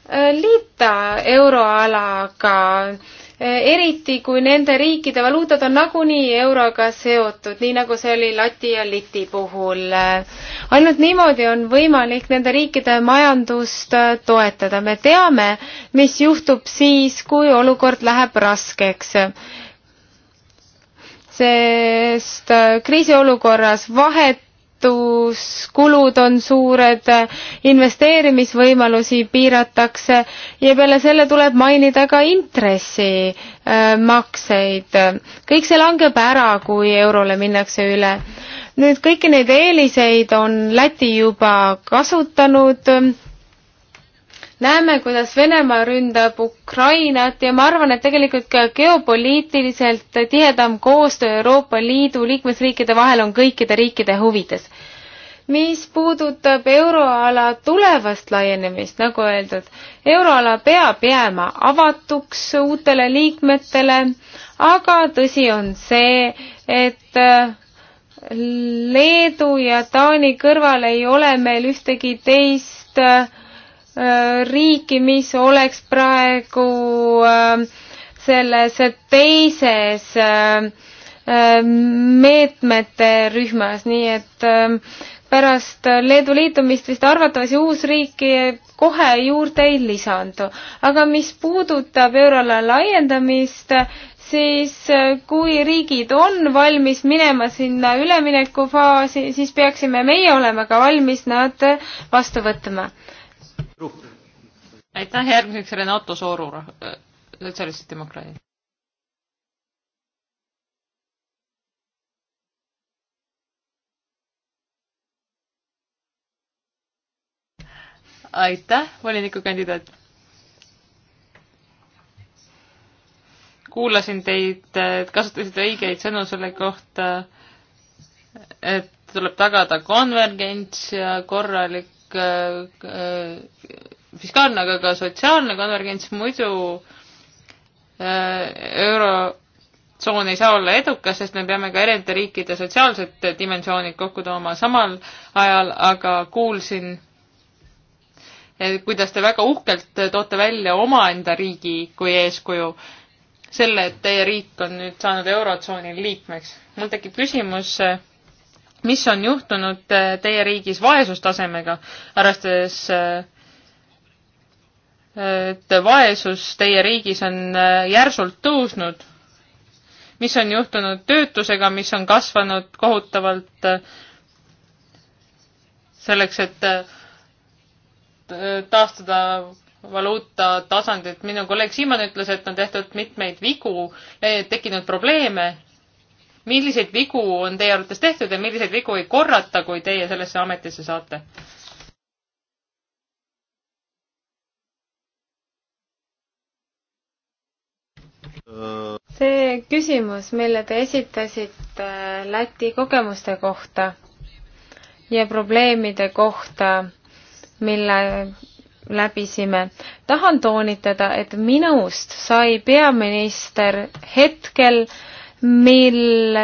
Äh, liita euroalaga, äh, eriti kui nende riikide valuutad on nagunii euroga seotud, nii nagu see oli Läti ja Liti puhul. ainult niimoodi on võimalik nende riikide majandust äh, toetada. me teame, mis juhtub siis, kui olukord läheb raskeks sest kriisiolukorras vahet halduskulud on suured, investeerimisvõimalusi piiratakse ja peale selle tuleb mainida ka intressimakseid. kõik see langeb ära, kui eurole minnakse üle. nüüd kõiki neid eeliseid on Läti juba kasutanud näeme, kuidas Venemaa ründab Ukrainat ja ma arvan, et tegelikult ka geopoliitiliselt tihedam koostöö Euroopa Liidu liikmesriikide vahel on kõikide riikide huvides mis puudutab euroala tulevast laienemist, nagu öeldud, euroala peab jääma avatuks uutele liikmetele, aga tõsi on see, et äh, Leedu ja Taani kõrval ei ole meil ühtegi teist äh, riiki, mis oleks praegu äh, selles teises meetmete rühmas, nii et äh, pärast Leedu liitumist vist arvatavasti uus riik kohe juurde ei lisandu. aga mis puudutab eurole laiendamist, siis kui riigid on valmis minema sinna üleminekufaasi, siis peaksime meie olema ka valmis nad vastu võtma. aitäh, järgmiseks Renato Soorur, sotsialistid demokraadid. aitäh, volinikukandidaat. kuulasin teid, kasutasite õigeid sõnu selle kohta, et tuleb tagada konvergents ja korralik äh, fiskaalne, aga ka sotsiaalne konvergents, muidu äh, eurotsoon ei saa olla edukas, sest me peame ka erinevate riikide sotsiaalsed dimensioonid kokku tooma samal ajal, aga kuulsin Eh, kuidas te väga uhkelt toote välja omaenda riigi kui eeskuju. selle, et teie riik on nüüd saanud Eurotsooni liikmeks. mul tekib küsimus, eh, mis on juhtunud eh, teie riigis vaesustasemega, arvestades et vaesus teie riigis on järsult tõusnud. mis on juhtunud töötusega, mis on kasvanud kohutavalt selleks, et Äh, taastada valuuta tasandit. minu kolleeg Siimon ütles, et on tehtud mitmeid vigu, äh, tekkinud probleeme. milliseid vigu on teie arvates tehtud ja milliseid vigu ei korrata, kui teie sellesse ametisse saate? see küsimus, mille te esitasite äh, Läti kogemuste kohta ja probleemide kohta mille läbisime. tahan toonitada, et minust sai peaminister hetkel, mil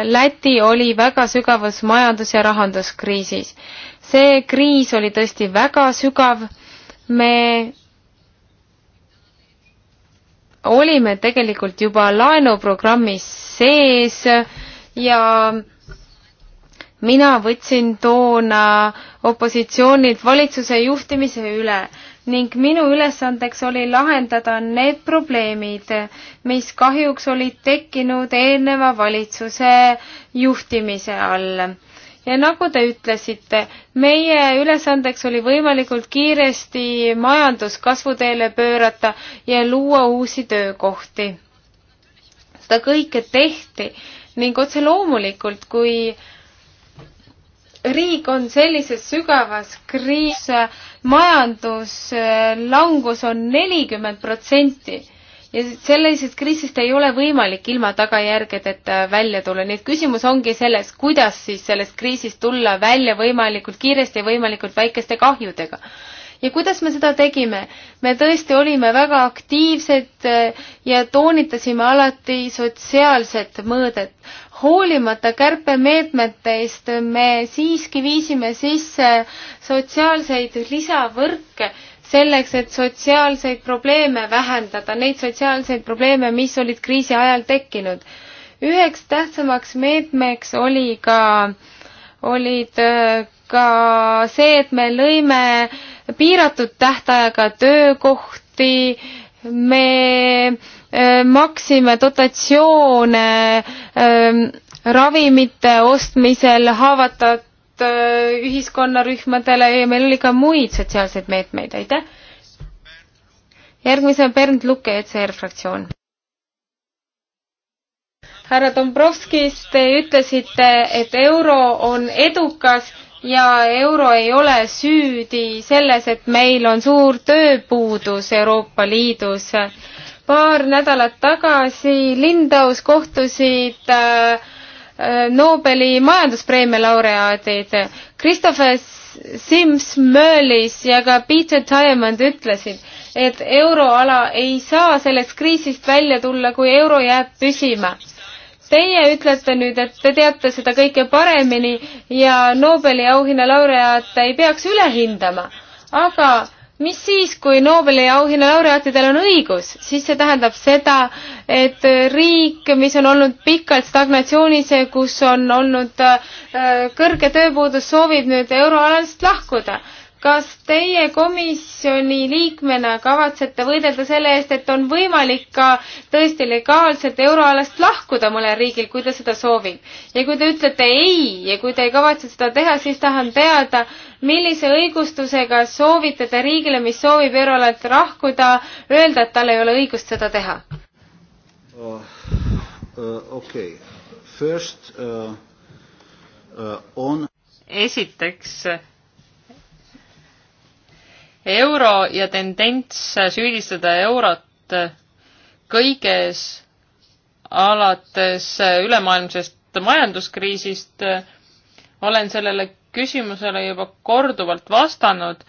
Läti oli väga sügavas majandus- ja rahanduskriisis. see kriis oli tõesti väga sügav, me olime tegelikult juba laenuprogrammis sees ja mina võtsin toona opositsioonilt valitsuse juhtimise üle ning minu ülesandeks oli lahendada need probleemid, mis kahjuks olid tekkinud eelneva valitsuse juhtimise all. ja nagu te ütlesite, meie ülesandeks oli võimalikult kiiresti majandus kasvuteele pöörata ja luua uusi töökohti. seda kõike tehti ning otse loomulikult, kui äh, riik on sellises sügavas kriis, majanduslangus äh, on nelikümmend protsenti ja sellisest kriisist ei ole võimalik ilma tagajärgedeta välja tulla, nii et küsimus ongi selles, kuidas siis sellest kriisist tulla välja võimalikult kiiresti ja võimalikult väikeste kahjudega. ja kuidas me seda tegime? me tõesti olime väga aktiivsed äh, ja toonitasime alati sotsiaalset mõõdet hoolimata kärpemeetmetest me siiski viisime sisse sotsiaalseid lisavõrke selleks, et sotsiaalseid probleeme vähendada, neid sotsiaalseid probleeme, mis olid kriisi ajal tekkinud. üheks tähtsamaks meetmeks oli ka, olid äh, ka see, et me lõime piiratud tähtajaga töökohti, me Äh, maksime dotatsioone ähm, ravimite ostmisel haavatud äh, ühiskonnarühmadele ja meil oli ka muid sotsiaalseid meetmeid, aitäh. järgmisena Bernd Luke, ECR fraktsioon. härra Dombrovskis, te ütlesite, et euro on edukas ja euro ei ole süüdi selles, et meil on suur tööpuudus Euroopa Liidus paar nädalat tagasi Lindaus kohtusid äh, äh Nobeli majanduspreemia laureaadid Christopher Sims Möllis ja ka Peter Diamond ütlesid, et euroala ei saa sellest kriisist välja tulla, kui euro jääb püsima. Teie ütlete nüüd, et te teate seda kõike paremini ja Nobeli auhinna laureaate ei peaks üle hindama, aga mis siis, kui Nobeli auhinna laureaatidel on õigus, siis see tähendab seda, et riik, mis on olnud pikalt stagnatsioonis ja kus on olnud äh, kõrge tööpuudus, soovib nüüd euroalast lahkuda kas teie komisjoni liikmena kavatsete võidelda selle eest, et on võimalik ka tõesti legaalselt euroalast lahkuda mõnel riigil, kui ta seda soovib? ja kui te ütlete ei ja kui te ei kavatse seda teha, siis tahan teada, millise õigustusega soovite te riigile, mis soovib euroalalt lahkuda, öelda, et tal ei ole õigust seda teha uh,? Uh, okay. First, uh, uh, on esiteks euro ja tendents süüdistada eurot kõiges alates ülemaailmsest majanduskriisist, olen sellele küsimusele juba korduvalt vastanud.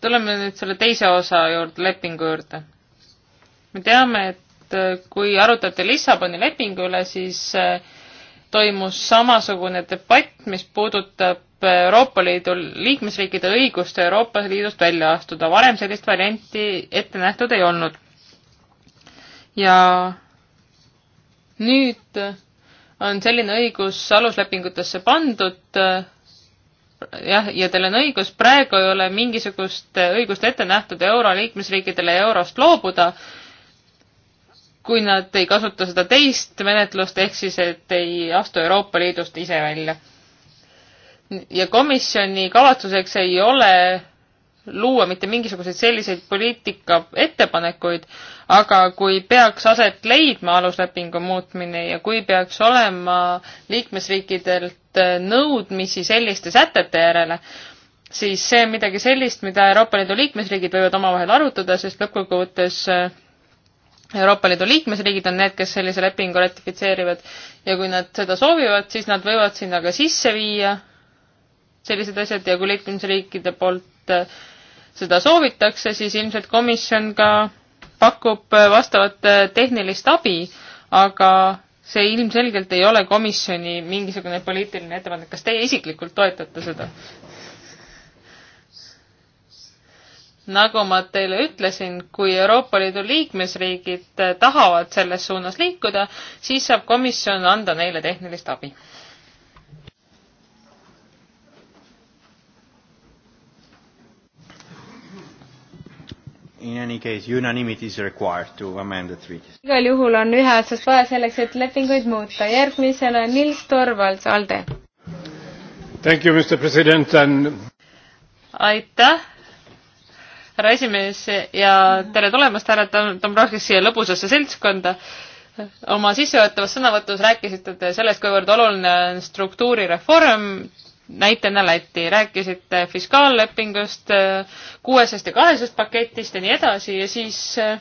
tuleme nüüd selle teise osa juurde, lepingu juurde. me teame, et kui arutati Lissaboni lepingu üle, siis äh, toimus samasugune debatt, mis puudutab Euroopa Liidu liikmesriikide õigust Euroopa Liidust välja astuda. varem sellist varianti ette nähtud ei olnud. ja nüüd on selline õigus aluslepingutesse pandud, jah, ja teil on õigus, praegu ei ole mingisugust õigust ette nähtud euro liikmesriikidele eurost loobuda kui nad ei kasuta seda teist menetlust, ehk siis et ei astu Euroopa Liidust ise välja. ja komisjoni kavatsuseks ei ole luua mitte mingisuguseid selliseid poliitika ettepanekuid, aga kui peaks aset leidma aluslepingu muutmine ja kui peaks olema liikmesriikidelt nõudmisi selliste sätete järele, siis see on midagi sellist, mida Euroopa Liidu liikmesriigid võivad omavahel arutada, sest lõppkokkuvõttes Euroopa Liidu liikmesriigid on need, kes sellise lepingu ratifitseerivad ja kui nad seda soovivad, siis nad võivad sinna ka sisse viia sellised asjad ja kui liikmesriikide poolt äh, seda soovitakse, siis ilmselt komisjon ka pakub äh, vastavat äh, tehnilist abi, aga see ilmselgelt ei ole komisjoni mingisugune poliitiline ettepanek. kas teie isiklikult toetate seda? nagu ma teile ütlesin, kui Euroopa Liidu liikmesriigid eh, tahavad selles suunas liikuda, siis saab komisjon anda neile tehnilist abi. In any case, unanimity is required to amend the treaties. igal juhul on ühehäälsust vaja selleks, et lepinguid muuta. järgmisena Nils Torvalds, ALDE. Thank you, Mr President and aitäh härra esimees ja tere tulemast, härra Dombrovskis siia lõbusasse seltskonda. oma sissejuhatavas sõnavõtus rääkisite te sellest, kuivõrd oluline on struktuurireform, näitena Läti, rääkisite fiskaallepingust, kuuesest ja kahesest paketist ja nii edasi ja siis äh,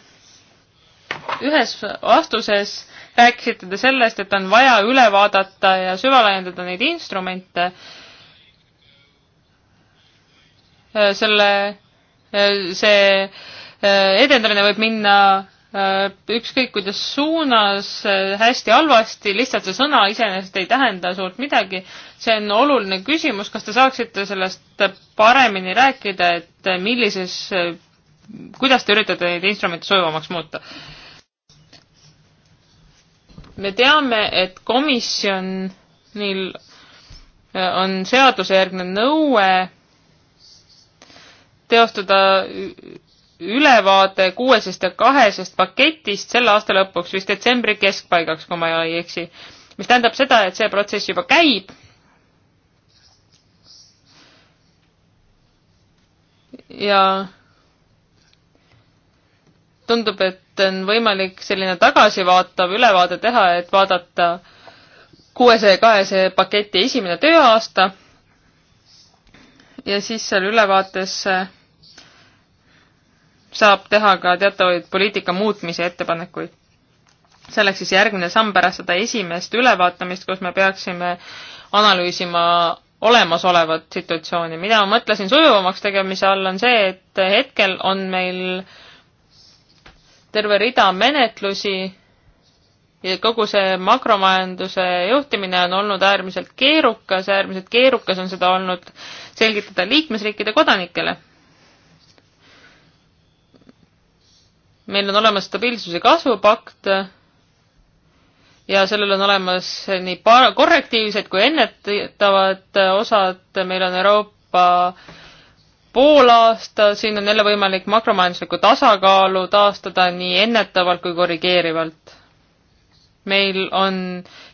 ühes vastuses rääkisite te sellest, et on vaja üle vaadata ja süvalaiendada neid instrumente äh, selle see eh, edendamine võib minna eh, ükskõik kuidas suunas, eh, hästi-halvasti, lihtsalt see sõna iseenesest ei tähenda suurt midagi. see on oluline küsimus, kas te saaksite sellest paremini rääkida, et millises, kuidas te üritate neid instrumente sujuvamaks muuta? me teame, et komisjonil on seadusejärgne nõue teostada ülevaade kuuesest ja kahesest paketist selle aasta lõpuks, vist detsembri keskpaigaks, kui ma ei eksi. mis tähendab seda, et see protsess juba käib. ja tundub, et on võimalik selline tagasivaatav ülevaade teha, et vaadata kuuesaja kahesaja paketi esimene tööaasta ja siis seal ülevaates saab teha ka teatavaid poliitika muutmise ettepanekuid. see oleks siis järgmine samm pärast seda esimest ülevaatamist, kus me peaksime analüüsima olemasolevat situatsiooni. mida ma mõtlesin sujuvamaks tegemise all, on see, et hetkel on meil terve rida menetlusi ja kogu see makromajanduse juhtimine on olnud äärmiselt keerukas, äärmiselt keerukas on seda olnud selgitada liikmesriikide kodanikele. meil on olemas stabiilsuse kasvupakt ja sellel on olemas nii par-, korrektiivsed kui ennetavad osad, meil on Euroopa poolaasta, siin on jälle võimalik makromajanduslikku tasakaalu taastada nii ennetavalt kui korrigeerivalt. meil on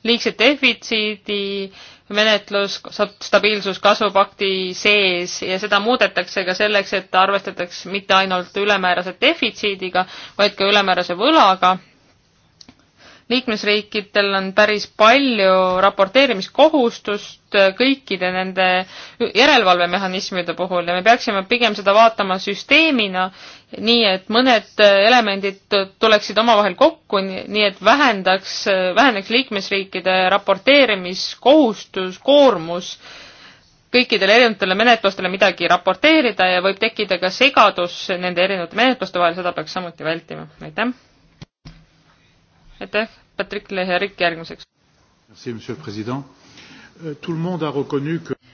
liigse defitsiidi äh, menetlus stabiilsus kasvupakti sees ja seda muudetakse ka selleks, et arvestataks mitte ainult ülemäärase defitsiidiga, vaid ka ülemäärase võlaga liikmesriikidel on päris palju raporteerimiskohustust äh, kõikide nende järelevalvemehhanismide puhul ja me peaksime pigem seda vaatama süsteemina, nii et mõned äh, elemendid tuleksid omavahel kokku, nii et vähendaks, äh, väheneks liikmesriikide raporteerimiskohustus, koormus kõikidele erinevatele menetlustele midagi raporteerida ja võib tekkida ka segadus nende erinevate menetluste vahel, seda peaks samuti vältima, aitäh! aitäh, Patrick Leherik järgmiseks. Euh,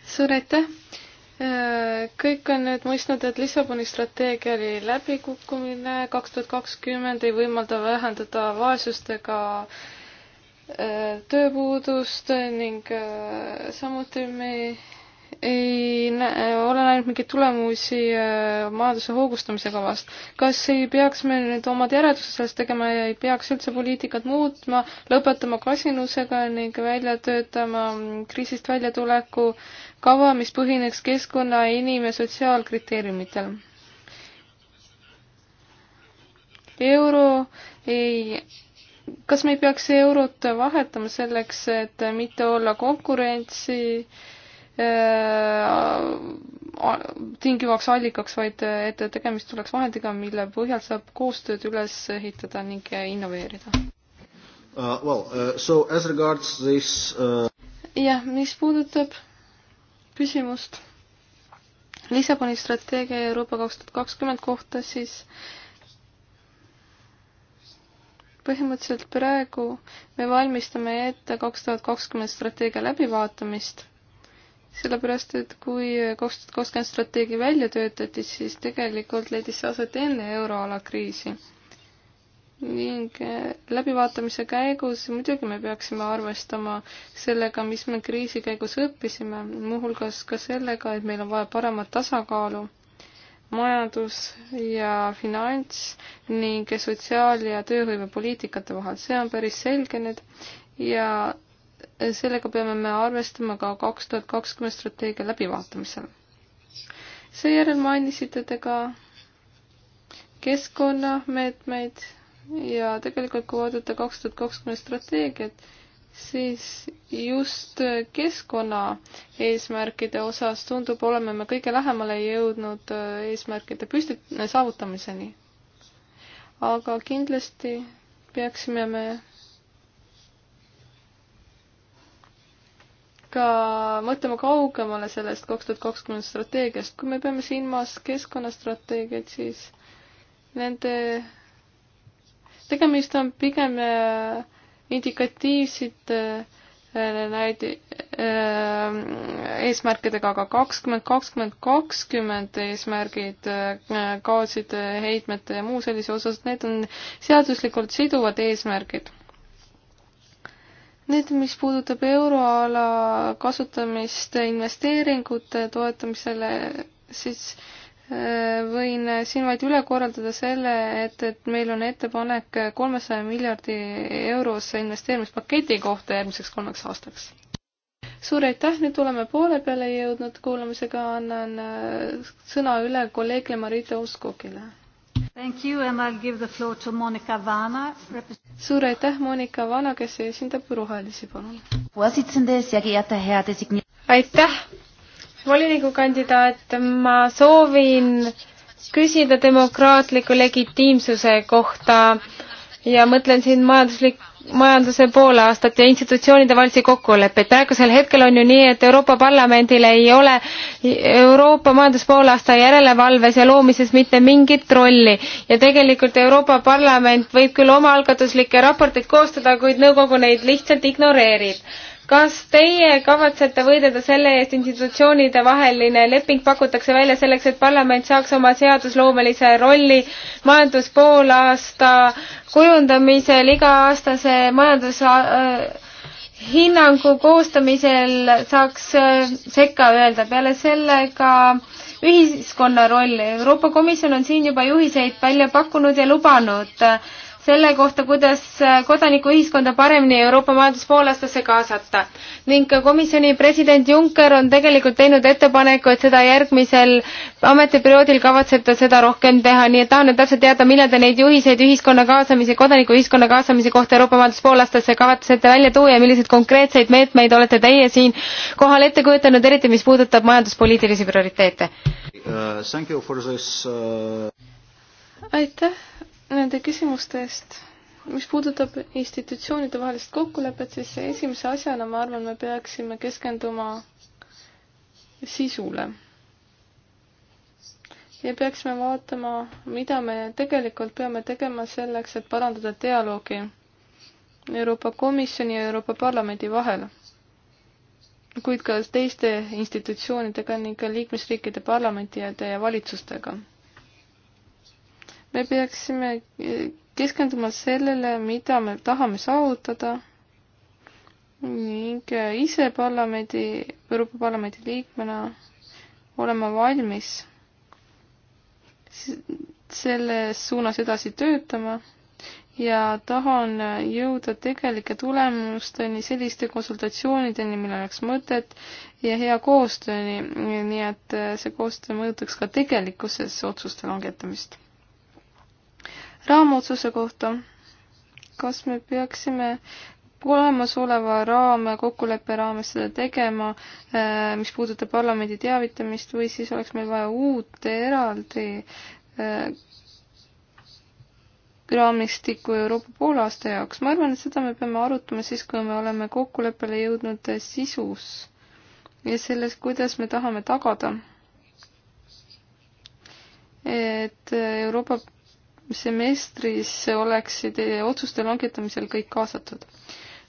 suur aitäh. Euh, kõik on nüüd mõistnud, et Lissaboni strateegia oli läbikukkumine, kaks tuhat kakskümmend ei võimalda vähendada vaesust ega äh, tööpuudust ning äh, samuti me ei ei näe, olen ainult mingeid tulemusi äh, majanduse hoogustamise kavast. kas ei peaks me nüüd omad järeldused sellest tegema ja ei peaks üldse poliitikat muutma, lõpetama kasinusega ning välja töötama kriisist väljatuleku kava, mis põhineks keskkonna, inim- ja sotsiaalkriteeriumitel? euro ei kas me ei peaks eurot vahetama selleks, et mitte olla konkurentsi äh, Äh, tingivaks allikaks, vaid äh, et tegemist oleks vahendiga, mille põhjal saab koostööd üles ehitada ning innoveerida. Uh, well, uh, so as regards this uh... jah, mis puudutab küsimust Lissaboni strateegia Euroopa kaks tuhat kakskümmend kohta, siis põhimõtteliselt praegu me valmistame ette kaks tuhat kakskümmend strateegia läbivaatamist sellepärast, et kui kaks tuhat kakskümmend strateegia välja töötati, siis tegelikult leidis see aset enne euroala kriisi. ning äh, läbivaatamise käigus muidugi me peaksime arvestama sellega, mis me kriisi käigus õppisime, muuhulgas ka sellega, et meil on vaja paremat tasakaalu majandus ja finants ning sotsiaal- ja tööhõivepoliitikate vahel, see on päris selge nüüd ja sellega peame me arvestama ka kaks tuhat kakskümmend strateegia läbivaatamisel. seejärel mainisite te ka keskkonnameetmeid ja tegelikult, kui vaadata kaks tuhat kakskümmend strateegiat, siis just keskkonna eesmärkide osas tundub, oleme me kõige lähemale jõudnud äh, eesmärkide püstit-, saavutamiseni. aga kindlasti peaksime me ka mõtlema kaugemale sellest kaks tuhat kakskümmend strateegiast, kui me peame silmas keskkonnastrateegiat, siis nende tegemist on pigem äh, indikatiivsete äh, näid- äh, eesmärkidega, aga kakskümmend, kakskümmend, kakskümmend eesmärgid gaaside, heitmete ja muu sellise osas, need on seaduslikult siduvad eesmärgid nüüd, mis puudutab euroala kasutamist investeeringute toetamisele, siis äh, võin siin vaid üle korraldada selle, et, et meil on ettepanek kolmesaja miljardi eurose investeerimispaketi kohta järgmiseks kolmeks aastaks. suur aitäh, nüüd oleme poole peale jõudnud, kuulamisega annan äh, sõna üle kolleegile Marita Uskokile suur aitäh, Monika Vana, kes esindab Rohelisi, palun. aitäh, volinikukandidaat, ma soovin küsida demokraatliku legitiimsuse kohta ja mõtlen siin majanduslik, majanduse poolaastat ja institutsioonide valitsi kokkuleppeid. praegusel hetkel on ju nii, et Euroopa Parlamendil ei ole Euroopa majanduspoolaasta järelevalves ja loomises mitte mingit rolli ja tegelikult Euroopa Parlament võib küll omaalgatuslikke raporteid koostada, kuid nõukogu neid lihtsalt ignoreerib kas teie kavatsete võidelda selle eest, institutsioonide vaheline leping pakutakse välja selleks, et parlament saaks oma seadusloomelise rolli majanduspoolaasta kujundamisel, iga-aastase majandus äh, hinnangu koostamisel saaks äh, sekka öelda, peale selle ka ühiskonna roll. Euroopa Komisjon on siin juba juhiseid välja pakkunud ja lubanud äh, selle kohta, kuidas äh, kodanikuühiskonda paremini Euroopa majanduspoolastasse kaasata. ning komisjoni president Juncker on tegelikult teinud ettepaneku, et seda järgmisel ametiperioodil kavatseb ta seda rohkem teha, nii et tahan nüüd täpselt teada, millal te neid juhiseid ühiskonna kaasamise, kodanikuühiskonna kaasamise kohta Euroopa majanduspoolastasse kavatsete välja tuua ja milliseid konkreetseid meetmeid olete teie siin kohal ette kujutanud, eriti mis puudutab majanduspoliitilisi prioriteete uh,? Uh... aitäh nende küsimuste eest. mis puudutab institutsioonide vahelist kokkulepet, siis esimese asjana ma arvan, me peaksime keskenduma sisule. ja peaksime vaatama, mida me tegelikult peame tegema selleks, et parandada dialoogi Euroopa Komisjoni ja Euroopa Parlamendi vahel, kuid ka teiste institutsioonidega ning ka liikmesriikide parlamentide ja valitsustega me peaksime eh, keskenduma sellele, mida me tahame saavutada ning eh, ise parlamendi, Euroopa Parlamendi liikmena olema valmis selles suunas edasi töötama ja tahan eh, jõuda tegelike tulemusteni, selliste konsultatsioonideni, millel oleks mõtet ja hea koostööni, nii et see koostöö mõjutaks ka tegelikkuses otsuste langetamist raamotsuse kohta. kas me peaksime olemasoleva raame, kokkuleppe raames seda tegema, äh, mis puudutab parlamendi teavitamist või siis oleks meil vaja uut eraldi äh, raamistikku Euroopa poolaasta jaoks. ma arvan, et seda me peame arutama siis, kui me oleme kokkuleppele jõudnud sisus ja selles, kuidas me tahame tagada, et Euroopa semestris oleksid otsuste langetamisel kõik kaasatud.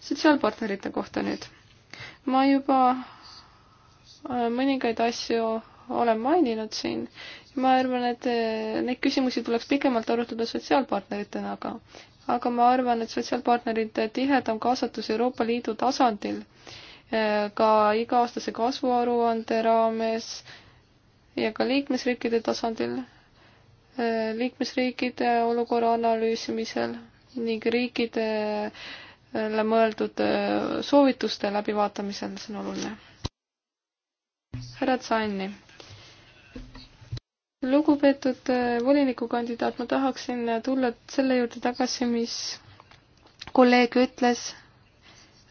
sotsiaalpartnerite kohta nüüd. ma juba äh, mõningaid asju olen maininud siin. ma arvan, et äh, neid küsimusi tuleks pikemalt arutada sotsiaalpartneritena, aga aga ma arvan, et sotsiaalpartnerite tihedam kaasatus Euroopa Liidu tasandil äh, ka iga-aastase kasvuaruande raames ja ka liikmesriikide tasandil Äh, liikmesriikide olukorra analüüsimisel ning riikidele mõeldud äh, soovituste läbivaatamisel, see on oluline. härra Tsanni. lugupeetud äh, volinikukandidaat, ma tahaksin tulla selle juurde tagasi, mis kolleeg ütles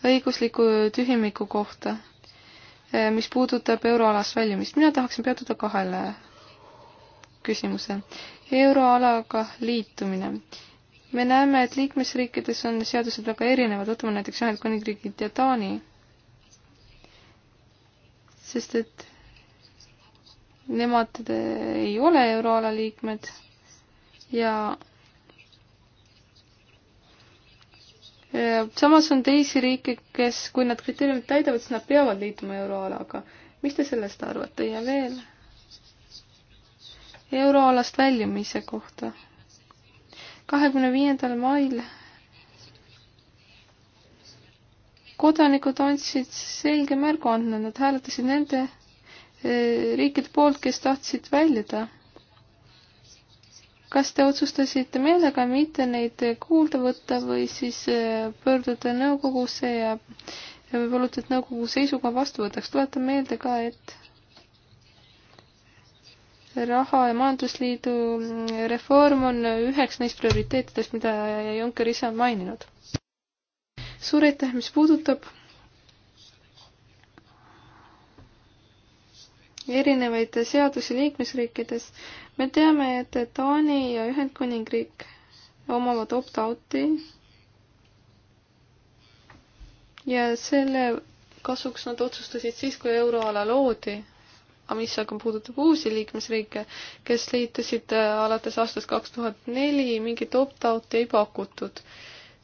õigusliku tühimiku kohta, mis puudutab euroalast väljumist. mina tahaksin peatuda kahele küsimuse. euroalaga liitumine. me näeme, et liikmesriikides on seadused väga erinevad, võtame näiteks Ühendkuningriigid ja Taani. sest et nemad ei ole euroala liikmed ja samas on teisi riike, kes, kui nad kriteeriumid täidavad, siis nad peavad liituma euroalaga. mis te sellest arvate ja veel? euroalast väljumise kohta. kahekümne viiendal mail kodanikud andsid selge märguandme, nad hääletasid nende eh, riikide poolt, kes tahtsid väljuda. kas te otsustasite meelega mitte neid kuulda võtta või siis eh, pöörduda nõukogusse ja ja võib-olla, et nõukogu seisukoha vastu võtaks, tuletan meelde ka, et raha- ja majandusliidu reform on üheks neist prioriteetidest, mida Juncker ise on maininud. suur aitäh, mis puudutab erinevaid seadusi liikmesriikides. me teame, et Taani ja Ühendkuningriik omavad opt-out'i ja selle kasuks nad otsustasid siis, kui euroala loodi mis aga puudutab uusi liikmesriike, kes liitusid äh, alates aastast kaks tuhat neli, mingit opt-out'i ei pakutud.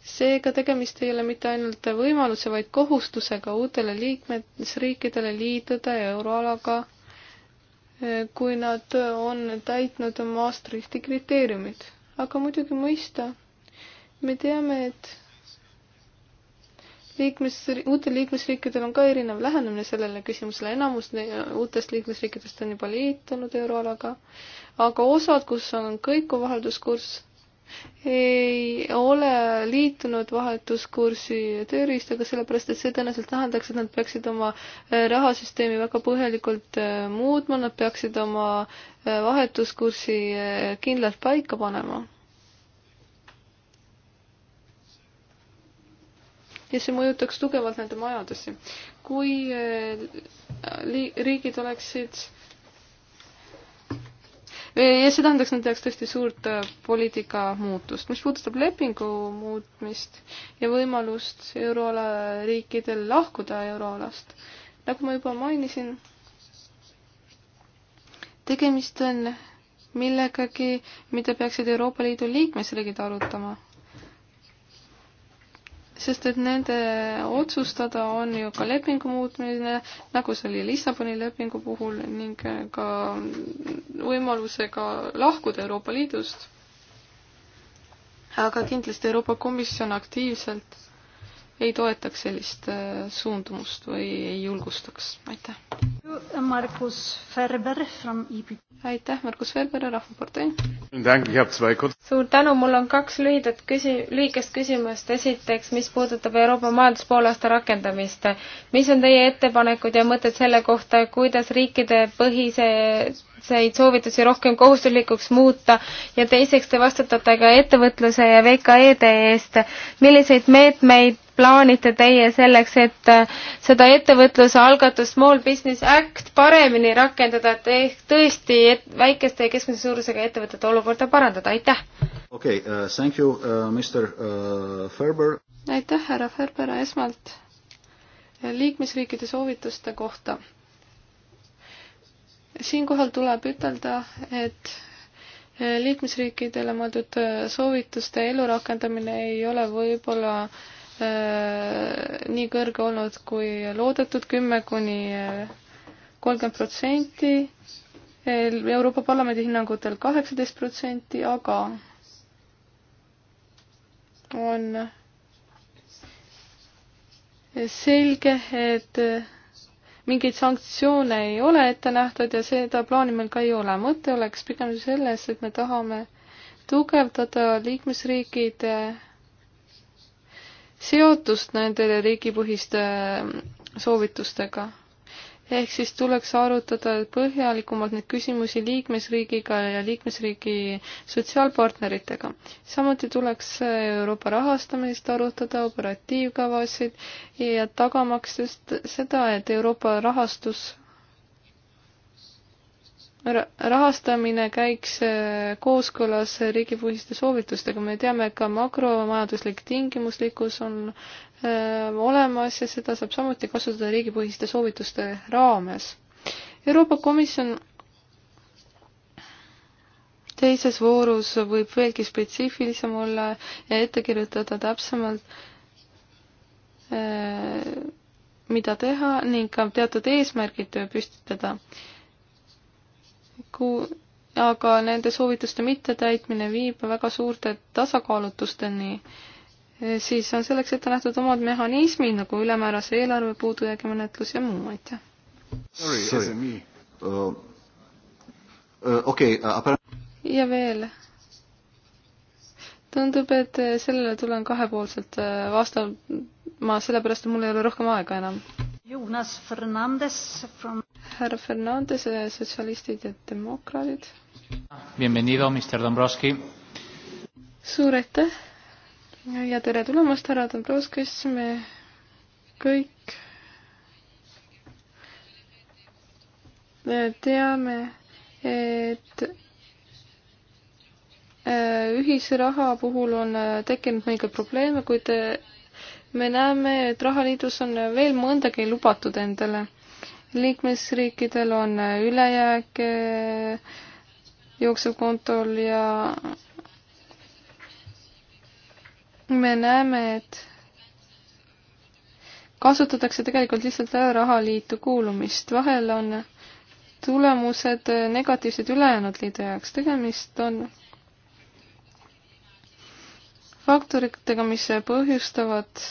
seega tegemist ei ole mitte ainult võimaluse, vaid kohustusega uutele liikmesriikidele liituda euroalaga, äh, kui nad on täitnud Maastrichti kriteeriumid. aga muidugi mõista, me teame, et liikmes, uutel liikmesriikidel on ka erinev lähenemine sellele küsimusele, enamus uutest liikmesriikidest on juba liitunud euroalaga, aga osad, kus on kõikuv vahelduskurss, ei ole liitunud vahetuskursi tööriistaga, sellepärast et see tõenäoliselt tähendaks, et nad peaksid oma äh, rahasüsteemi väga põhjalikult äh, muutma, nad peaksid oma äh, vahetuskursi kindlalt paika panema ja see mõjutaks tugevalt nende majandusi. kui äh, riigid oleksid ja see tähendaks nende jaoks tõesti suurt äh, poliitika muutust. mis puudutab lepingu muutmist ja võimalust euroala riikidel lahkuda euroalast, nagu ma juba mainisin, tegemist on millegagi, mida peaksid Euroopa Liidu liikmesriigid arutama sest et nende otsustada on ju ka lepingu muutmine, nagu see oli Lissaboni lepingu puhul ning ka võimalusega lahkuda Euroopa Liidust. aga kindlasti Euroopa Komisjon aktiivselt ei toetaks sellist äh, suundumust või ei julgustaks, aitäh you, Markus Ferber from EPP. aitäh, Markus Ferber, Rahvapartei. suur tänu, mul on kaks lühidat küsi-, lühikest küsimust. esiteks, mis puudutab Euroopa majanduspoolaasta rakendamist. mis on teie ettepanekud ja mõtted selle kohta, kuidas riikide põhise seid soovitusi rohkem kohustuslikuks muuta ja teiseks te vastutate ka ettevõtluse ja VKE-de eest. milliseid meetmeid plaanite teie selleks, et äh, seda ettevõtluse algatust Small Business Act paremini rakendada, et ehk tõesti et väikeste ja keskmise suurusega ettevõtete olukorda parandada, aitäh! okei okay, uh,, thank you uh,, Mr uh, Ferber. aitäh, härra Ferber, esmalt liikmesriikide soovituste kohta siinkohal tuleb ütelda, et eh, liikmesriikidele mõeldud eh, soovituste ellurakendamine ei ole võib-olla äh, nii kõrge olnud kui loodetud, kümme kuni kolmkümmend protsenti, Euroopa Parlamendi hinnangutel kaheksateist protsenti, aga on selge, et mingeid sanktsioone ei ole ette nähtud ja seda plaani meil ka ei ole. mõte oleks pigem selles, et me tahame tugevdada liikmesriikide seotust nende riigipõhiste soovitustega ehk siis tuleks arutada põhjalikumalt neid küsimusi liikmesriigiga ja liikmesriigi sotsiaalpartneritega. samuti tuleks Euroopa rahastamist arutada, operatiivkavasid ja tagamaks just seda, et Euroopa rahastus rahastamine käiks kooskõlas riigipõhiste soovitustega, me teame, ka makromajanduslik tingimuslikkus on olemas ja seda saab samuti kasutada riigipõhiste soovituste raames. Euroopa Komisjon teises voorus võib veelgi spetsiifilisem olla ja ette kirjutada täpsemalt, mida teha ning ka teatud eesmärgid püstitada. kui aga nende soovituste mittetäitmine viib väga suurte tasakaalutusteni äh, Eh, siis on selleks ette nähtud omad mehhanismid nagu ülemäärase eelarve puudujäägi menetlus ja muu, aitäh. Uh, uh, uh, ja veel. tundub, et eh, sellele tulen kahepoolselt eh, vastama, sellepärast et mul ei ole rohkem aega enam. Jonas Fernandes from härra Fernandes, sotsialistid ja demokraadid. Bienvenido, Mr Dombrovski. suur aitäh ja tere tulemast, härra Dombrovskis, me kõik teame, et äh, ühisraha puhul on äh, tekkinud mõningaid probleeme, kuid äh, me näeme, et rahaliidus on veel mõndagi lubatud endale. liikmesriikidel on ülejääk jooksevkontol ja me näeme, et kasutatakse tegelikult lihtsalt ära rahaliitu kuulumist, vahel on tulemused negatiivsed ülejäänud liidu jaoks, tegemist on faktoritega, mis põhjustavad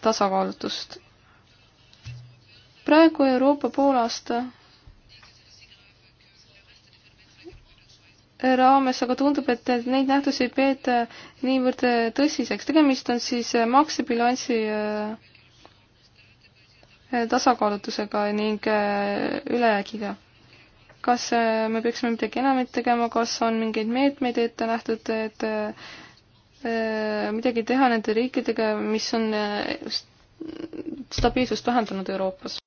tasakaalutust. praegu Euroopa poolaasta raames, aga tundub, et neid nähtusi ei peeta niivõrd äh, tõsiseks. tegemist on siis äh, maksebilansi äh, tasakaalutusega ning ülejäägiga. kas me peaksime midagi enamat tegema, kas on mingeid meetmeid ette nähtud, et midagi teha nende riikidega, mis on stabiilsust vähendanud Euroopas?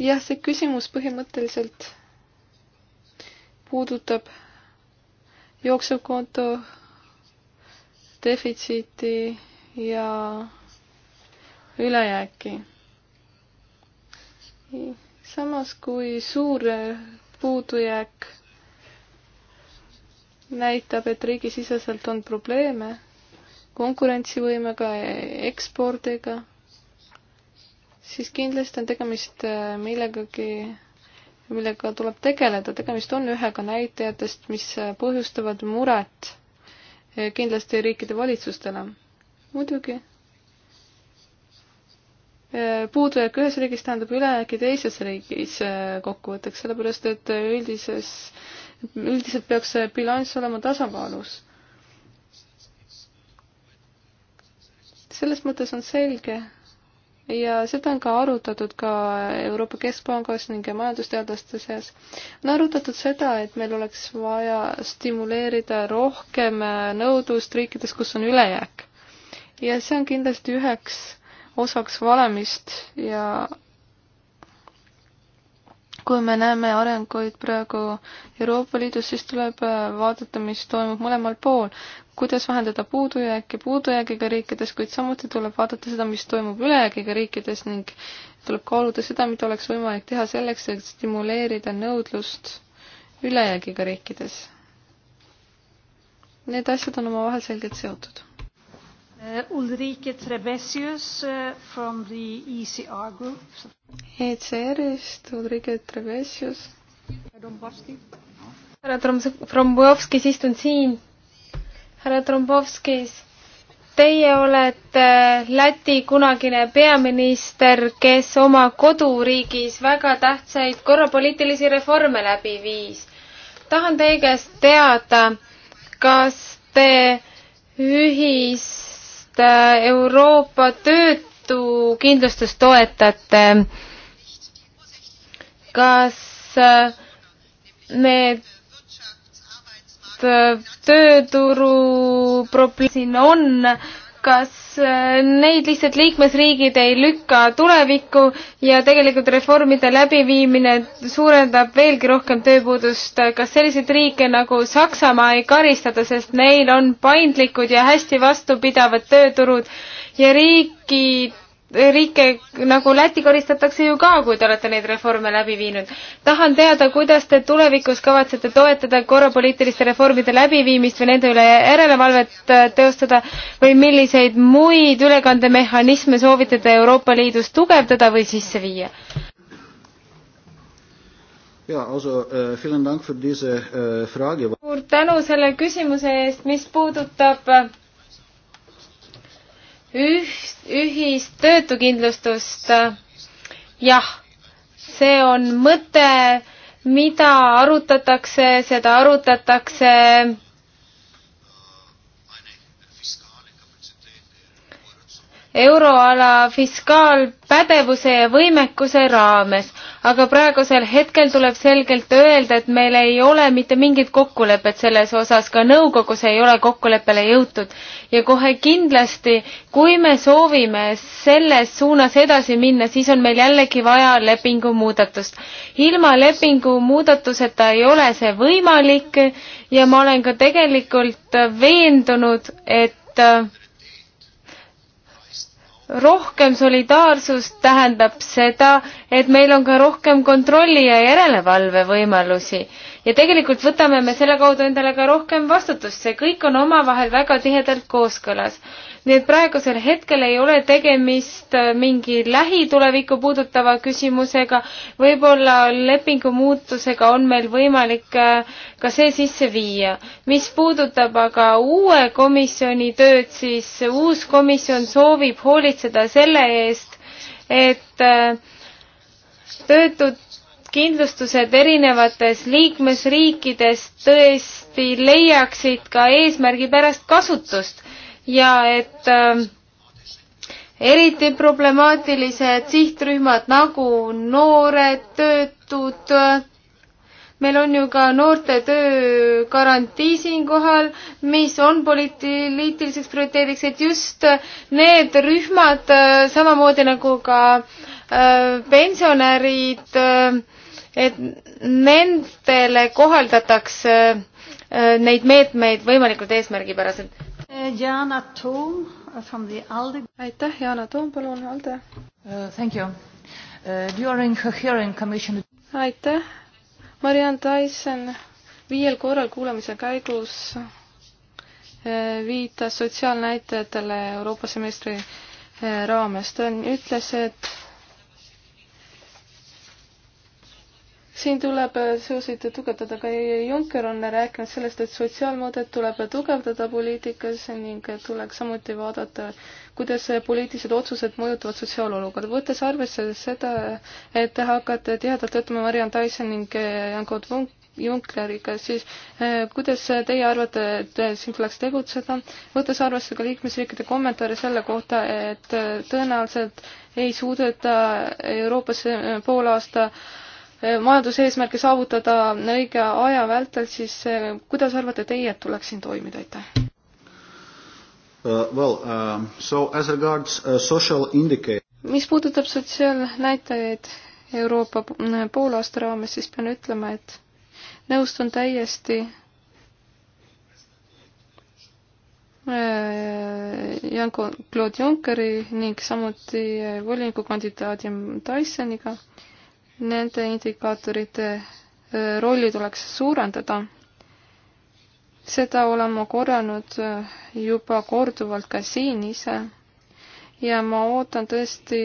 jah, see küsimus põhimõtteliselt puudutab jooksevkonto defitsiiti ja ülejääki. samas kui suur puudujääk näitab, et riigisiseselt on probleeme konkurentsivõimega, ekspordiga siis kindlasti on tegemist äh, millegagi, millega tuleb tegeleda, tegemist on ühega näitajatest, mis äh, põhjustavad muret äh, kindlasti riikide valitsustele. muidugi. puudujääk ühes riigis tähendab ülejääki teises riigis kokkuvõtteks, sellepärast et üldises, üldiselt peaks see bilanss olema tasakaalus. selles mõttes on selge ja seda on ka arutatud ka Euroopa Keskpangas ning majandusteadlaste seas. on arutatud seda, et meil oleks vaja stimuleerida rohkem nõudlust riikides, kus on ülejääk. ja see on kindlasti üheks osaks valemist ja kui me näeme arenguid praegu Euroopa Liidus, siis tuleb äh, vaadata, mis toimub mõlemal pool. kuidas vähendada puudujääki puudujäägiga riikides, kuid samuti tuleb vaadata seda, mis toimub ülejäägiga riikides ning tuleb kaaluda seda, mida oleks võimalik teha selleks, et stimuleerida nõudlust ülejäägiga riikides. Need asjad on omavahel selgelt seotud Eh, Ulrike Trebesius eh, from the ECR group. ECR-ist Ulrike Trebesius. härra Trombovskis, istun siin. härra Trombovskis, teie olete eh, Läti kunagine peaminister, kes oma koduriigis väga tähtsaid korrapoliitilisi reforme läbi viis. tahan teie käest teada, kas te ühis Äh, Euroopa töötukindlustust toetate, kas äh, need äh, tööturu probleemid siin on kas äh, neid lihtsalt liikmesriigid ei lükka tulevikku ja tegelikult reformide läbiviimine suurendab veelgi rohkem tööpuudust. kas selliseid riike nagu Saksamaa ei karistata, sest neil on paindlikud ja hästi vastupidavad tööturud ja riigid riike nagu Läti koristatakse ju ka, kui te olete neid reforme läbi viinud. tahan teada, kuidas te tulevikus kavatsete toetada korrapoliitiliste reformide läbiviimist või nende üle järelevalvet äh, teostada või milliseid muid ülekandemehhanisme soovite te Euroopa Liidus tugevdada või sisse viia? Ja, also, äh, vielen Dank für diese äh, Frage. suur tänu selle küsimuse eest, mis puudutab äh, üht, ühist töötukindlustust. jah, see on mõte, mida arutatakse, seda arutatakse euroala fiskaalpädevuse ja võimekuse raames aga praegusel hetkel tuleb selgelt öelda, et meil ei ole mitte mingit kokkulepet selles osas, ka nõukogus ei ole kokkuleppele jõutud. ja kohe kindlasti, kui me soovime selles suunas edasi minna, siis on meil jällegi vaja lepingu muudatust. ilma lepingu muudatuseta ei ole see võimalik ja ma olen ka tegelikult veendunud, et äh, rohkem solidaarsust tähendab seda, et meil on ka rohkem kontrolli ja järelevalve võimalusi ja tegelikult võtame me selle kaudu endale ka rohkem vastutust, see kõik on omavahel väga tihedalt kooskõlas. nii et praegusel hetkel ei ole tegemist äh, mingi lähitulevikku puudutava küsimusega, võib-olla lepingu muutusega on meil võimalik äh, ka see sisse viia. mis puudutab aga uue komisjoni tööd, siis uus komisjon soovib hoolitseda selle eest, et äh, töötud kindlustused erinevates liikmesriikides tõesti leiaksid ka eesmärgipärast kasutust ja et äh, eriti problemaatilised sihtrühmad nagu noored, töötud, meil on ju ka noorte töö garantii siinkohal, mis on poliitiliseks prioriteediks, et just need rühmad äh, samamoodi nagu ka äh, pensionärid äh, et nendele kohaldatakse äh, neid meetmeid võimalikult eesmärgipäraselt. Jana Toom from the ALDE. aitäh, Jana Toom, palun, ALDE uh,. Thank you uh,. During her hearing commission. aitäh, Marianne Tyson viiel korral kuulamise käigus äh, viitas sotsiaalnäitajatele Euroopa semestri äh, raames. ta ütles, et siin tuleb äh, seoseid tugevdada, ka Juncker on rääkinud sellest, et sotsiaalmõõdet tuleb tugevdada poliitikas ning tuleks samuti vaadata, kuidas poliitilised otsused mõjutavad sotsiaalolukorda. võttes arvesse seda, et te hakkate tihedalt töötama Marianne Tyson ning äh, Jan-Claude Junckeriga, siis äh, kuidas teie arvate, et siin tuleks tegutseda, võttes arvesse ka liikmesriikide kommentaare selle kohta, et tõenäoliselt ei suudeta Euroopas poolaasta aasta majanduseesmärke saavutada õige aja vältel, siis eh, kuidas arvate teie, et tuleks siin toimida, aitäh? Uh, well, uh, so as regards uh, social indicator mis puudutab sotsiaalnäitajaid Euroopa mm, poolaasta raames, siis pean ütlema, et nõustun täiesti äh, Jan-Claude Junckeri ning samuti äh, volinikukandidaadi Dysoniga äh, nende indikaatorite rolli tuleks suurendada. seda olen ma korranud juba korduvalt ka siin ise ja ma ootan tõesti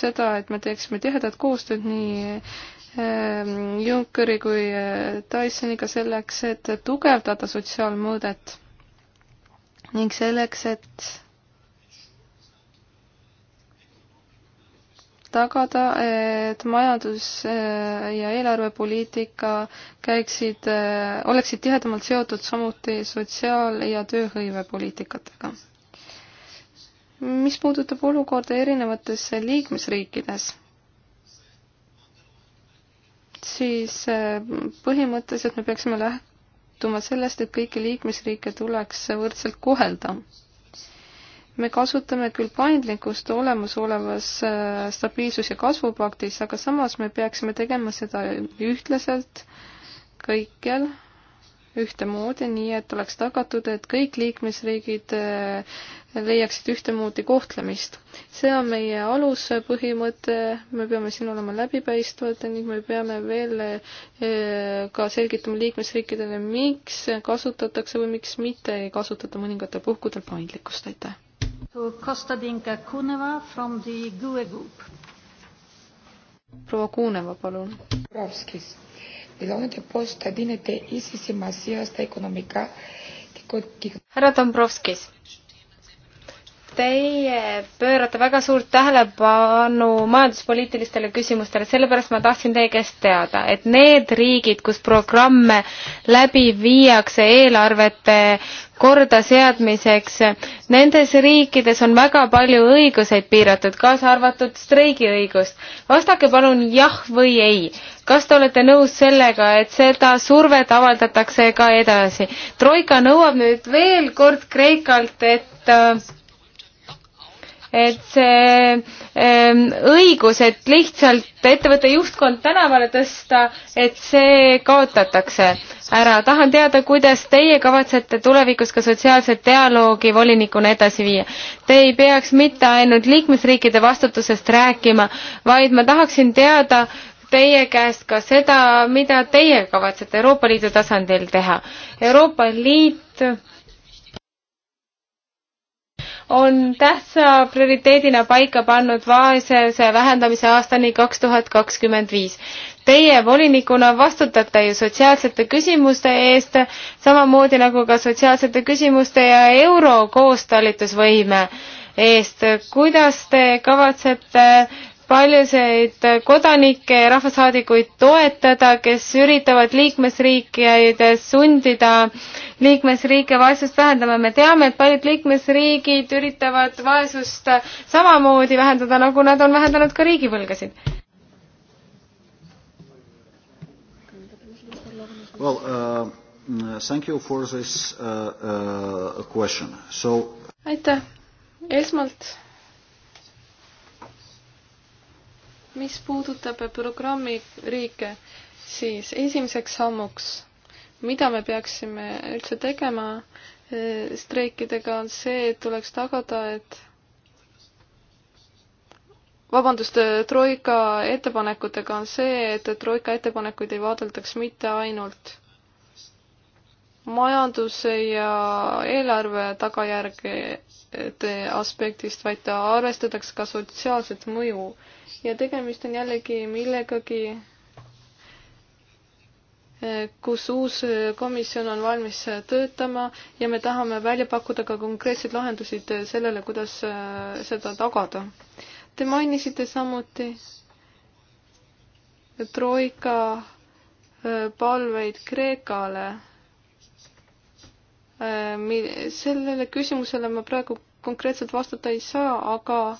seda, et me teeksime tihedat koostööd nii Junckeri kui Dysoniga selleks, et tugevdada sotsiaalmõõdet ning selleks, et tagada, et majandus- eh, ja eelarvepoliitika käiksid, eh, oleksid tihedamalt seotud samuti sotsiaal- ja tööhõivepoliitikatega. mis puudutab olukorda erinevates liikmesriikides, siis eh, põhimõtteliselt me peaksime lähtuma sellest, et kõiki liikmesriike tuleks võrdselt kohelda me kasutame küll paindlikkust olemasolevas äh, stabiilsus- ja kasvupaktis, aga samas me peaksime tegema seda ühtlaselt kõikjal ühtemoodi, nii et oleks tagatud, et kõik liikmesriigid äh, leiaksid ühtemoodi kohtlemist. see on meie aluspõhimõte, me peame siin olema läbipaistvad ning me peame veel äh, ka selgitama liikmesriikidele, miks kasutatakse või miks mitte ei kasutata mõningatel puhkudel paindlikkust, aitäh! Kostadinka Kuneva from the GUE Group. Proua Kuneva, palun. Ravskis. δηλώνεται πως θα δίνεται ίση σημασία στα οικονομικά και... Härra Dombrovskis, teie pöörate väga suurt tähelepanu majanduspoliitilistele küsimustele, sellepärast ma tahtsin teie käest teada, et need riigid, kus programme läbi viiakse eelarvete kordaseadmiseks, nendes riikides on väga palju õiguseid piiratud, kaasa arvatud streigiõigust. vastake palun jah või ei. kas te olete nõus sellega, et seda survet avaldatakse ka edasi? troika nõuab nüüd veel kord Kreekalt, et äh, et see ähm, õigus, et lihtsalt ettevõtte juhtkond tänavale tõsta, et see kaotatakse ära. tahan teada, kuidas teie kavatsete tulevikus ka sotsiaalset dialoogi volinikuna edasi viia. Te ei peaks mitte ainult liikmesriikide vastutusest rääkima, vaid ma tahaksin teada, teie käest ka seda, mida teie kavatsete Euroopa Liidu tasandil teha. Euroopa Liit on tähtsa prioriteedina paika pannud vaesuse vähendamise aastani kaks tuhat kakskümmend viis. Teie volinikuna vastutate ju sotsiaalsete küsimuste eest, samamoodi nagu ka sotsiaalsete küsimuste ja euro koostalitusvõime eest. kuidas te kavatsete paljusid kodanikke ja rahvasaadikuid toetada, kes üritavad liikmesriikides sundida liikmesriike vaesust vähendama. me teame, et paljud liikmesriigid üritavad vaesust samamoodi vähendada, nagu nad on vähendanud ka riigivõlgasid. Well, uh, thank you for this uh, uh, question. So... aitäh, esmalt mis puudutab programmi riike, siis esimeseks sammuks, mida me peaksime üldse tegema e, streikidega, on see, et tuleks tagada, et vabandust, e, Troika ettepanekutega on see, et Troika ettepanekuid ei vaadeldaks mitte ainult majanduse ja eelarve tagajärgede aspektist, vaid ta arvestatakse ka sotsiaalset mõju ja tegemist on jällegi millegagi, eh, kus uus eh, komisjon on valmis eh, töötama ja me tahame välja pakkuda ka konkreetseid lahendusi sellele, kuidas seda tagada. Te mainisite samuti troika palveid Kreekale. sellele küsimusele ma praegu konkreetselt vastata ei saa, aga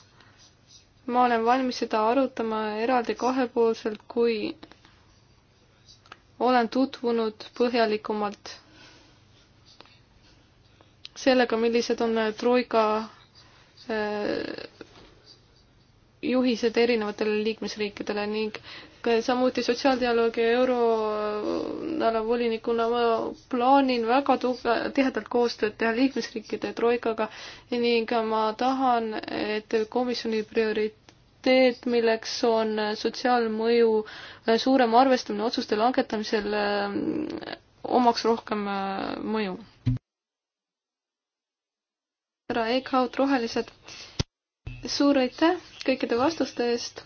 ma olen valmis seda arutama eraldi kahepoolselt, kui olen tutvunud põhjalikumalt sellega, millised on Troika äh, juhised erinevatele liikmesriikidele ning samuti sotsiaaldialoogi euroala volinikuna ma plaanin väga tuge, tihedalt koostööd teha liikmesriikide troikaga ning ma tahan, et komisjoni priori-, teed, milleks on sotsiaalmõju suurem arvestamine otsuste langetamisel, äh, omaks rohkem äh, mõju. härra Eekhaut, Rohelised, suur aitäh kõikide vastuste eest.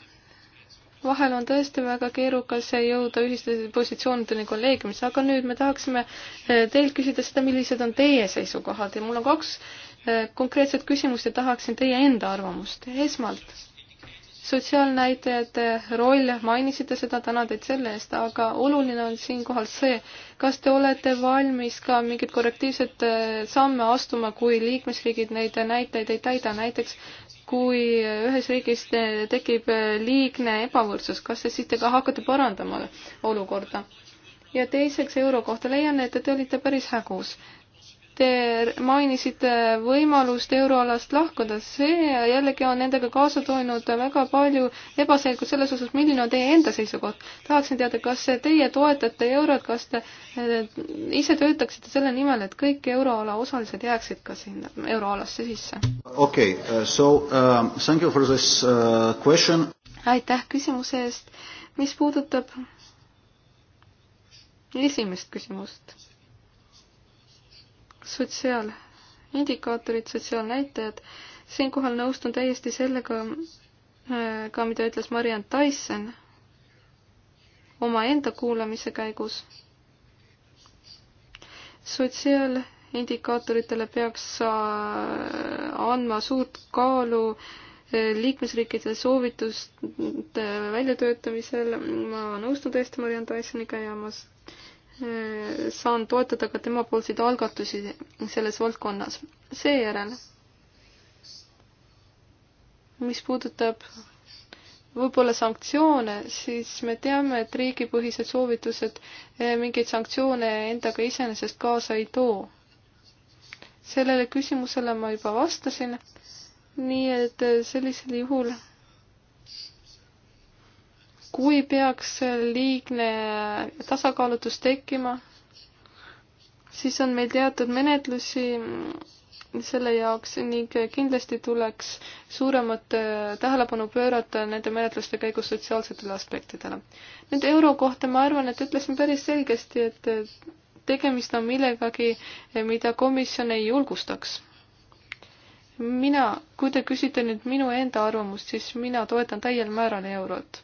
vahel on tõesti väga keerukas jõuda ühiste positsioonideni kolleegiumis, aga nüüd me tahaksime äh, teilt küsida seda, millised on teie seisukohad ja mul on kaks konkreetset küsimust ja tahaksin teie enda arvamust. esmalt sotsiaalnäitajate roll, mainisite seda, tänan teid selle eest, aga oluline on siinkohal see, kas te olete valmis ka mingeid korrektiivseid äh, samme astuma, kui liikmesriigid neid näiteid ei täida, näiteks kui ühes riigis äh, tekib äh, liigne ebavõrdsus, kas te siis te ka hakkate parandama olukorda? ja teiseks euro kohta leian, et te olite päris hägus. Te mainisite võimalust euroalast lahkuda, see jällegi on endaga kaasa toonud väga palju ebaselgust selles osas, milline on teie enda seisukoht. tahaksin teada, kas teie toetate eurot, kas te eh, ise töötaksite selle nimel, et kõik euroala osalised jääksid ka sinna euroalasse sisse? okei okay,, uh, so um, thank you for this uh, question. aitäh küsimuse eest. mis puudutab esimest küsimust sotsiaalindikaatorid, sotsiaalnäitajad. siinkohal nõustun täiesti sellega äh, ka, mida ütles Mariann Tyson omaenda kuulamise käigus. sotsiaalindikaatoritele peaks äh, andma suurt kaalu äh, liikmesriikide soovituste väljatöötamisel ma nõustun tõesti Mariann Tysoniga ja ma Äh, saan toetada ka temapoolseid algatusi selles valdkonnas. seejärel, mis puudutab võib-olla sanktsioone, siis me teame, et riigipõhised soovitused äh, mingeid sanktsioone endaga iseenesest kaasa ei too. sellele küsimusele ma juba vastasin, nii et äh, sellisel juhul kui peaks liigne tasakaalutus tekkima, siis on meil teatud menetlusi selle jaoks ning kindlasti tuleks suuremat tähelepanu pöörata nende menetluste käigus sotsiaalsetele aspektidele. nüüd euro kohta ma arvan, et ütlesin päris selgesti, et tegemist on millegagi, mida komisjon ei julgustaks mina, kui te küsite nüüd minu enda arvamust, siis mina toetan täiel määral eurot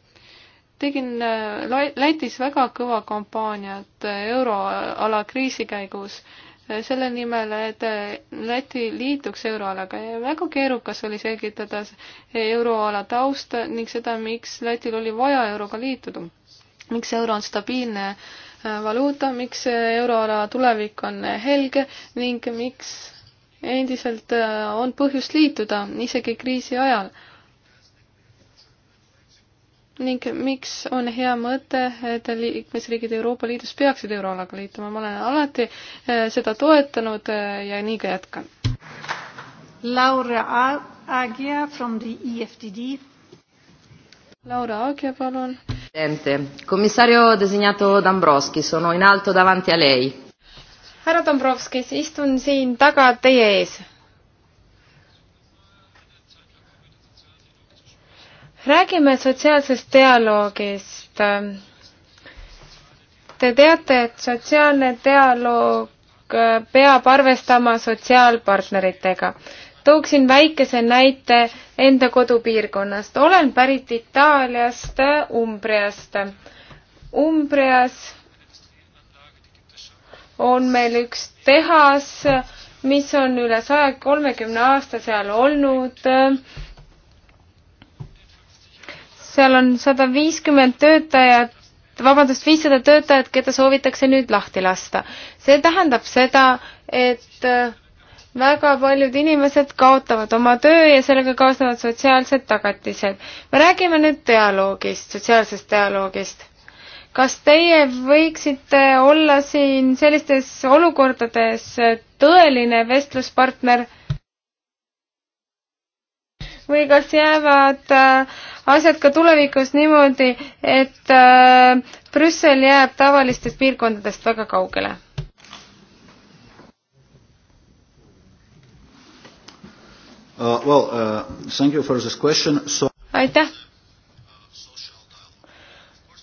tegin äh, Lätis väga kõva kampaaniat äh, euroala kriisi käigus äh, selle nimel, et Läti liituks euroalaga ja väga keerukas oli selgitada euroala tausta ning seda, miks Lätil oli vaja euroga liituda. miks euro on stabiilne valuuta, miks euroala tulevik on helge ning miks endiselt on põhjust liituda isegi kriisi ajal ning miks on hea mõte, et liikmesriigid Euroopa Liidus peaksid euroalaga liituma, ma olen alati eh, seda toetanud eh, ja nii ka jätkan. Laura Agia from the EFTD. Laura Agia, palun. Presidente, commissario designato Dombrovski, sono in alto davanti a lei. härra Dombrovskis, istun siin taga teie ees räägime sotsiaalsest dialoogist. Te teate, et sotsiaalne dialoog peab arvestama sotsiaalpartneritega. tooksin väikese näite enda kodupiirkonnast. olen pärit Itaaliast, Umbriast. Umbrias on meil üks tehas, mis on üle saja kolmekümne aasta seal olnud seal on sada viiskümmend töötajat, vabandust, viissada töötajat, keda soovitakse nüüd lahti lasta. see tähendab seda, et äh, väga paljud inimesed kaotavad oma töö ja sellega kaasnevad sotsiaalsed tagatised. me räägime nüüd dialoogist, sotsiaalsest dialoogist. kas teie võiksite olla siin sellistes olukordades tõeline vestluspartner või kas jäävad äh, asjad ka tulevikus niimoodi, et äh, Brüssel jääb tavalistest piirkondadest väga kaugele? Uh, well, uh, thank you for this question. So... aitäh.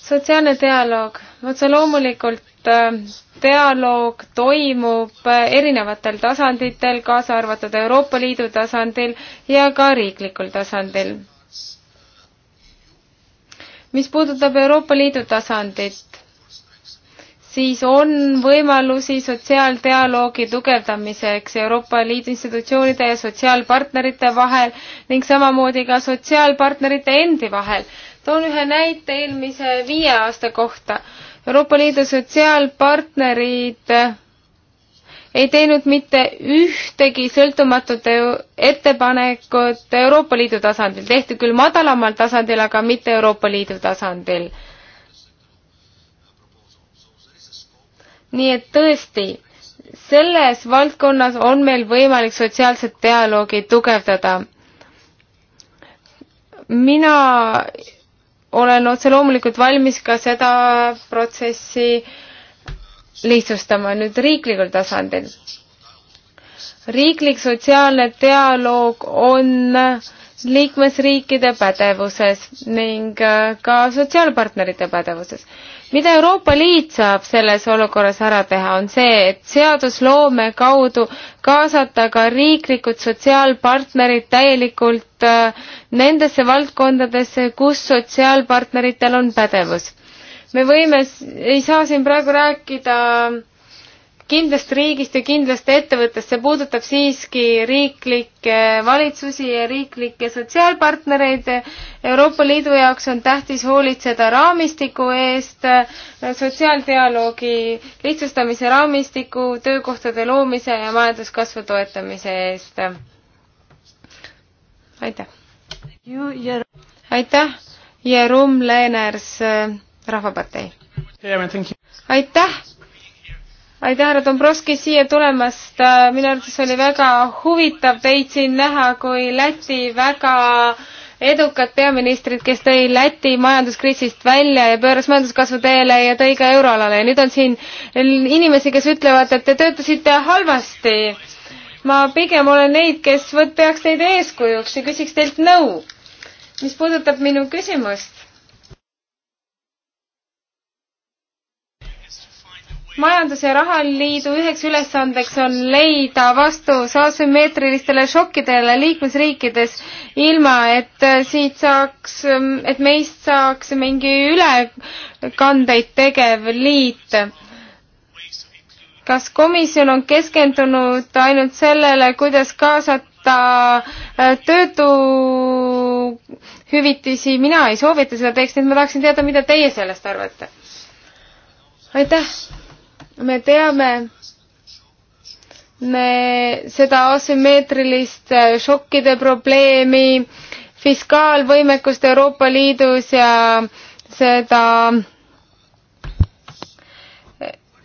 sotsiaalne dialoog, otse loomulikult uh, dialoog toimub erinevatel tasanditel, kaasa arvatud Euroopa Liidu tasandil ja ka riiklikul tasandil. mis puudutab Euroopa Liidu tasandit, siis on võimalusi sotsiaaldialoogi tugevdamiseks Euroopa Liidu institutsioonide ja sotsiaalpartnerite vahel ning samamoodi ka sotsiaalpartnerite endi vahel. toon ühe näite eelmise viie aasta kohta Euroopa Liidu sotsiaalpartnerid ei teinud mitte ühtegi sõltumatut ettepanekut Euroopa Liidu tasandil, tehti küll madalamal tasandil, aga mitte Euroopa Liidu tasandil. nii et tõesti, selles valdkonnas on meil võimalik sotsiaalset dialoogi tugevdada. mina olen otse loomulikult valmis ka seda protsessi lihtsustama nüüd riiklikul tasandil. riiklik sotsiaalne dialoog on liikmesriikide pädevuses ning äh, ka sotsiaalpartnerite pädevuses mida Euroopa Liit saab selles olukorras ära teha, on see, et seadusloome kaudu kaasata ka riiklikud sotsiaalpartnerid täielikult äh, nendesse valdkondadesse, kus sotsiaalpartneritel on pädevus. me võime, ei saa siin praegu rääkida äh, kindlast riigist ja kindlast ettevõttest, see puudutab siiski riiklikke valitsusi ja riiklikke sotsiaalpartnereid. Euroopa Liidu jaoks on tähtis hoolitseda raamistiku eest, sotsiaaldialoogi lihtsustamise raamistiku, töökohtade loomise ja majanduskasvu toetamise eest. aitäh! aitäh, Jerum Leeners, Rahvapartei! aitäh! aitäh, härra Dombrovski, siia tulemast. Äh, minu arvates oli väga huvitav teid siin näha kui Läti väga edukat peaministrit, kes tõi Läti majanduskriisist välja ja pööras majanduskasvu teele ja tõi ka euroalale ja nüüd on siin inimesi, kes ütlevad, et te töötasite halvasti. ma pigem olen neid, kes võt-, peaks teid eeskujuks ja küsiks teilt nõu. mis puudutab minu küsimust, majandus- ja rahaliidu üheks ülesandeks on leida vastus asümmeetrilistele šokkidele liikmesriikides, ilma et äh, siit saaks, ähm, et meist saaks mingi ülekandeid tegev liit. kas komisjon on keskendunud ainult sellele, kuidas kaasata äh, töötuhüvitisi, mina ei soovita seda teksti, ma tahaksin teada, mida teie sellest arvate? aitäh! me teame me seda asümmeetrilist äh, šokkide probleemi, fiskaalvõimekust Euroopa Liidus ja seda äh,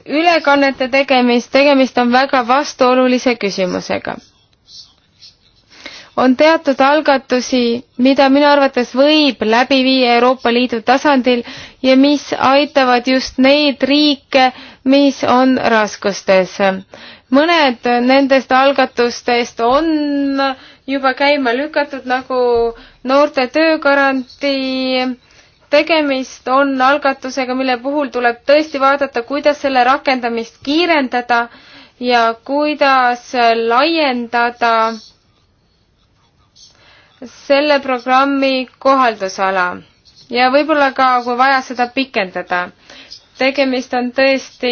ülekannete tegemist, tegemist on väga vastuolulise küsimusega on teatud algatusi, mida minu arvates võib läbi viia Euroopa Liidu tasandil ja mis aitavad just neid riike, mis on raskustes. mõned nendest algatustest on juba käima lükatud, nagu noorte töögarantii, tegemist on algatusega, mille puhul tuleb tõesti vaadata, kuidas selle rakendamist kiirendada ja kuidas laiendada selle programmi kohaldusala ja võib-olla ka, kui vaja, seda pikendada. tegemist on tõesti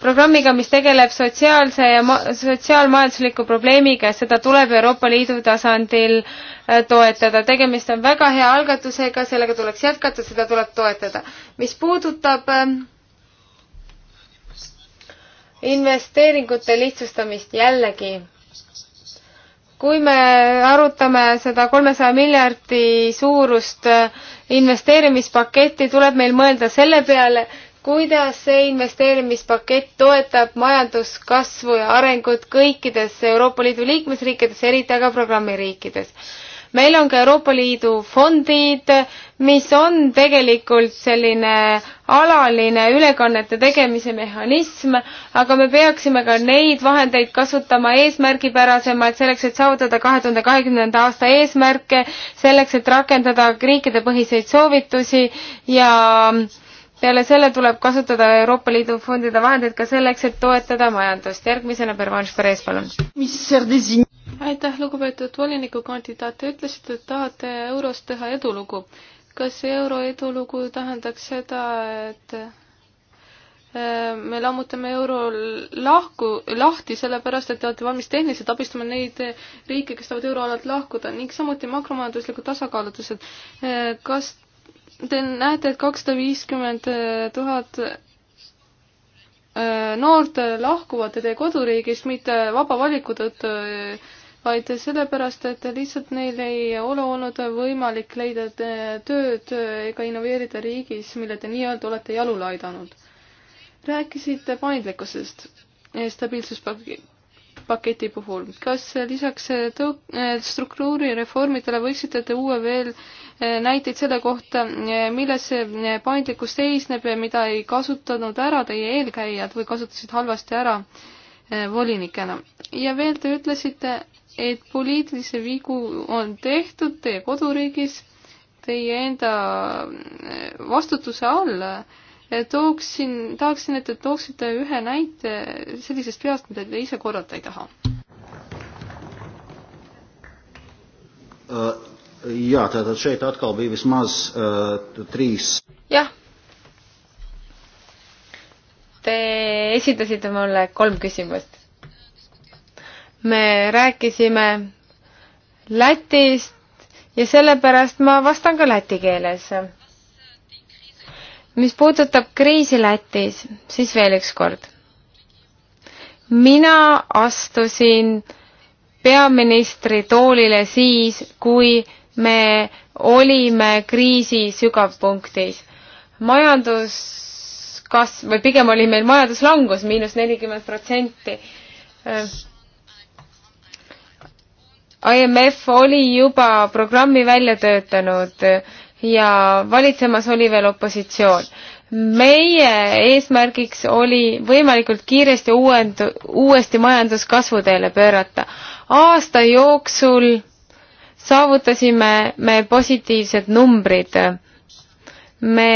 programmiga, mis tegeleb sotsiaalse ja sotsiaalmajandusliku probleemiga ja seda tuleb Euroopa Liidu tasandil äh, toetada. tegemist on väga hea algatusega, sellega tuleks jätkata, seda tuleb toetada. mis puudutab ähm, investeeringute lihtsustamist jällegi kui me arutame seda kolmesaja miljardi suurust äh, investeerimispaketti, tuleb meil mõelda selle peale, kuidas see investeerimispakett toetab majanduskasvu ja arengut kõikides Euroopa Liidu liikmesriikides, eriti aga programmiriikides meil on ka Euroopa Liidu fondid, mis on tegelikult selline alaline ülekannete tegemise mehhanism, aga me peaksime ka neid vahendeid kasutama eesmärgipärasemalt, selleks et saavutada kahe tuhande kahekümnenda aasta eesmärke, selleks et rakendada riikidepõhiseid soovitusi ja peale selle tuleb kasutada Euroopa Liidu fondide vahendeid ka selleks, et toetada majandust. järgmisena, Pervanš Perez, palun aitäh, lugupeetud volinikukandidaat, te ütlesite, et tahate eurost teha edulugu. kas see euro edulugu tähendaks seda, et äh, me lammutame euro lahku, lahti, sellepärast et te olete valmis tehniliselt abistama neid riike, kes tahavad euroalalt lahkuda ning samuti makromajanduslikud tasakaalutused. Äh, kas te näete, et kakssada viiskümmend tuhat äh, noort lahkuvad teie koduriigist mitte vaba valiku tõttu vaid sellepärast, et lihtsalt neil ei ole olnud võimalik leida tööd ega innoveerida riigis, mille te nii-öelda olete jalule aidanud. rääkisite paindlikkusest stabiilsuspaketi puhul. kas lisaks struktuurireformidele võiksite te uue veel eh, näiteid selle kohta, eh, milles see eh, paindlikkus seisneb ja mida ei kasutanud ära teie eelkäijad või kasutasid halvasti ära volinikena? ja veel te ütlesite, et poliitilisi vigu on tehtud teie koduriigis, teie enda eh, vastutuse alla. tooksin, tahaksin, et te tooksite ühe näite sellisest veast, mida te ise korrata ei taha uh,. Äh, jā, tātad šeit atkal bija vismaz uh, äh, trīs. jah. Te esitasite mulle kolm küsimust me rääkisime Lätist ja sellepärast ma vastan ka läti keeles. mis puudutab kriisi Lätis, siis veel üks kord. mina astusin peaministri toolile siis, kui me olime kriisi sügavpunktis. majanduskasv või pigem oli meil majanduslangus miinus nelikümmend protsenti IMF oli juba programmi välja töötanud ja valitsemas oli veel opositsioon. meie eesmärgiks oli võimalikult kiiresti uuend-, uuesti majanduskasvu teele pöörata. aasta jooksul saavutasime me positiivsed numbrid. me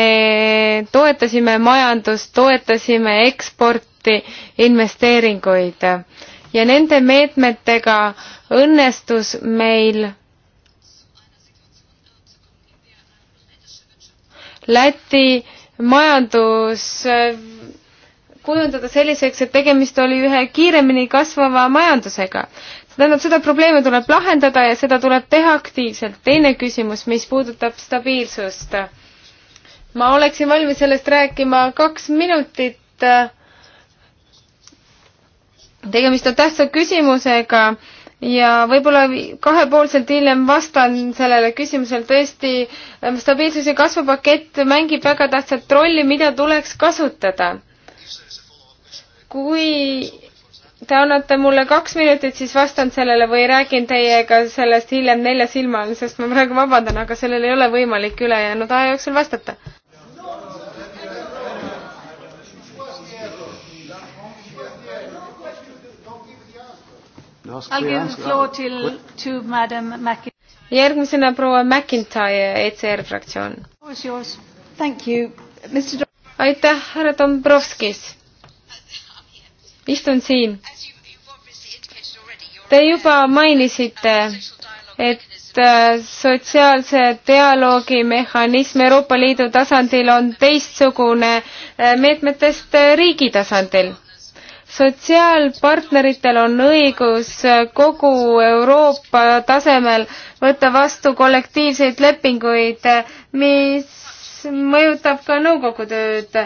toetasime majandust, toetasime eksporti, investeeringuid ja nende meetmetega õnnestus meil Läti majandus äh, kujundada selliseks, et tegemist oli ühe kiiremini kasvava majandusega. see tähendab, seda probleemi tuleb lahendada ja seda tuleb teha aktiivselt. teine küsimus, mis puudutab stabiilsust. ma oleksin valmis sellest rääkima kaks minutit äh, tegemist on tähtsa küsimusega ja võib-olla kahepoolselt hiljem vastan sellele küsimusele. tõesti, ähm, stabiilsuse kasvupakett mängib väga tähtsat rolli, mida tuleks kasutada. kui te annate mulle kaks minutit, siis vastan sellele või räägin teiega sellest hiljem nelja silma all, sest ma praegu vabandan, aga sellel ei ole võimalik ülejäänud aja jooksul vastata järgmisena proua McIntyre, ECR fraktsioon. aitäh, härra Dombrovskis. istun siin. Te juba mainisite, et äh, sotsiaalse dialoogi mehhanism Euroopa Liidu tasandil on teistsugune äh, meetmetest äh, riigi tasandil sotsiaalpartneritel on õigus kogu Euroopa tasemel võtta vastu kollektiivseid lepinguid, mis mõjutab ka nõukogu tööd.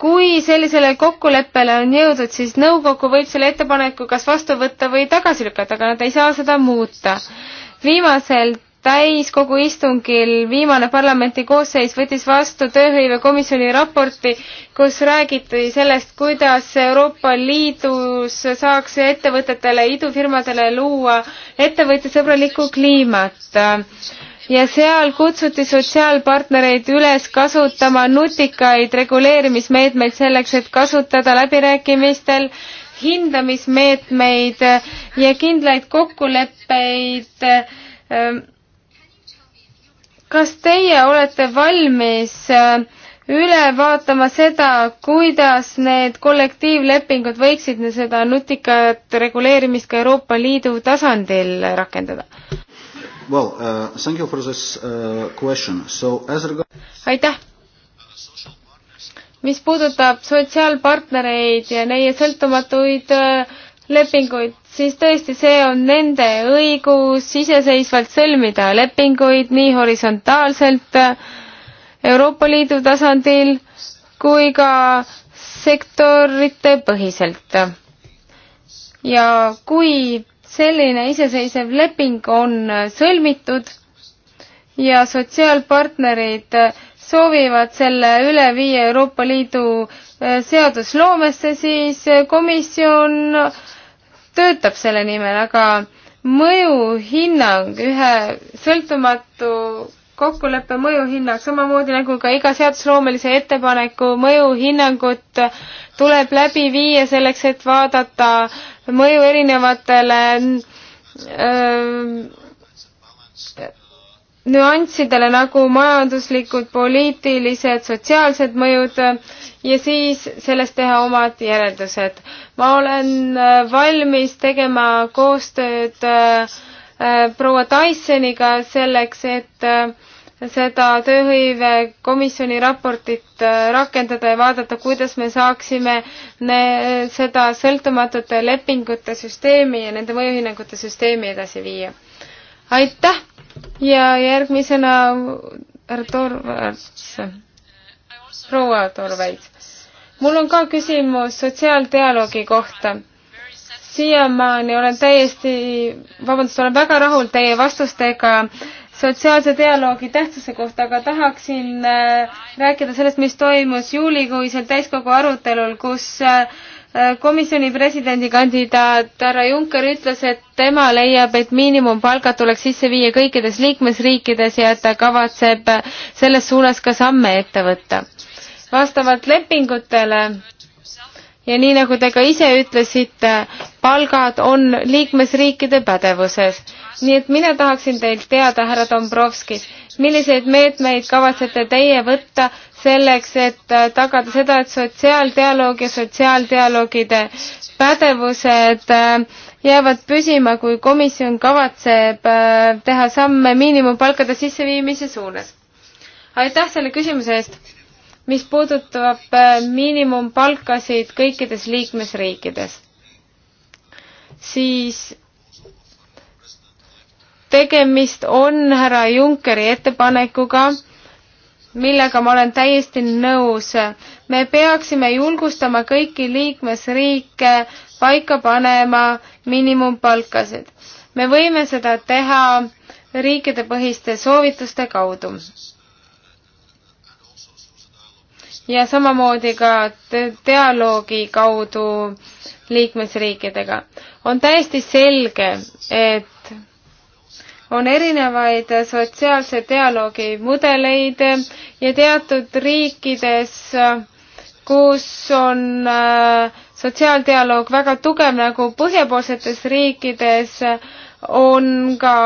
kui sellisele kokkuleppele on jõudnud, siis nõukogu võib selle ettepaneku kas vastu võtta või tagasi lükata, aga nad ei saa seda muuta. viimaselt täiskogu istungil viimane parlamenti koosseis võttis vastu tööhõivekomisjoni raporti, kus räägiti sellest, kuidas Euroopa Liidus saaks ettevõtetele, idufirmadele luua ettevõtjasõbralikku kliimat. ja seal kutsuti sotsiaalpartnereid üles kasutama nutikaid reguleerimismeetmeid selleks, et kasutada läbirääkimistel hindamismeetmeid ja kindlaid kokkuleppeid ähm, kas teie olete valmis äh, üle vaatama seda, kuidas need kollektiivlepingud võiksid seda nutikat reguleerimist ka Euroopa Liidu tasandil rakendada? Well, uh, thank you for this uh, question. So as regard... aitäh! mis puudutab sotsiaalpartnereid ja neie sõltumatuid äh, lepinguid, siis tõesti, see on nende õigus iseseisvalt sõlmida lepinguid nii horisontaalselt Euroopa Liidu tasandil kui ka sektorite põhiselt. ja kui selline iseseisev leping on sõlmitud ja sotsiaalpartnerid soovivad selle üle viia Euroopa Liidu äh, seadusloomesse, siis äh, komisjon töötab selle nimel, aga mõjuhinnang, ühe sõltumatu kokkuleppe mõjuhinnang, samamoodi nagu ka iga seadusloomelise ettepaneku mõjuhinnangut tuleb läbi viia selleks, et vaadata mõju erinevatele öö, nüanssidele nagu majanduslikud, poliitilised, sotsiaalsed mõjud ja siis sellest teha omad järeldused. ma olen äh, valmis tegema koostööd äh, äh, proua Tysoniga selleks, et seda tööhõive komisjoni raportit rakendada ja vaadata, kuidas me saaksime ne, seda sõltumatute lepingute süsteemi ja nende mõjuhinnangute süsteemi edasi viia. aitäh ja järgmisena härra Torvalds proua Torveid. mul on ka küsimus sotsiaaldialoogi kohta. siiamaani olen täiesti, vabandust, olen väga rahul teie vastustega sotsiaalse dialoogi tähtsuse kohta, aga tahaksin äh, rääkida sellest, mis toimus juulikuisel täiskogu arutelul, kus äh, komisjoni presidendikandidaat härra Juncker ütles, et tema leiab, et miinimumpalgad tuleks sisse viia kõikides liikmesriikides ja et ta kavatseb selles suunas ka samme ette võtta. vastavalt lepingutele ja nii nagu te ka ise ütlesite, palgad on liikmesriikide pädevuses. nii et mina tahaksin teilt teada, härra Dombrovskis, milliseid meetmeid kavatsete teie võtta selleks, et äh, tagada seda, et sotsiaaldialoog ja sotsiaaldialoogide pädevused äh, jäävad püsima, kui komisjon kavatseb äh, teha samme miinimumpalkade sisseviimise suunas. aitäh selle küsimuse eest, mis puudutab miinimumpalkasid kõikides liikmesriikides, siis tegemist on härra Junckeri ettepanekuga millega ma olen täiesti nõus. me peaksime julgustama kõiki liikmesriike paika panema miinimumpalkasid. me võime seda teha riikidepõhiste soovituste kaudu. ja samamoodi ka dialoogi kaudu liikmesriikidega. on täiesti selge, et on erinevaid sotsiaalse dialoogi mudeleid ja teatud riikides, kus on äh, sotsiaaldialoog väga tugev, nagu põhjapoolsetes riikides, on ka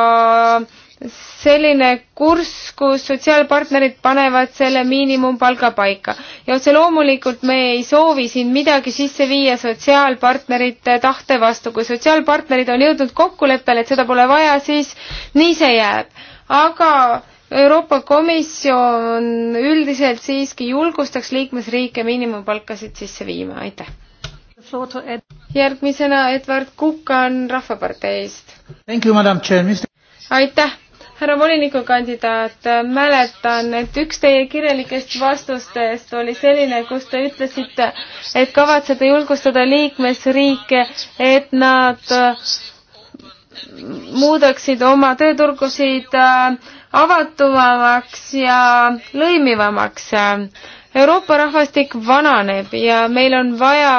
selline kurss, kus sotsiaalpartnerid panevad selle miinimumpalga paika. ja otse loomulikult me ei soovi siin midagi sisse viia sotsiaalpartnerite tahte vastu. kui sotsiaalpartnerid on jõudnud kokkuleppele, et seda pole vaja, siis nii see jääb. aga Euroopa Komisjon üldiselt siiski julgustaks liikmesriike miinimumpalkasid sisse viima, aitäh. järgmisena Edward Kukan Rahvaparteist. aitäh härra volinikukandidaat, mäletan, et üks teie kirjalikest vastustest oli selline, kus te ütlesite, et kavatsete julgustada liikmesriike, et nad äh, muudaksid oma tööturgusid äh, avatumamaks ja lõimivamaks. Euroopa rahvastik vananeb ja meil on vaja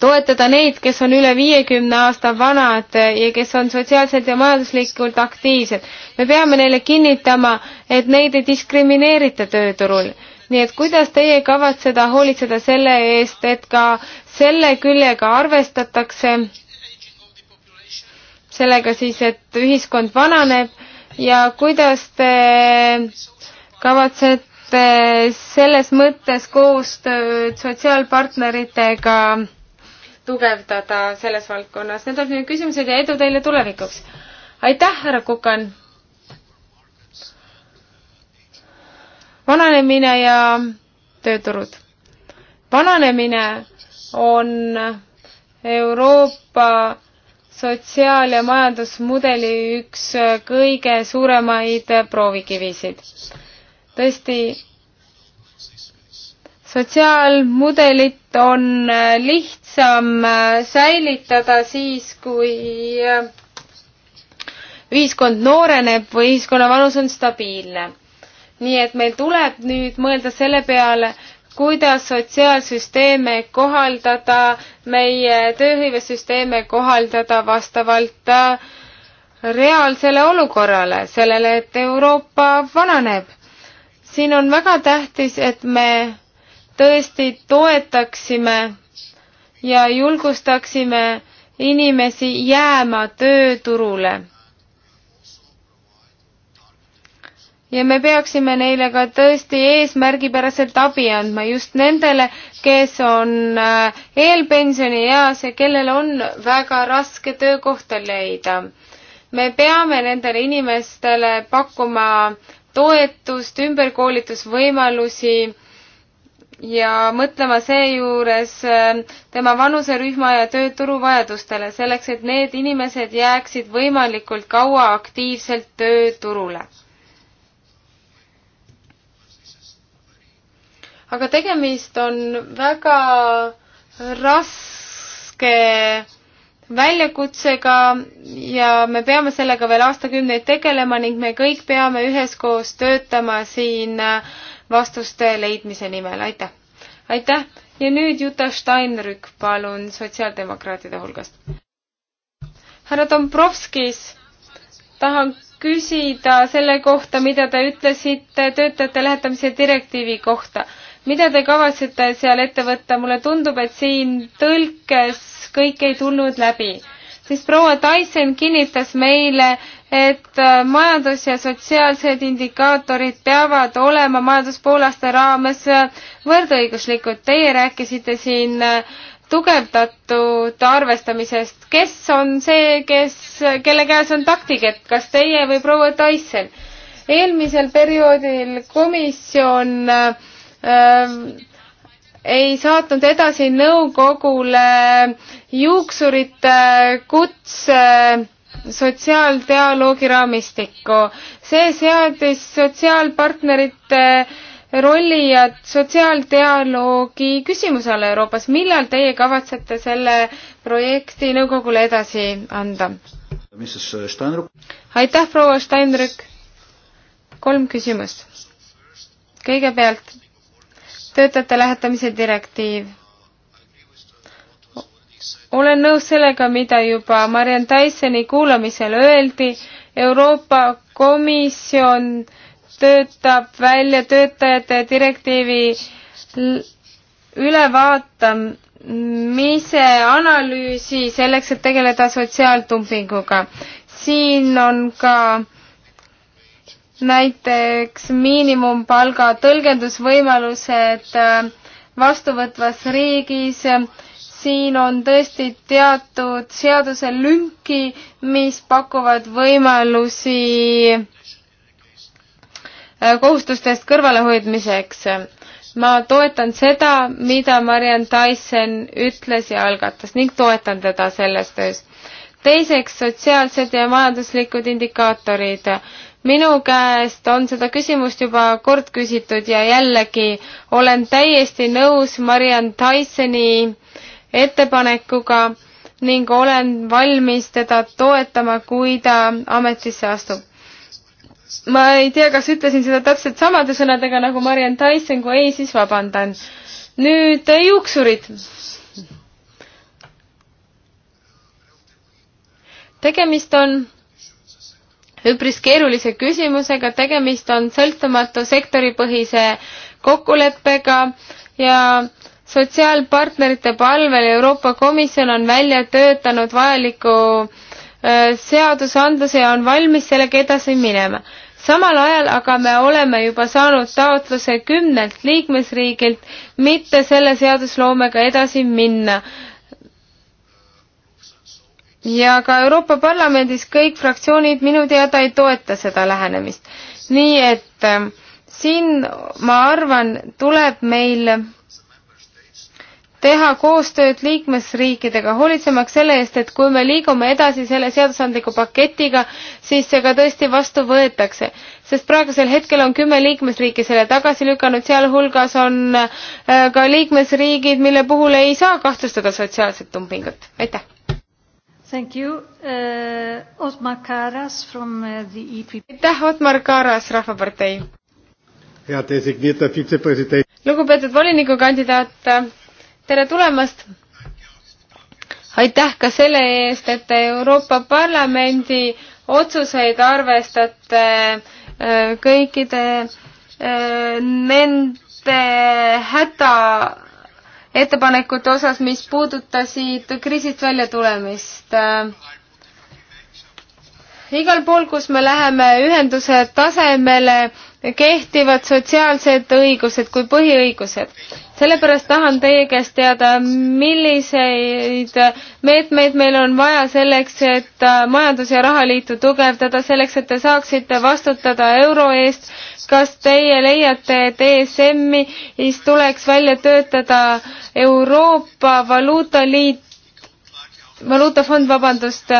toetada neid, kes on üle viiekümne aasta vanad ja kes on sotsiaalselt ja majanduslikult aktiivsed. me peame neile kinnitama, et neid ei diskrimineerita tööturul. nii et kuidas teie kavatseda hoolitseda selle eest, et ka selle küljega arvestatakse, sellega siis, et ühiskond vananeb ja kuidas te kavatsete selles mõttes koostööd sotsiaalpartneritega tugevdada selles valdkonnas. Need on minu küsimused ja edu teile tulevikuks. aitäh, härra Kukan! vananemine ja tööturud. vananemine on Euroopa sotsiaal- ja majandusmudeli üks kõige suuremaid proovikivisid. tõesti, sotsiaalmudelit on liht-, samm äh, säilitada siis, kui äh, ühiskond nooreneb või ühiskonna vanus on stabiilne. nii et meil tuleb nüüd mõelda selle peale, kuidas sotsiaalsüsteeme kohaldada, meie tööhõivesüsteeme kohaldada vastavalt äh, reaalsele olukorrale, sellele, et Euroopa vananeb. siin on väga tähtis, et me tõesti toetaksime ja julgustaksime inimesi jääma tööturule. ja me peaksime neile ka tõesti eesmärgipäraselt abi andma just nendele, kes on äh, eelpensionieas ja kellel on väga raske töökohta leida. me peame nendele inimestele pakkuma toetust, ümberkoolitusvõimalusi ja mõtlema seejuures äh, tema vanuserühma ja tööturu vajadustele, selleks et need inimesed jääksid võimalikult kaua aktiivselt tööturule. aga tegemist on väga raske väljakutsega ja me peame sellega veel aastakümneid tegelema ning me kõik peame üheskoos töötama siin äh, vastuste leidmise nimel, aitäh! aitäh ja nüüd Juta Steinrück, palun, sotsiaaldemokraatide hulgast. härra Dombrovskis, tahan küsida selle kohta, mida te ütlesite töötajate lähetamise direktiivi kohta. mida te kavatsete seal ette võtta? mulle tundub, et siin tõlkes kõik ei tulnud läbi. siis proua Tyson kinnitas meile, et äh, majandus ja sotsiaalsed indikaatorid peavad olema majanduspoolaste raames äh, võrdõiguslikud. Teie rääkisite siin äh, tugevdatud arvestamisest, kes on see, kes, kelle käes on taktikett, kas teie või proua Tyson? eelmisel perioodil komisjon äh, ei saatnud edasi nõukogule juuksurite kutse sotsiaaldialoogi raamistikku. see seadis sotsiaalpartnerite rolli ja sotsiaaldialoogi küsimuse alla Euroopas. millal teie kavatsete selle projekti nõukogule edasi anda? aitäh, proua Steinrück. kolm küsimust. kõigepealt töötajate lähetamise direktiiv. olen nõus sellega, mida juba Mariann Tysoni kuulamisel öeldi, Euroopa Komisjon töötab välja töötajate direktiivi ülevaatamise analüüsi selleks, et tegeleda sotsiaaltumpinguga. siin on ka äh, näiteks miinimumpalga tõlgendusvõimalused äh, vastuvõtvas riigis, siin on tõesti teatud seaduselünki, mis pakuvad võimalusi äh, kohustustest kõrvalehoidmiseks. ma toetan seda, mida Mariann Tyson ütles ja algatas ning toetan teda selles töös. teiseks, sotsiaalsed ja majanduslikud indikaatorid minu käest on seda küsimust juba kord küsitud ja jällegi olen täiesti nõus Mariann Tysoni ettepanekuga ning olen valmis teda toetama, kui ta ametisse astub. ma ei tea, kas ütlesin seda täpselt samade sõnadega nagu Mariann Tyson, kui ei, siis vabandan. nüüd eh, juuksurid tegemist on üpris keerulise küsimusega, tegemist on sõltumatu sektoripõhise kokkuleppega ja sotsiaalpartnerite palvel Euroopa Komisjon on välja töötanud vajaliku seadusandluse ja on valmis sellega edasi minema. samal ajal aga me oleme juba saanud taotluse kümnelt liikmesriigilt mitte selle seadusloomega edasi minna ja ka Euroopa Parlamendis kõik fraktsioonid minu teada ei toeta seda lähenemist. nii et ähm, siin, ma arvan, tuleb meil teha koostööd liikmesriikidega, hoolitsemaks selle eest, et kui me liigume edasi selle seadusandliku paketiga, siis see ka tõesti vastu võetakse. sest praegusel hetkel on kümme liikmesriiki selle tagasi lükanud, sealhulgas on äh, ka liikmesriigid, mille puhul ei saa kahtlustada sotsiaalset dumpingut. aitäh! Thank you uh,. Otmar Karas from uh, the EPP. aitäh, Otmar Karas, Rahvapartei. head designeeritud vitsepresident. lugupeetud volinikukandidaat, tere tulemast. aitäh ka selle eest, et te Euroopa Parlamendi otsuseid arvestate äh, kõikide äh, nende häda ettepanekute osas, mis puudutasid kriisist välja tulemist. igal pool, kus me läheme ühenduse tasemele, kehtivad sotsiaalsed õigused kui põhiõigused sellepärast tahan teie käest teada, milliseid meetmeid meil on vaja selleks, et äh, majandus- ja rahaliitu tugevdada, selleks, et te saaksite vastutada euro eest. kas teie leiate, et ESM-is tuleks välja töötada Euroopa Valuutaliit, valuutafond, vabandust,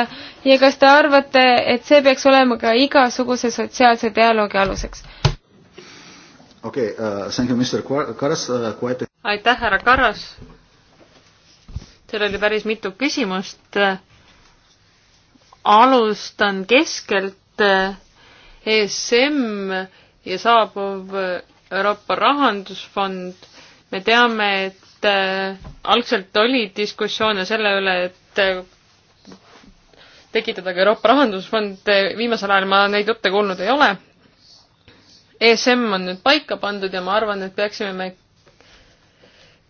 ja kas te arvate, et see peaks olema ka igasuguse sotsiaalse dialoogi aluseks? okei okay,, uh, thank you, Mr Karas uh,, quite a... aitäh, härra Karas. Teil oli päris mitu küsimust. alustan keskelt. ESM eh, e ja saabuv Euroopa Rahandusfond. me teame, et eh, algselt oli diskussioone selle üle, et eh, tekitada ka Euroopa Rahandusfond, viimasel ajal ma neid jutte kuulnud ei ole ESM on nüüd paika pandud ja ma arvan, et peaksime me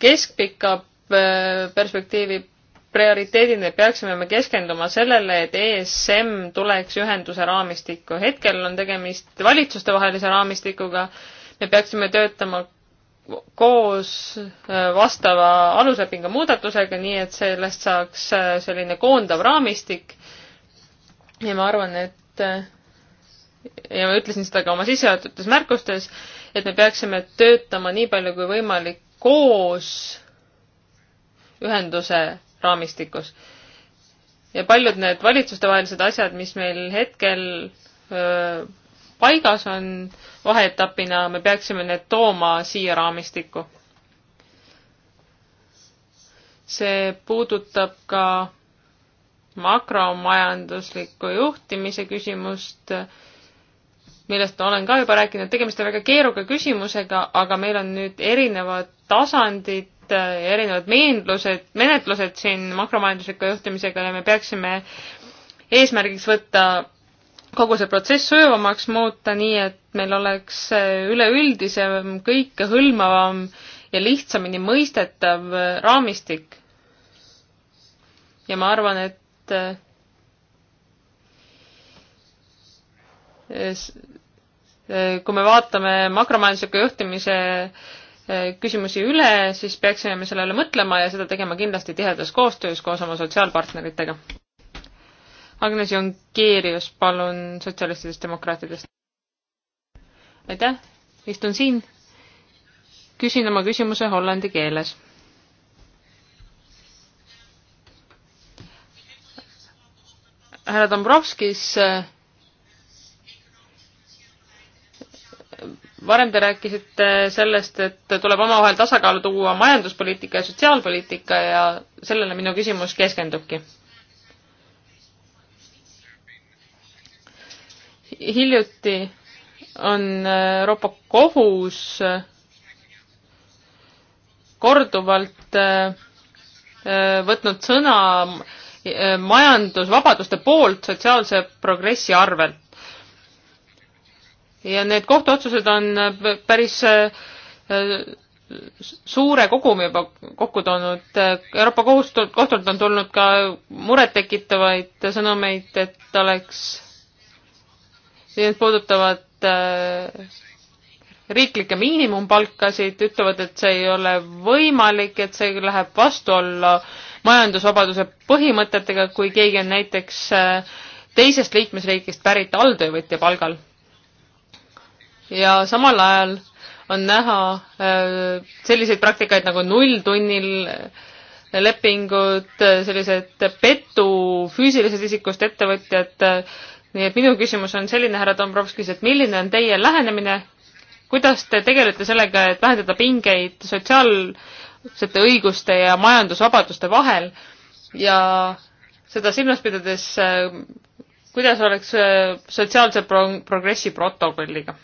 keskpika äh, perspektiivi prioriteedina peaksime me keskenduma sellele, et ESM tuleks ühenduse raamistikku. hetkel on tegemist valitsustevahelise raamistikuga. me peaksime töötama koos äh, vastava aluslepingu muudatusega, nii et sellest saaks äh, selline koondav raamistik. ja ma arvan, et ja ma ütlesin seda ka oma sissejuhatavates märkustes, et me peaksime töötama nii palju kui võimalik koos ühenduse raamistikus. ja paljud need valitsustevahelised asjad, mis meil hetkel öö, paigas on vaheetapina, me peaksime need tooma siia raamistikku. see puudutab ka makromajandusliku juhtimise küsimust millest olen ka juba rääkinud, tegemist on väga keeruka küsimusega, aga meil on nüüd erinevad tasandid, erinevad meendlused, menetlused siin makromajandusliku juhtimisega ja me peaksime eesmärgiks võtta kogu see protsess sujuvamaks muuta, nii et meil oleks üleüldisem, kõikehõlmavam ja lihtsamini mõistetav raamistik. ja ma arvan, et äh, Äh, kui me vaatame makromajandusliku juhtimise äh, küsimusi üle, siis peaksime me sellele mõtlema ja seda tegema kindlasti tihedas koostöös koos oma sotsiaalpartneritega. Agnes Jongeerius, palun, sotsialistidest demokraatidest. aitäh, istun siin. küsin oma küsimuse hollandi keeles. härra Dombrovskis äh, varem te rääkisite sellest, et tuleb omavahel tasakaalu tuua majanduspoliitika ja sotsiaalpoliitika ja sellele minu küsimus keskendubki. hiljuti on Euroopa Kohus korduvalt äh, võtnud sõna äh, majandusvabaduste poolt sotsiaalse progressi arvelt ja need kohtuotsused on äh, päris äh, suure kogumi juba kokku toonud. Euroopa kohustult, kohtult on tulnud ka murettekitavaid sõnumeid, et oleks, need puudutavad äh, riiklikke miinimumpalkasid, ütlevad, et see ei ole võimalik, et see läheb vastuollu majandusvabaduse põhimõtetega, kui keegi on näiteks teisest liikmesriigist pärit alltöövõtja palgal ja samal ajal on näha äh, selliseid praktikaid nagu nulltunnil äh, lepingud, äh, sellised petu füüsilisest isikust ettevõtjad. nii et minu küsimus on selline, härra Dombrovskis, et milline on teie lähenemine, kuidas te tegelete sellega, et vähendada pingeid sotsiaalsete õiguste ja majandusvabaduste vahel ja seda silmas pidades, kuidas oleks sotsiaalse pro progressi protokolliga?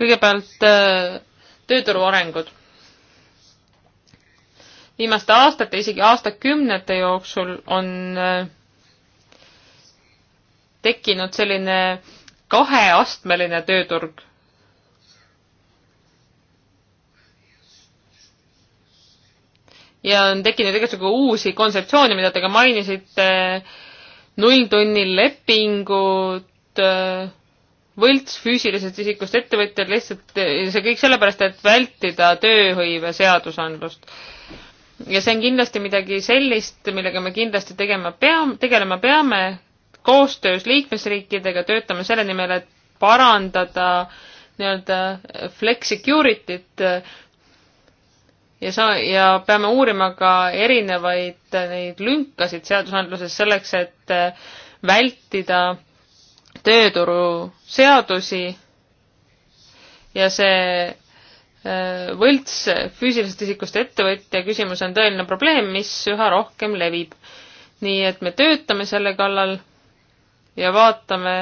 kõigepealt äh, tööturu arengud. viimaste aastate, isegi aastakümnete jooksul on äh, tekkinud selline kaheastmeline tööturg. ja on tekkinud igasugu uusi kontseptsioone, mida te ka mainisite, nulltunnilepingud, äh, võlts füüsilisest isikust ettevõtjad lihtsalt, see kõik sellepärast, et vältida tööhõive seadusandlust. ja see on kindlasti midagi sellist, millega me kindlasti tegema pea, tegelema peame, koostöös liikmesriikidega töötame selle nimel, et parandada nii-öelda flex security't ja sa-, ja peame uurima ka erinevaid neid lünkasid seadusandluses selleks, et vältida tööturuseadusi ja see äh, võlts füüsilisest isikust ettevõtja küsimus on tõeline probleem, mis üha rohkem levib. nii et me töötame selle kallal ja vaatame,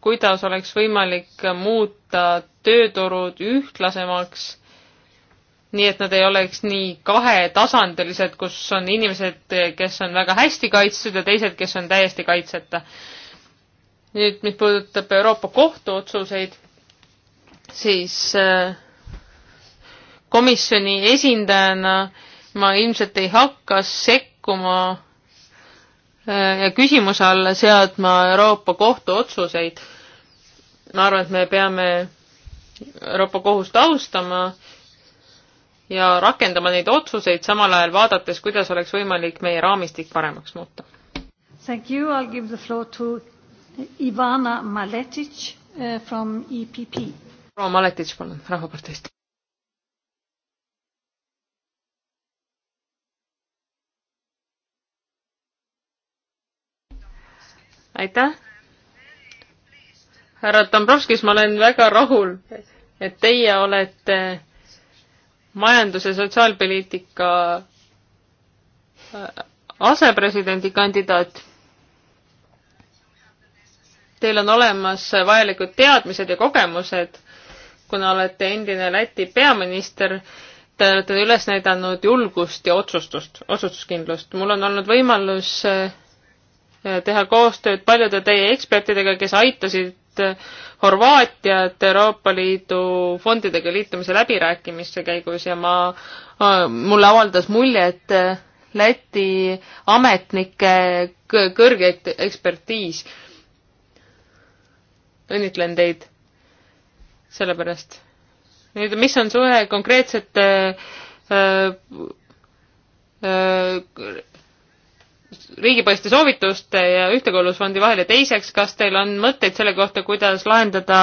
kuidas oleks võimalik muuta tööturud ühtlasemaks, nii et nad ei oleks nii kahetasandilised, kus on inimesed, kes on väga hästi kaitstud ja teised, kes on täiesti kaitseta nüüd, mis puudutab Euroopa Kohtu otsuseid, siis äh, komisjoni esindajana ma ilmselt ei hakka sekkuma äh, ja küsimuse alla seadma Euroopa Kohtu otsuseid. ma arvan, et me peame Euroopa Kohust austama ja rakendama neid otsuseid, samal ajal vaadates, kuidas oleks võimalik meie raamistik paremaks muuta. Thank you, I will give the floor to Ivana Maletic uh, from EPP. proua Maletic, palun, Rahvaparteist. aitäh. härra Dombrovskis, ma olen väga rahul, et teie olete majandus- ja sotsiaalpoliitika äh, asepresidendi kandidaat Teil on olemas vajalikud teadmised ja kogemused, kuna olete endine Läti peaminister, te olete üles näidanud julgust ja otsustust, otsustuskindlust. mul on olnud võimalus eh, teha koostööd paljude teie ekspertidega, kes aitasid eh, Horvaatiat Euroopa Liidu fondidega liitumise läbirääkimiste käigus ja ma, eh, mulle avaldas mulje, et Läti ametnike kõrge ekspertiis õnnitlen teid selle pärast. nüüd, mis on suhe konkreetsete äh, äh, äh, riigipoiste soovituste ja ühtekuuluvusfondi vahel ja teiseks, kas teil on mõtteid selle kohta, kuidas lahendada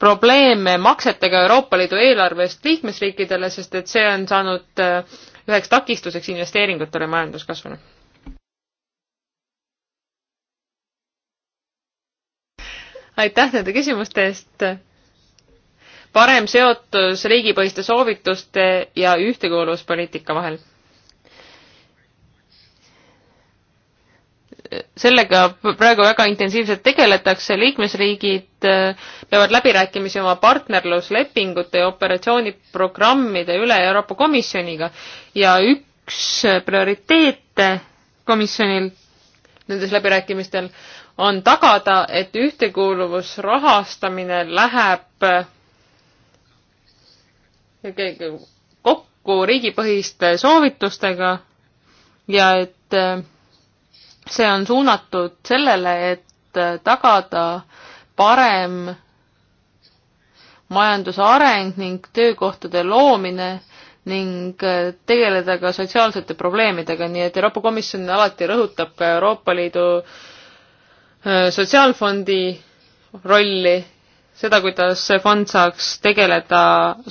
probleeme maksetega Euroopa Liidu eelarvest liikmesriikidele, sest et see on saanud äh, üheks takistuseks investeeringutele majanduskasvule? aitäh nende küsimuste eest. parem seotus riigipõhiste soovituste ja ühtekuuluvuspoliitika vahel. sellega praegu väga intensiivselt tegeletakse, liikmesriigid äh, peavad läbirääkimisi oma partnerluslepingute ja operatsiooniprogrammide üle Euroopa Komisjoniga ja üks prioriteete komisjonil nendes läbirääkimistel on tagada, et ühtekuuluvusrahastamine läheb kokku riigipõhiste soovitustega ja et see on suunatud sellele, et tagada parem majanduse areng ning töökohtade loomine ning tegeleda ka sotsiaalsete probleemidega, nii et Euroopa Komisjon alati rõhutab ka Euroopa Liidu äh, Äh, sotsiaalfondi rolli, seda, kuidas see fond saaks tegeleda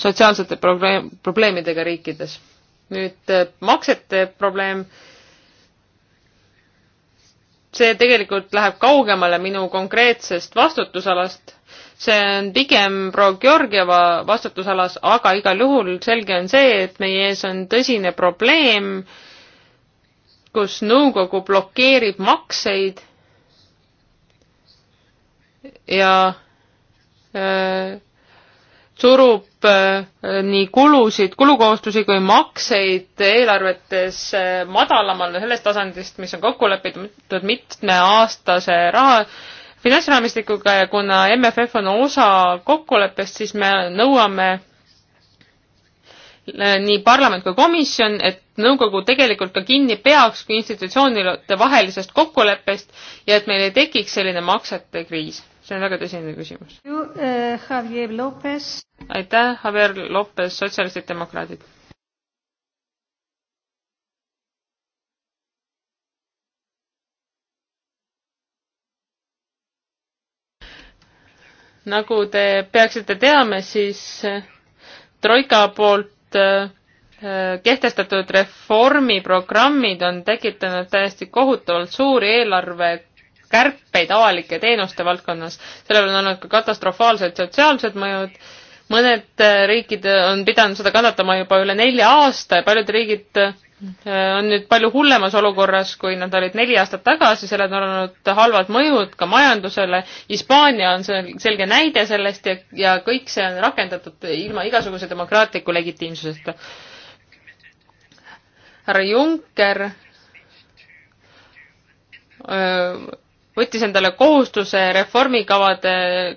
sotsiaalsete probleem, probleemidega riikides. nüüd äh, maksete probleem, see tegelikult läheb kaugemale minu konkreetsest vastutusalast, see on pigem proua Georgieva vastutusalas, aga igal juhul selge on see, et meie ees on tõsine probleem, kus nõukogu blokeerib makseid ja äh, surub äh, nii kulusid, kulukohustusi kui makseid eelarvetes äh, madalamale sellest tasandist, mis on kokku lepitud mitmeaastase raha finantsraamistikuga ja kuna MFF on osa kokkuleppest, siis me nõuame äh, nii parlament kui komisjon, et nõukogu tegelikult ka kinni peaks kui institutsioonide vahelisest kokkuleppest ja et meil ei tekiks selline maksete kriis see on väga tõsine küsimus. Eh, aitäh, Javier Lopez, sotsialistid, demokraadid. nagu te peaksite teame, siis eh, Troika poolt eh, kehtestatud reformiprogrammid on tekitanud täiesti kohutavalt suuri eelarve kärpeid avalike teenuste valdkonnas. sellel on olnud ka katastrofaalsed sotsiaalsed mõjud. mõned äh, riigid äh, on pidanud seda kannatama juba üle nelja aasta ja paljud riigid äh, on nüüd palju hullemas olukorras, kui nad olid neli aastat tagasi, sellel on olnud halvad mõjud ka majandusele. Hispaania on sel-, selge näide sellest ja, ja kõik see on rakendatud ilma igasuguse demokraatliku legitiimsuseta. härra Juncker öö, võttis endale kohustuse reformikavade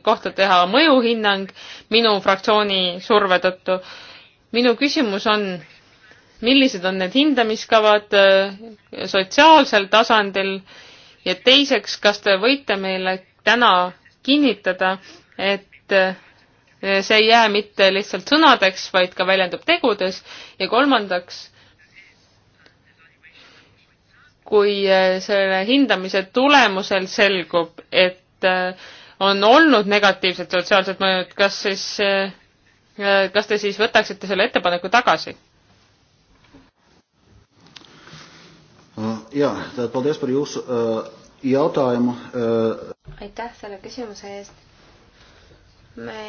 kohta teha mõjuhinnang minu fraktsiooni surve tõttu. minu küsimus on, millised on need hindamiskavad äh, sotsiaalsel tasandil ja teiseks, kas te võite meile täna kinnitada, et äh, see ei jää mitte lihtsalt sõnadeks, vaid ka väljendub tegudes ja kolmandaks, kui eh, selle hindamise tulemusel selgub, et eh, on olnud negatiivset sotsiaalset mõjut, kas siis, eh, kas te siis võtaksite selle ettepaneku tagasi? Äh, jaa, paldies par jūsu äh, jautājumu. Äh, aitäh selle küsimuse eest. me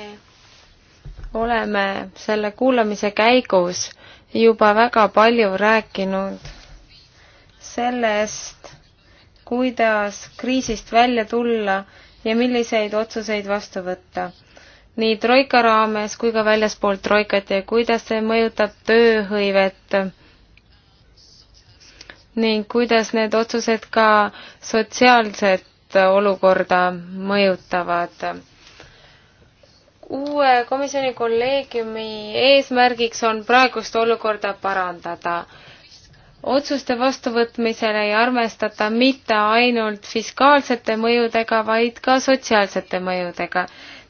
oleme selle kuulamise käigus juba väga palju rääkinud sellest, kuidas kriisist välja tulla ja milliseid otsuseid vastu võtta. nii Troika raames kui ka väljaspool Troikat ja kuidas see mõjutab tööhõivet ning kuidas need otsused ka sotsiaalset olukorda mõjutavad uue komisjoni kolleegiumi eesmärgiks on praegust olukorda parandada otsuste vastuvõtmisel ei arvestata mitte ainult fiskaalsete mõjudega, vaid ka sotsiaalsete mõjudega.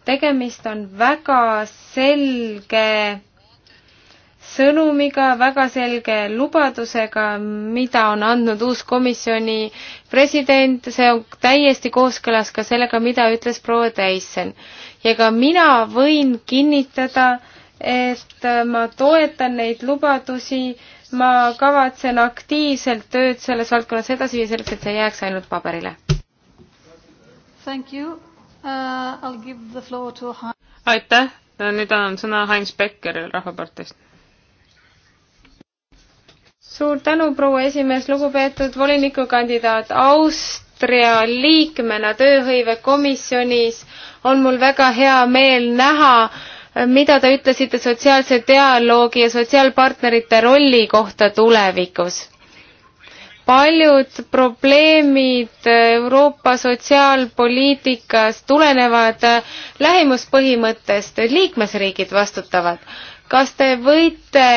tegemist on väga selge sõnumiga, väga selge lubadusega, mida on andnud uus komisjoni president, see on täiesti kooskõlas ka sellega, mida ütles proua Thyssen. ja ka mina võin kinnitada, et ma toetan neid lubadusi, ma kavatsen aktiivselt tööd selles valdkonnas edasi viia, selleks et see ei jääks ainult paberile. Uh, to... aitäh, nüüd annan sõna Heinz Beckerile Rahvaparteist suur tänu, proua esimees, lugupeetud volinikukandidaat, Austria liikmena tööhõivekomisjonis on mul väga hea meel näha, mida te ütlesite sotsiaalse dialoogi ja sotsiaalpartnerite rolli kohta tulevikus? paljud probleemid Euroopa sotsiaalpoliitikas tulenevad lähimuspõhimõttest, et liikmesriigid vastutavad. kas te võite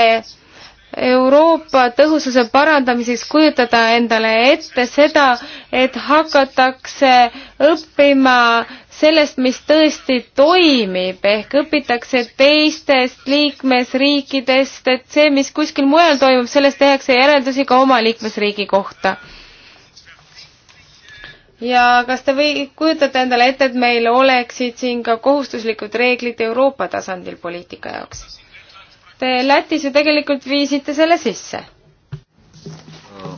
Euroopa tõhususe parandamiseks kujutada endale ette seda, et hakatakse õppima sellest, mis tõesti toimib, ehk õpitakse teistest liikmesriikidest, et see, mis kuskil mujal toimub, sellest tehakse järeldusi ka oma liikmesriigi kohta. ja kas te või kujutate endale ette, et meil oleksid siin ka kohustuslikud reeglid Euroopa tasandil poliitika jaoks? Te Lätis ju tegelikult viisite selle sisse. Uh,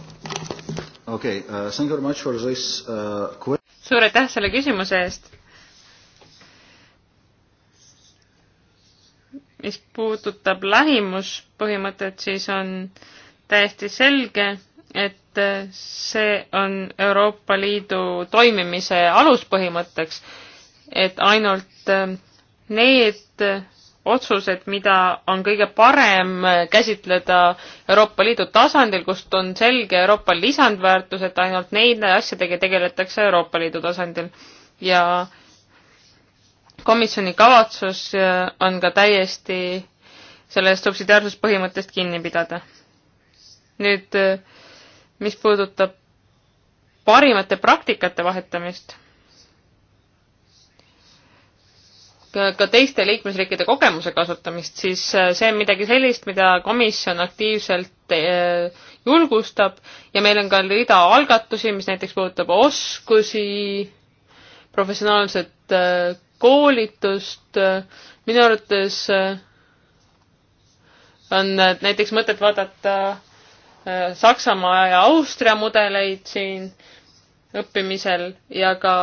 okay, uh, thank you very much for this uh, suur aitäh selle küsimuse eest. mis puudutab lähimuspõhimõtet, siis on täiesti selge, et see on Euroopa Liidu toimimise aluspõhimõtteks, et ainult äh, need otsused, mida on kõige parem käsitleda Euroopa Liidu tasandil, kust on selge Euroopa lisandväärtus, et ainult neid asjadega tegeletakse Euroopa Liidu tasandil. ja komisjoni kavatsus äh, on ka täiesti sellest subsidiaarsuspõhimõttest kinni pidada. nüüd, äh, mis puudutab parimate praktikate vahetamist ka teiste liikmesriikide kogemuse kasutamist, siis äh, see on midagi sellist, mida komisjon aktiivselt äh, julgustab ja meil on ka rida algatusi, mis näiteks puudutab oskusi, professionaalset äh, koolitust, minu arvates on näiteks mõtet vaadata Saksamaa ja Austria mudeleid siin õppimisel ja ka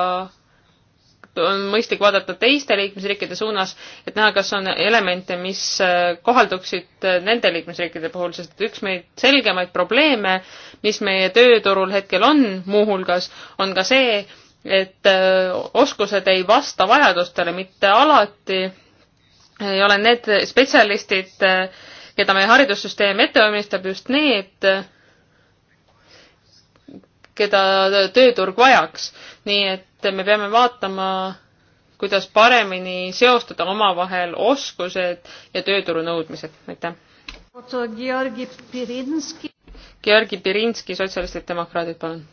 on mõistlik vaadata teiste liikmesriikide suunas, et näha, kas on elemente, mis äh, kohalduksid äh, nende liikmesriikide puhul, sest üks meid selgemaid probleeme, mis meie tööturul hetkel on muuhulgas, on ka see, et äh, oskused ei vasta vajadustele mitte alati, ei ole need spetsialistid, keda meie haridussüsteem ette valmistab, just need, keda tööturg vajaks. nii et et me peame vaatama, kuidas paremini seostada omavahel oskused ja tööturu nõudmised. aitäh. Georgi Pirinski. Georgi Pirinski, sotsialistid, demokraadid, palun.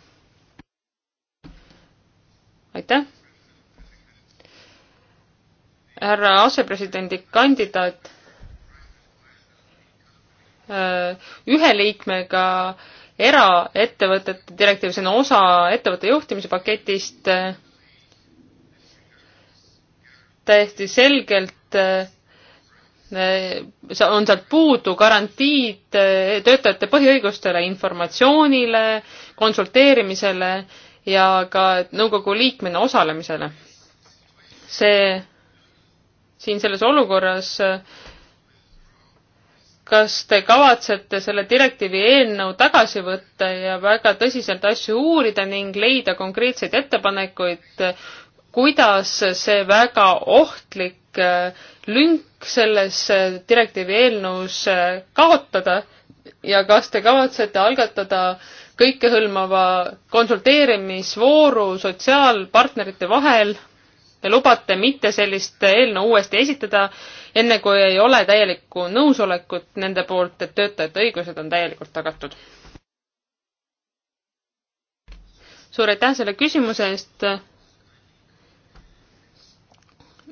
aitäh. härra asepresidendi kandidaat. Äh, ühe liikmega eraettevõtete direktiiv, see on osa ettevõtte juhtimise paketist, täiesti selgelt eh, on sealt puudu garantiid eh, töötajate põhiõigustele, informatsioonile, konsulteerimisele ja ka nõukogu liikmena osalemisele. see, siin selles olukorras äh, kas te kavatsete selle direktiivi eelnõu tagasi võtta ja väga tõsiselt asju uurida ning leida konkreetseid ettepanekuid, kuidas see väga ohtlik äh, lünk selles äh, direktiivi eelnõus äh, kaotada ja kas te kavatsete algatada kõikehõlmava konsulteerimisvooru sotsiaalpartnerite vahel ja lubate mitte sellist eelnõu uuesti esitada enne kui ei ole täielikku nõusolekut nende poolt, et töötajate õigused on täielikult tagatud. suur aitäh selle küsimuse eest,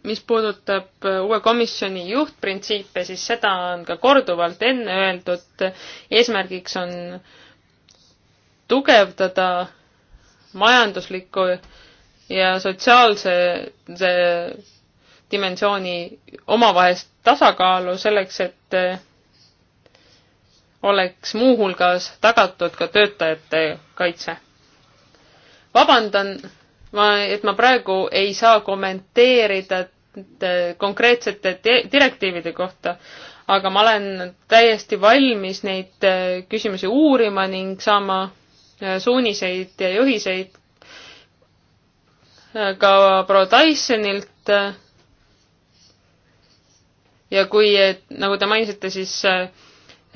mis puudutab uue komisjoni juhtprintsiipe, siis seda on ka korduvalt enne öeldud, eesmärgiks on tugevdada majanduslikku ja sotsiaalse dimensiooni omavahelist tasakaalu selleks, et eh, oleks muuhulgas tagatud ka töötajate kaitse. vabandan, ma, et ma praegu ei saa kommenteerida eh, konkreetsete direktiivide kohta, aga ma olen täiesti valmis neid eh, küsimusi uurima ning saama suuniseid ja juhiseid ka proua Dysonilt ja kui, nagu te mainisite, siis äh,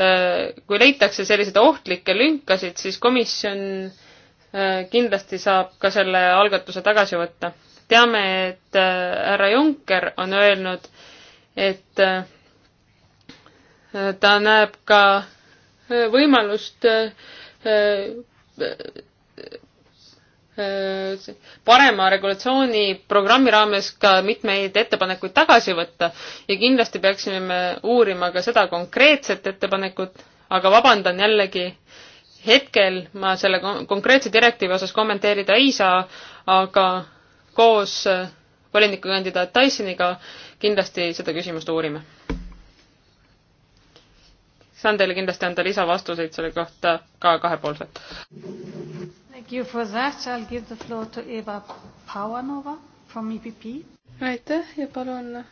äh, kui leitakse selliseid ohtlikke lünkasid, siis komisjon äh, kindlasti saab ka selle algatuse tagasi võtta. teame, et härra Juncker on öelnud, et ta näeb ka võimalust Äh, parema regulatsiooni programmi raames ka mitmeid ettepanekuid tagasi võtta ja kindlasti peaksime me uurima ka seda konkreetset ettepanekut, aga vabandan jällegi, hetkel ma selle konkreetse direktiivi osas kommenteerida ei saa, aga koos äh, volinikukandidaat Tysoniga kindlasti seda küsimust uurime. saan teile kindlasti anda lisavastuseid selle kohta ka kahepoolselt. Thank you for that. I'll give the floor to Eva Pauanova from EPP. aitäh ja palun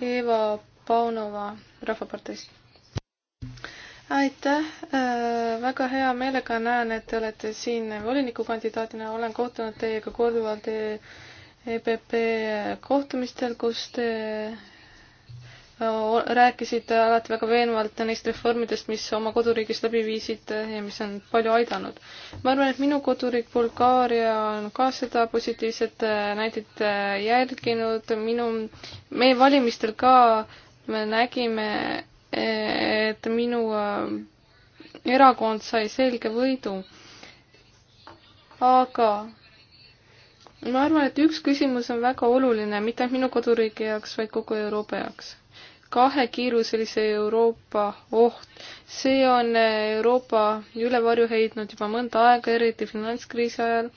Eva Paunova Rahvaparteist. aitäh, äh, väga hea meelega näen, et te olete siin volinikukandidaadina, olen kohtunud teiega korduvalt EPP kohtumistel, kus te Äh, rääkisid alati väga veenvalt neist reformidest, mis oma koduriigis läbi viisid äh, ja mis on palju aidanud. ma arvan, et minu koduriik Bulgaaria on ka seda positiivset äh, näidet jälginud, minu, meie valimistel ka me nägime, et minu erakond sai selge võidu. aga ma arvan, et üks küsimus on väga oluline, mitte ainult minu koduriigi jaoks, vaid kogu Euroopa jaoks kahekiiruselise Euroopa oht. see on eh, Euroopa üle varju heidnud juba mõnda aega, eriti finantskriisi ajal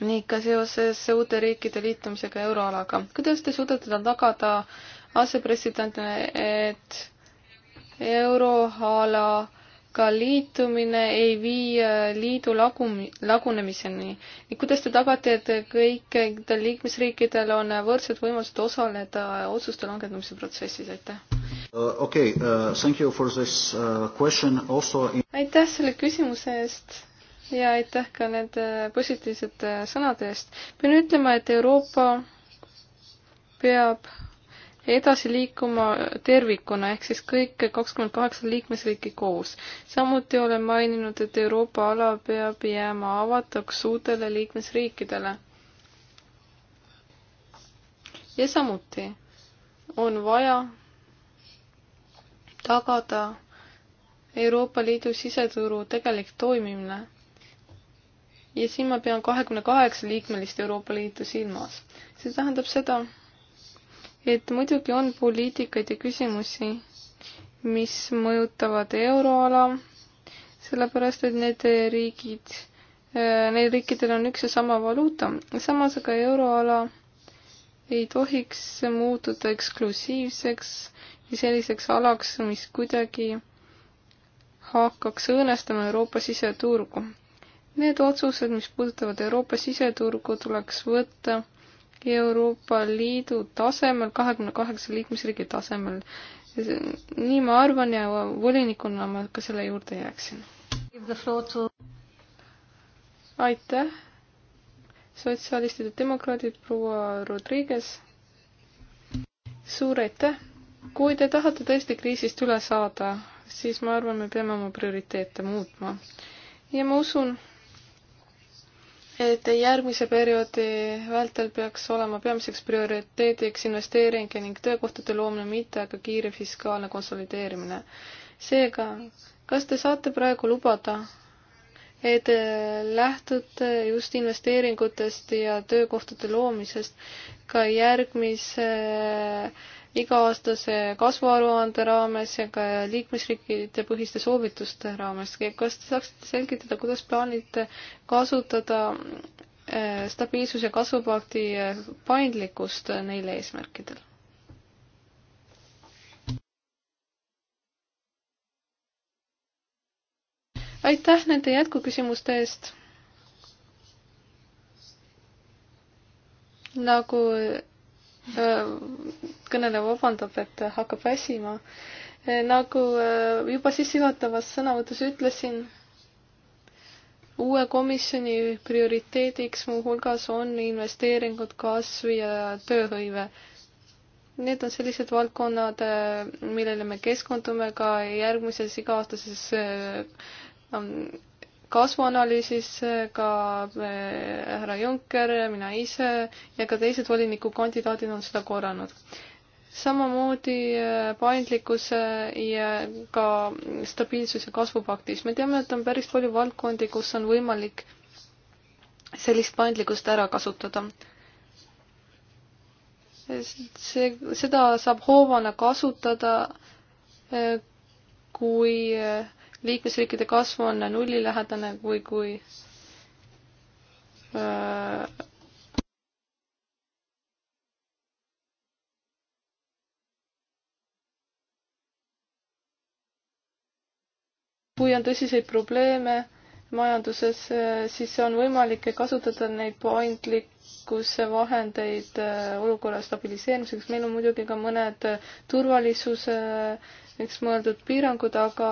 ning ka seoses uute riikide liitumisega euroalaga. kuidas te suudate tagada asepresidendile, et euroala ka liitumine ei vii äh, liidu lagum-, lagunemiseni. kuidas te tagate, et kõikidel liikmesriikidel on võrdsed võimalused osaleda äh, otsuste langetamise protsessis, aitäh? Uh, Okei, uh, thank you for this uh, question also in... aitäh selle küsimuse eest ja aitäh ka nende positiivsete äh, sõnade eest. pean ütlema, et Euroopa peab edasi liikuma tervikuna, ehk siis kõik kakskümmend kaheksa liikmesriiki koos. samuti olen maininud, et Euroopa ala peab jääma avatuks uutele liikmesriikidele. ja samuti on vaja tagada Euroopa Liidu siseturu tegelik toimimine. ja siin ma pean kahekümne kaheksa liikmelist Euroopa Liitu silmas. see tähendab seda, et muidugi on poliitikaid ja küsimusi, mis mõjutavad euroala, sellepärast et need riigid, äh, neil riikidel on üks ja sama valuuta, samas aga euroala ei tohiks muutuda eksklusiivseks ja selliseks alaks, mis kuidagi hakkaks õõnestama Euroopa siseturgu. Need otsused, mis puudutavad Euroopa siseturgu, tuleks võtta Euroopa Liidu tasemel, kahekümne kaheksa liikmesriigi tasemel. nii ma arvan ja volinikuna ma ka selle juurde jääksin. aitäh, sotsialistid ja demokraadid, proua Rodriguez. suur aitäh. kui te tahate tõesti kriisist üle saada, siis ma arvan, me peame oma prioriteete muutma. ja ma usun, et järgmise perioodi vältel peaks olema peamiseks prioriteediks investeering ning töökohtade loomine, mitte aga kiire fiskaalne konsolideerimine. seega, kas te saate praegu lubada, et lähtute just investeeringutest ja töökohtade loomisest ka järgmise äh, iga-aastase kasvuaruande raames ja ka liikmesriikide põhiste soovituste raames. kas te saaksite selgitada, kuidas plaanite kasutada eh, stabiilsus- ja kasvupakti eh, paindlikkust neil eesmärkidel? aitäh nende jätkuküsimuste eest. nagu Äh, kõneleja vabandab, et hakkab väsima. Äh, nagu äh, juba sissejuhatavas sõnavõtus ütlesin, uue komisjoni prioriteediks muuhulgas on investeeringud kasvu ja tööhõive. Need on sellised valdkonnad, millele me keskendume ka järgmises iga-aastases kasvuanalüüsis ka eh, härra Juncker, mina ise ja ka teised volinikukandidaadid on seda korranud. samamoodi eh, paindlikkuse ja ka stabiilsuse kasvupaktis. me teame, et on päris palju valdkondi, kus on võimalik sellist paindlikkust ära kasutada. see, seda saab hoovana kasutada, eh, kui äh, liikmesriikide kasv on nullilähedane, kui, kui äh, öö, kui on tõsiseid probleeme majanduses, äh, siis on võimalik kasutada neid paindlikkuse vahendeid äh, olukorra stabiliseerimiseks. meil on muidugi ka mõned turvalisuse eks mõeldud piirangud, aga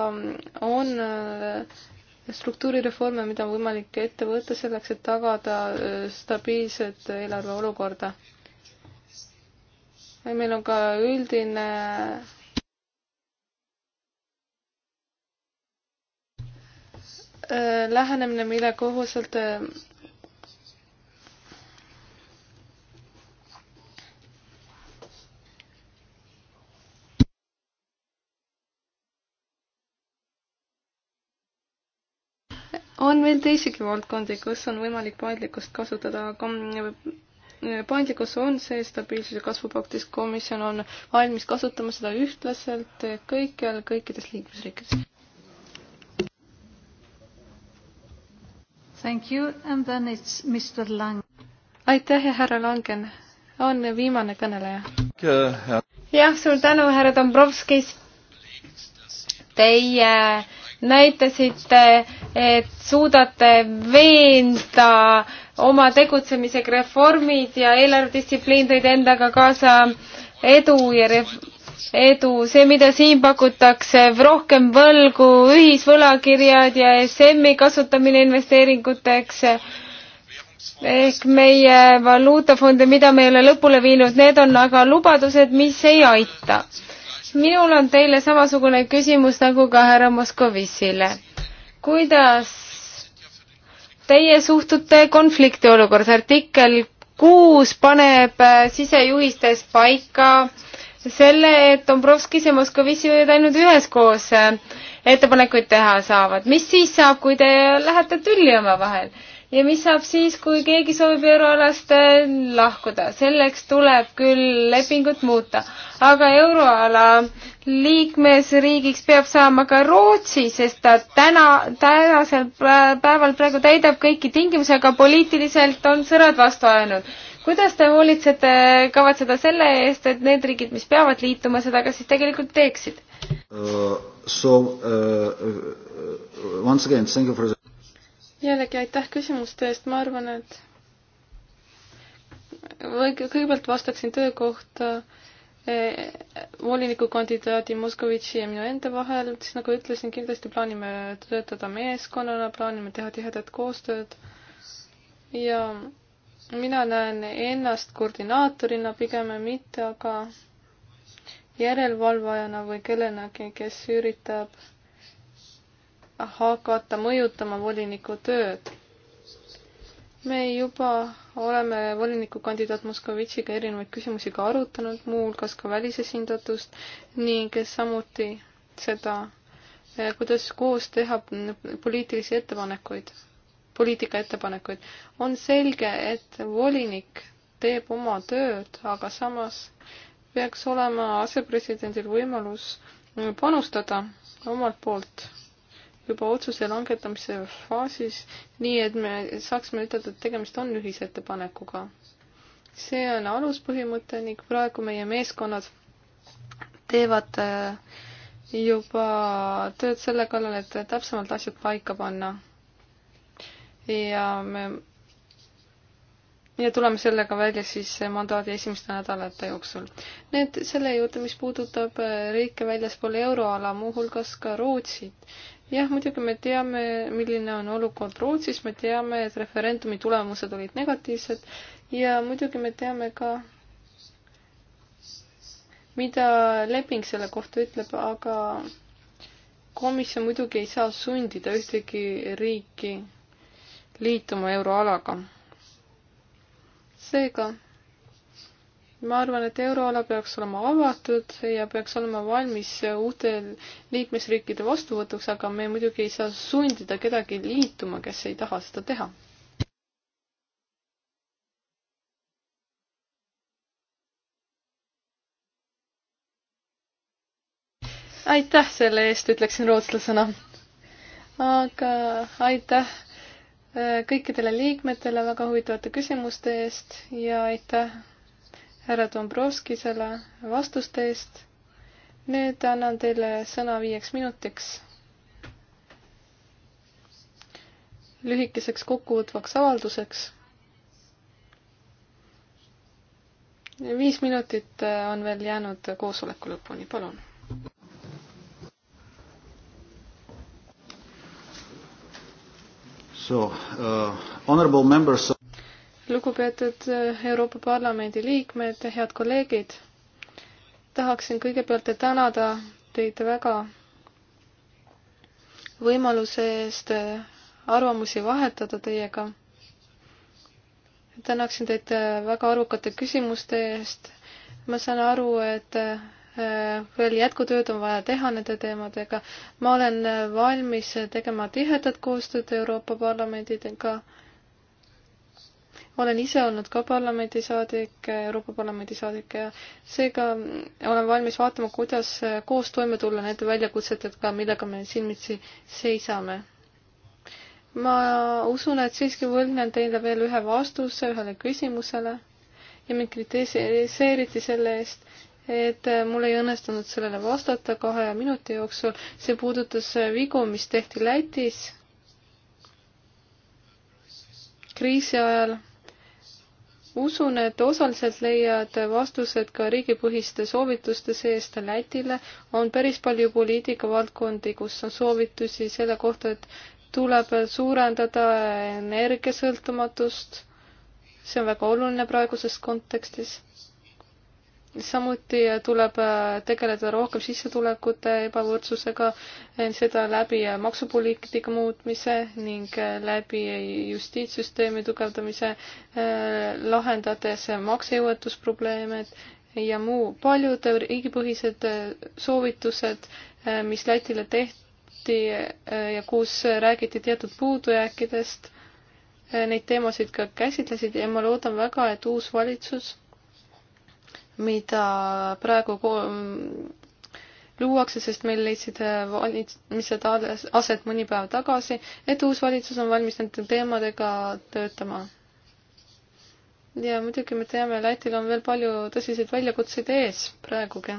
on äh, struktuurireforme, mida on võimalik ette võtta selleks, et tagada äh, stabiilset eelarve olukorda. meil on ka üldine äh, lähenemine, mille kohaselt on veel teisigi valdkondi, kus on võimalik paindlikkust kasutada, aga mm, paindlikkus on see stabiilsuse kasvupaktis, komisjon on valmis kasutama seda ühtlaselt kõikjal, kõikides liikmesriikides. Thank you and then it's Mr Lang. aitäh ja härra Langen on viimane kõneleja. Uh, jah, suur tänu, härra Dombrovskis. Teie äh, näitasite, et suudate veenda oma tegutsemisega reformid ja eelarvedistsipliin tõid endaga kaasa edu ja edu, see, mida siin pakutakse, rohkem võlgu, ühisvõlakirjad ja ESM-i kasutamine investeeringuteks ehk meie valuutafonde, mida me ei ole lõpule viinud, need on aga lubadused, mis ei aita minul on teile samasugune küsimus nagu ka härra Moskovissile. kuidas teie suhtute konfliktiolukorda? artikkel kuus paneb äh, sisejuhistes paika selle, et Dombrovskis ja Moskovitši võivad ainult üheskoos äh, ettepanekuid teha saavad. mis siis saab, kui te lähete tülli omavahel? ja mis saab siis, kui keegi soovib euroalast äh, lahkuda, selleks tuleb küll lepingut muuta, aga euroala liikmesriigiks peab saama ka Rootsi, sest ta täna, tänasel päeval praegu täidab kõiki tingimusi, aga poliitiliselt on sõrad vastu ajanud. kuidas te hoolitsete, kavatseda selle eest, et need riigid, mis peavad liituma, seda ka siis tegelikult teeksid uh,? So uh, uh once again, thank you for the jällegi aitäh küsimuste eest, ma arvan, et või kõigepealt vastaksin töökohta e, volinikukandidaadi Moskovitši ja minu enda vahel, siis nagu ütlesin, kindlasti plaanime töötada meeskonnana, plaanime teha tihedat koostööd ja mina näen ennast koordinaatorina pigem mitte, aga järelevalvajana või kellenagi, kes üritab hakata mõjutama voliniku tööd. me juba oleme volinikukandidaat Moskovitšiga erinevaid küsimusi ka arutanud, muuhulgas ka välisesindatust ning samuti seda, eh, kuidas koos teha poliitilisi ettepanekuid, poliitika ettepanekuid. on selge, et volinik teeb oma tööd, aga samas peaks olema asepresidendil võimalus panustada omalt poolt juba otsuse langetamise faasis, nii et me saaksime ütelda, et tegemist on ühisettepanekuga. see on aluspõhimõte ning praegu meie meeskonnad teevad äh, juba tööd selle kallal, et täpsemalt asjad paika panna. ja me ja tuleme sellega välja siis mandaadi esimeste nädalate jooksul. Need selle juurde, mis puudutab äh, riike väljaspool euroala, muuhulgas ka Rootsit, jah, muidugi me teame, milline on olukord Rootsis, me teame, et referendumi tulemused olid negatiivsed ja muidugi me teame ka, mida leping selle kohta ütleb, aga komisjon muidugi ei saa sundida ühtegi riiki liituma euroalaga. seega ma arvan, et euroala peaks olema avatud ja peaks olema valmis uute liikmesriikide vastuvõtuks, aga me muidugi ei saa sundida kedagi liituma, kes ei taha seda teha. aitäh selle eest, ütleksin rootslasena. aga aitäh äh, kõikidele liikmetele väga huvitavate küsimuste eest ja aitäh härra Dombrovskisele vastuste eest. nüüd annan teile sõna viieks minutiks lühikeseks kokkuvõtvaks avalduseks. viis minutit on veel jäänud koosoleku lõpuni, palun. So uh, honorable members lugupeetud eh, Euroopa Parlamendi liikmed, head kolleegid. tahaksin kõigepealt tänada teid väga võimaluse eest eh, arvamusi vahetada teiega. tänaksin teid eh, väga arukate küsimuste eest. ma saan aru, et veel jätkutööd on vaja teha nende teemadega. ma olen valmis tegema tihedat koostööd Euroopa Parlamendidega olen ise olnud ka parlamendisaadik, Euroopa Parlamendi saadik ja seega olen valmis vaatama, kuidas koos toime tulla nende väljakutsetega, millega me silmitsi seisame. ma usun, et siiski võlgnen teile veel ühe vastuse ühele küsimusele ja mind kritiseeriti selle eest, et mul ei õnnestunud sellele vastata kahe minuti jooksul. see puudutas vigu, mis tehti Lätis kriisi ajal usun, et osaliselt leiad vastused ka riigipõhiste soovituste seest Lätile. on päris palju poliitikavaldkondi, kus on soovitusi selle kohta, et tuleb suurendada energiasõltumatust. see on väga oluline praeguses kontekstis samuti tuleb äh, tegeleda rohkem sissetulekute ebavõrdsusega, seda läbi äh, maksupoliitika muutmise ning äh, läbi justiitssüsteemi tugevdamise, lahendades maksejõuetusprobleeme ja muu. paljud riigipõhised soovitused, mis Lätile tehti ja kus räägiti teatud puudujääkidest, neid teemasid ka käsitlesid ja ma loodan väga, et uus valitsus mida praegu mm, luuakse, sest meil leidsid äh, valitsemised aset mõni päev tagasi, et uus valitsus on valmis nende teemadega töötama. ja muidugi me teame, Lätil on veel palju tõsiseid väljakutseid ees praegugi.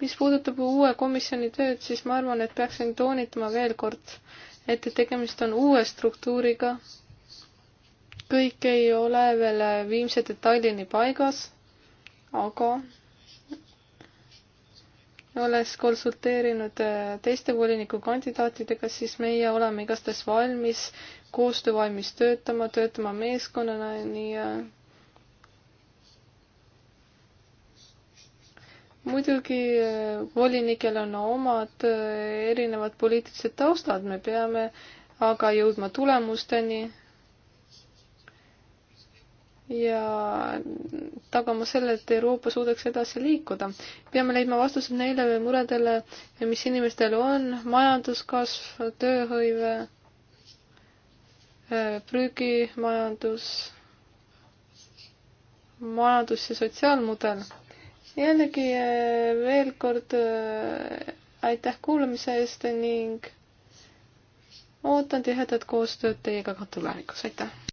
mis puudutab uue komisjoni tööd, siis ma arvan, et peaksin toonitama veel kord, et tegemist on uue struktuuriga, kõik ei ole veel viimse detailini paigas, aga olles konsulteerinud äh, teiste volinikukandidaatidega, siis meie oleme igastahes valmis, koostöövalmis töötama, töötama meeskonnana, nii äh, muidugi äh, volinikel on omad erinevad poliitilised taustad, me peame aga jõudma tulemusteni ja tagama selle, et Euroopa suudaks edasi liikuda. peame leidma vastused neile muredele, mis inimestel on, majanduskasv, tööhõive, äh, prügimajandus, majandus ja sotsiaalmudel. jällegi äh, veel kord äh, aitäh kuulamise eest ning ootan tihedat koostööd teiega ka tulevikus, aitäh!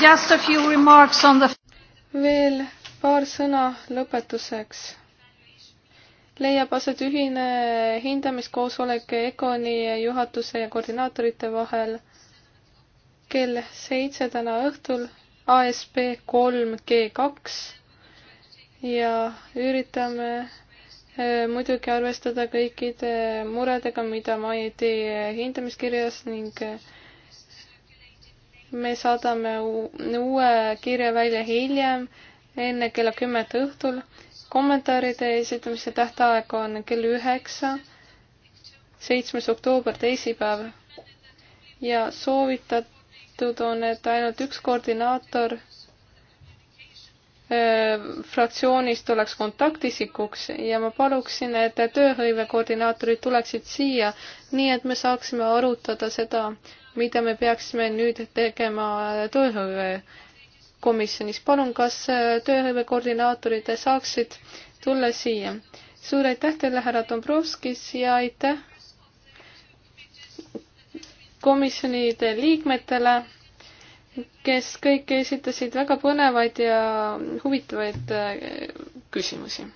Just a few remarks on the veel paar sõna lõpetuseks. leiab aset ühine hindamiskoosolek EKONi juhatuse ja koordinaatorite vahel kell seitse täna õhtul ASB kolm G kaks ja üritame äh, muidugi arvestada kõikide muredega, mida mainiti hindamiskirjas ning äh, me saadame uue kirja välja hiljem, enne kella kümmet õhtul. kommentaaride esitamise tähtaeg on kell üheksa, seitsmes oktoober, teisipäev. ja soovitatud on, et ainult üks koordinaator Äh, fraktsioonist oleks kontaktisikuks ja ma paluksin, et tööhõive koordinaatorid tuleksid siia, nii et me saaksime arutada seda, mida me peaksime nüüd tegema tööhõive komisjonis. palun, kas äh, tööhõive koordinaatorid saaksid tulla siia? suur aitäh teile, härra Dombrovskis ja aitäh komisjonide liikmetele kes kõik esitasid väga põnevaid ja huvitavaid äh, küsimusi.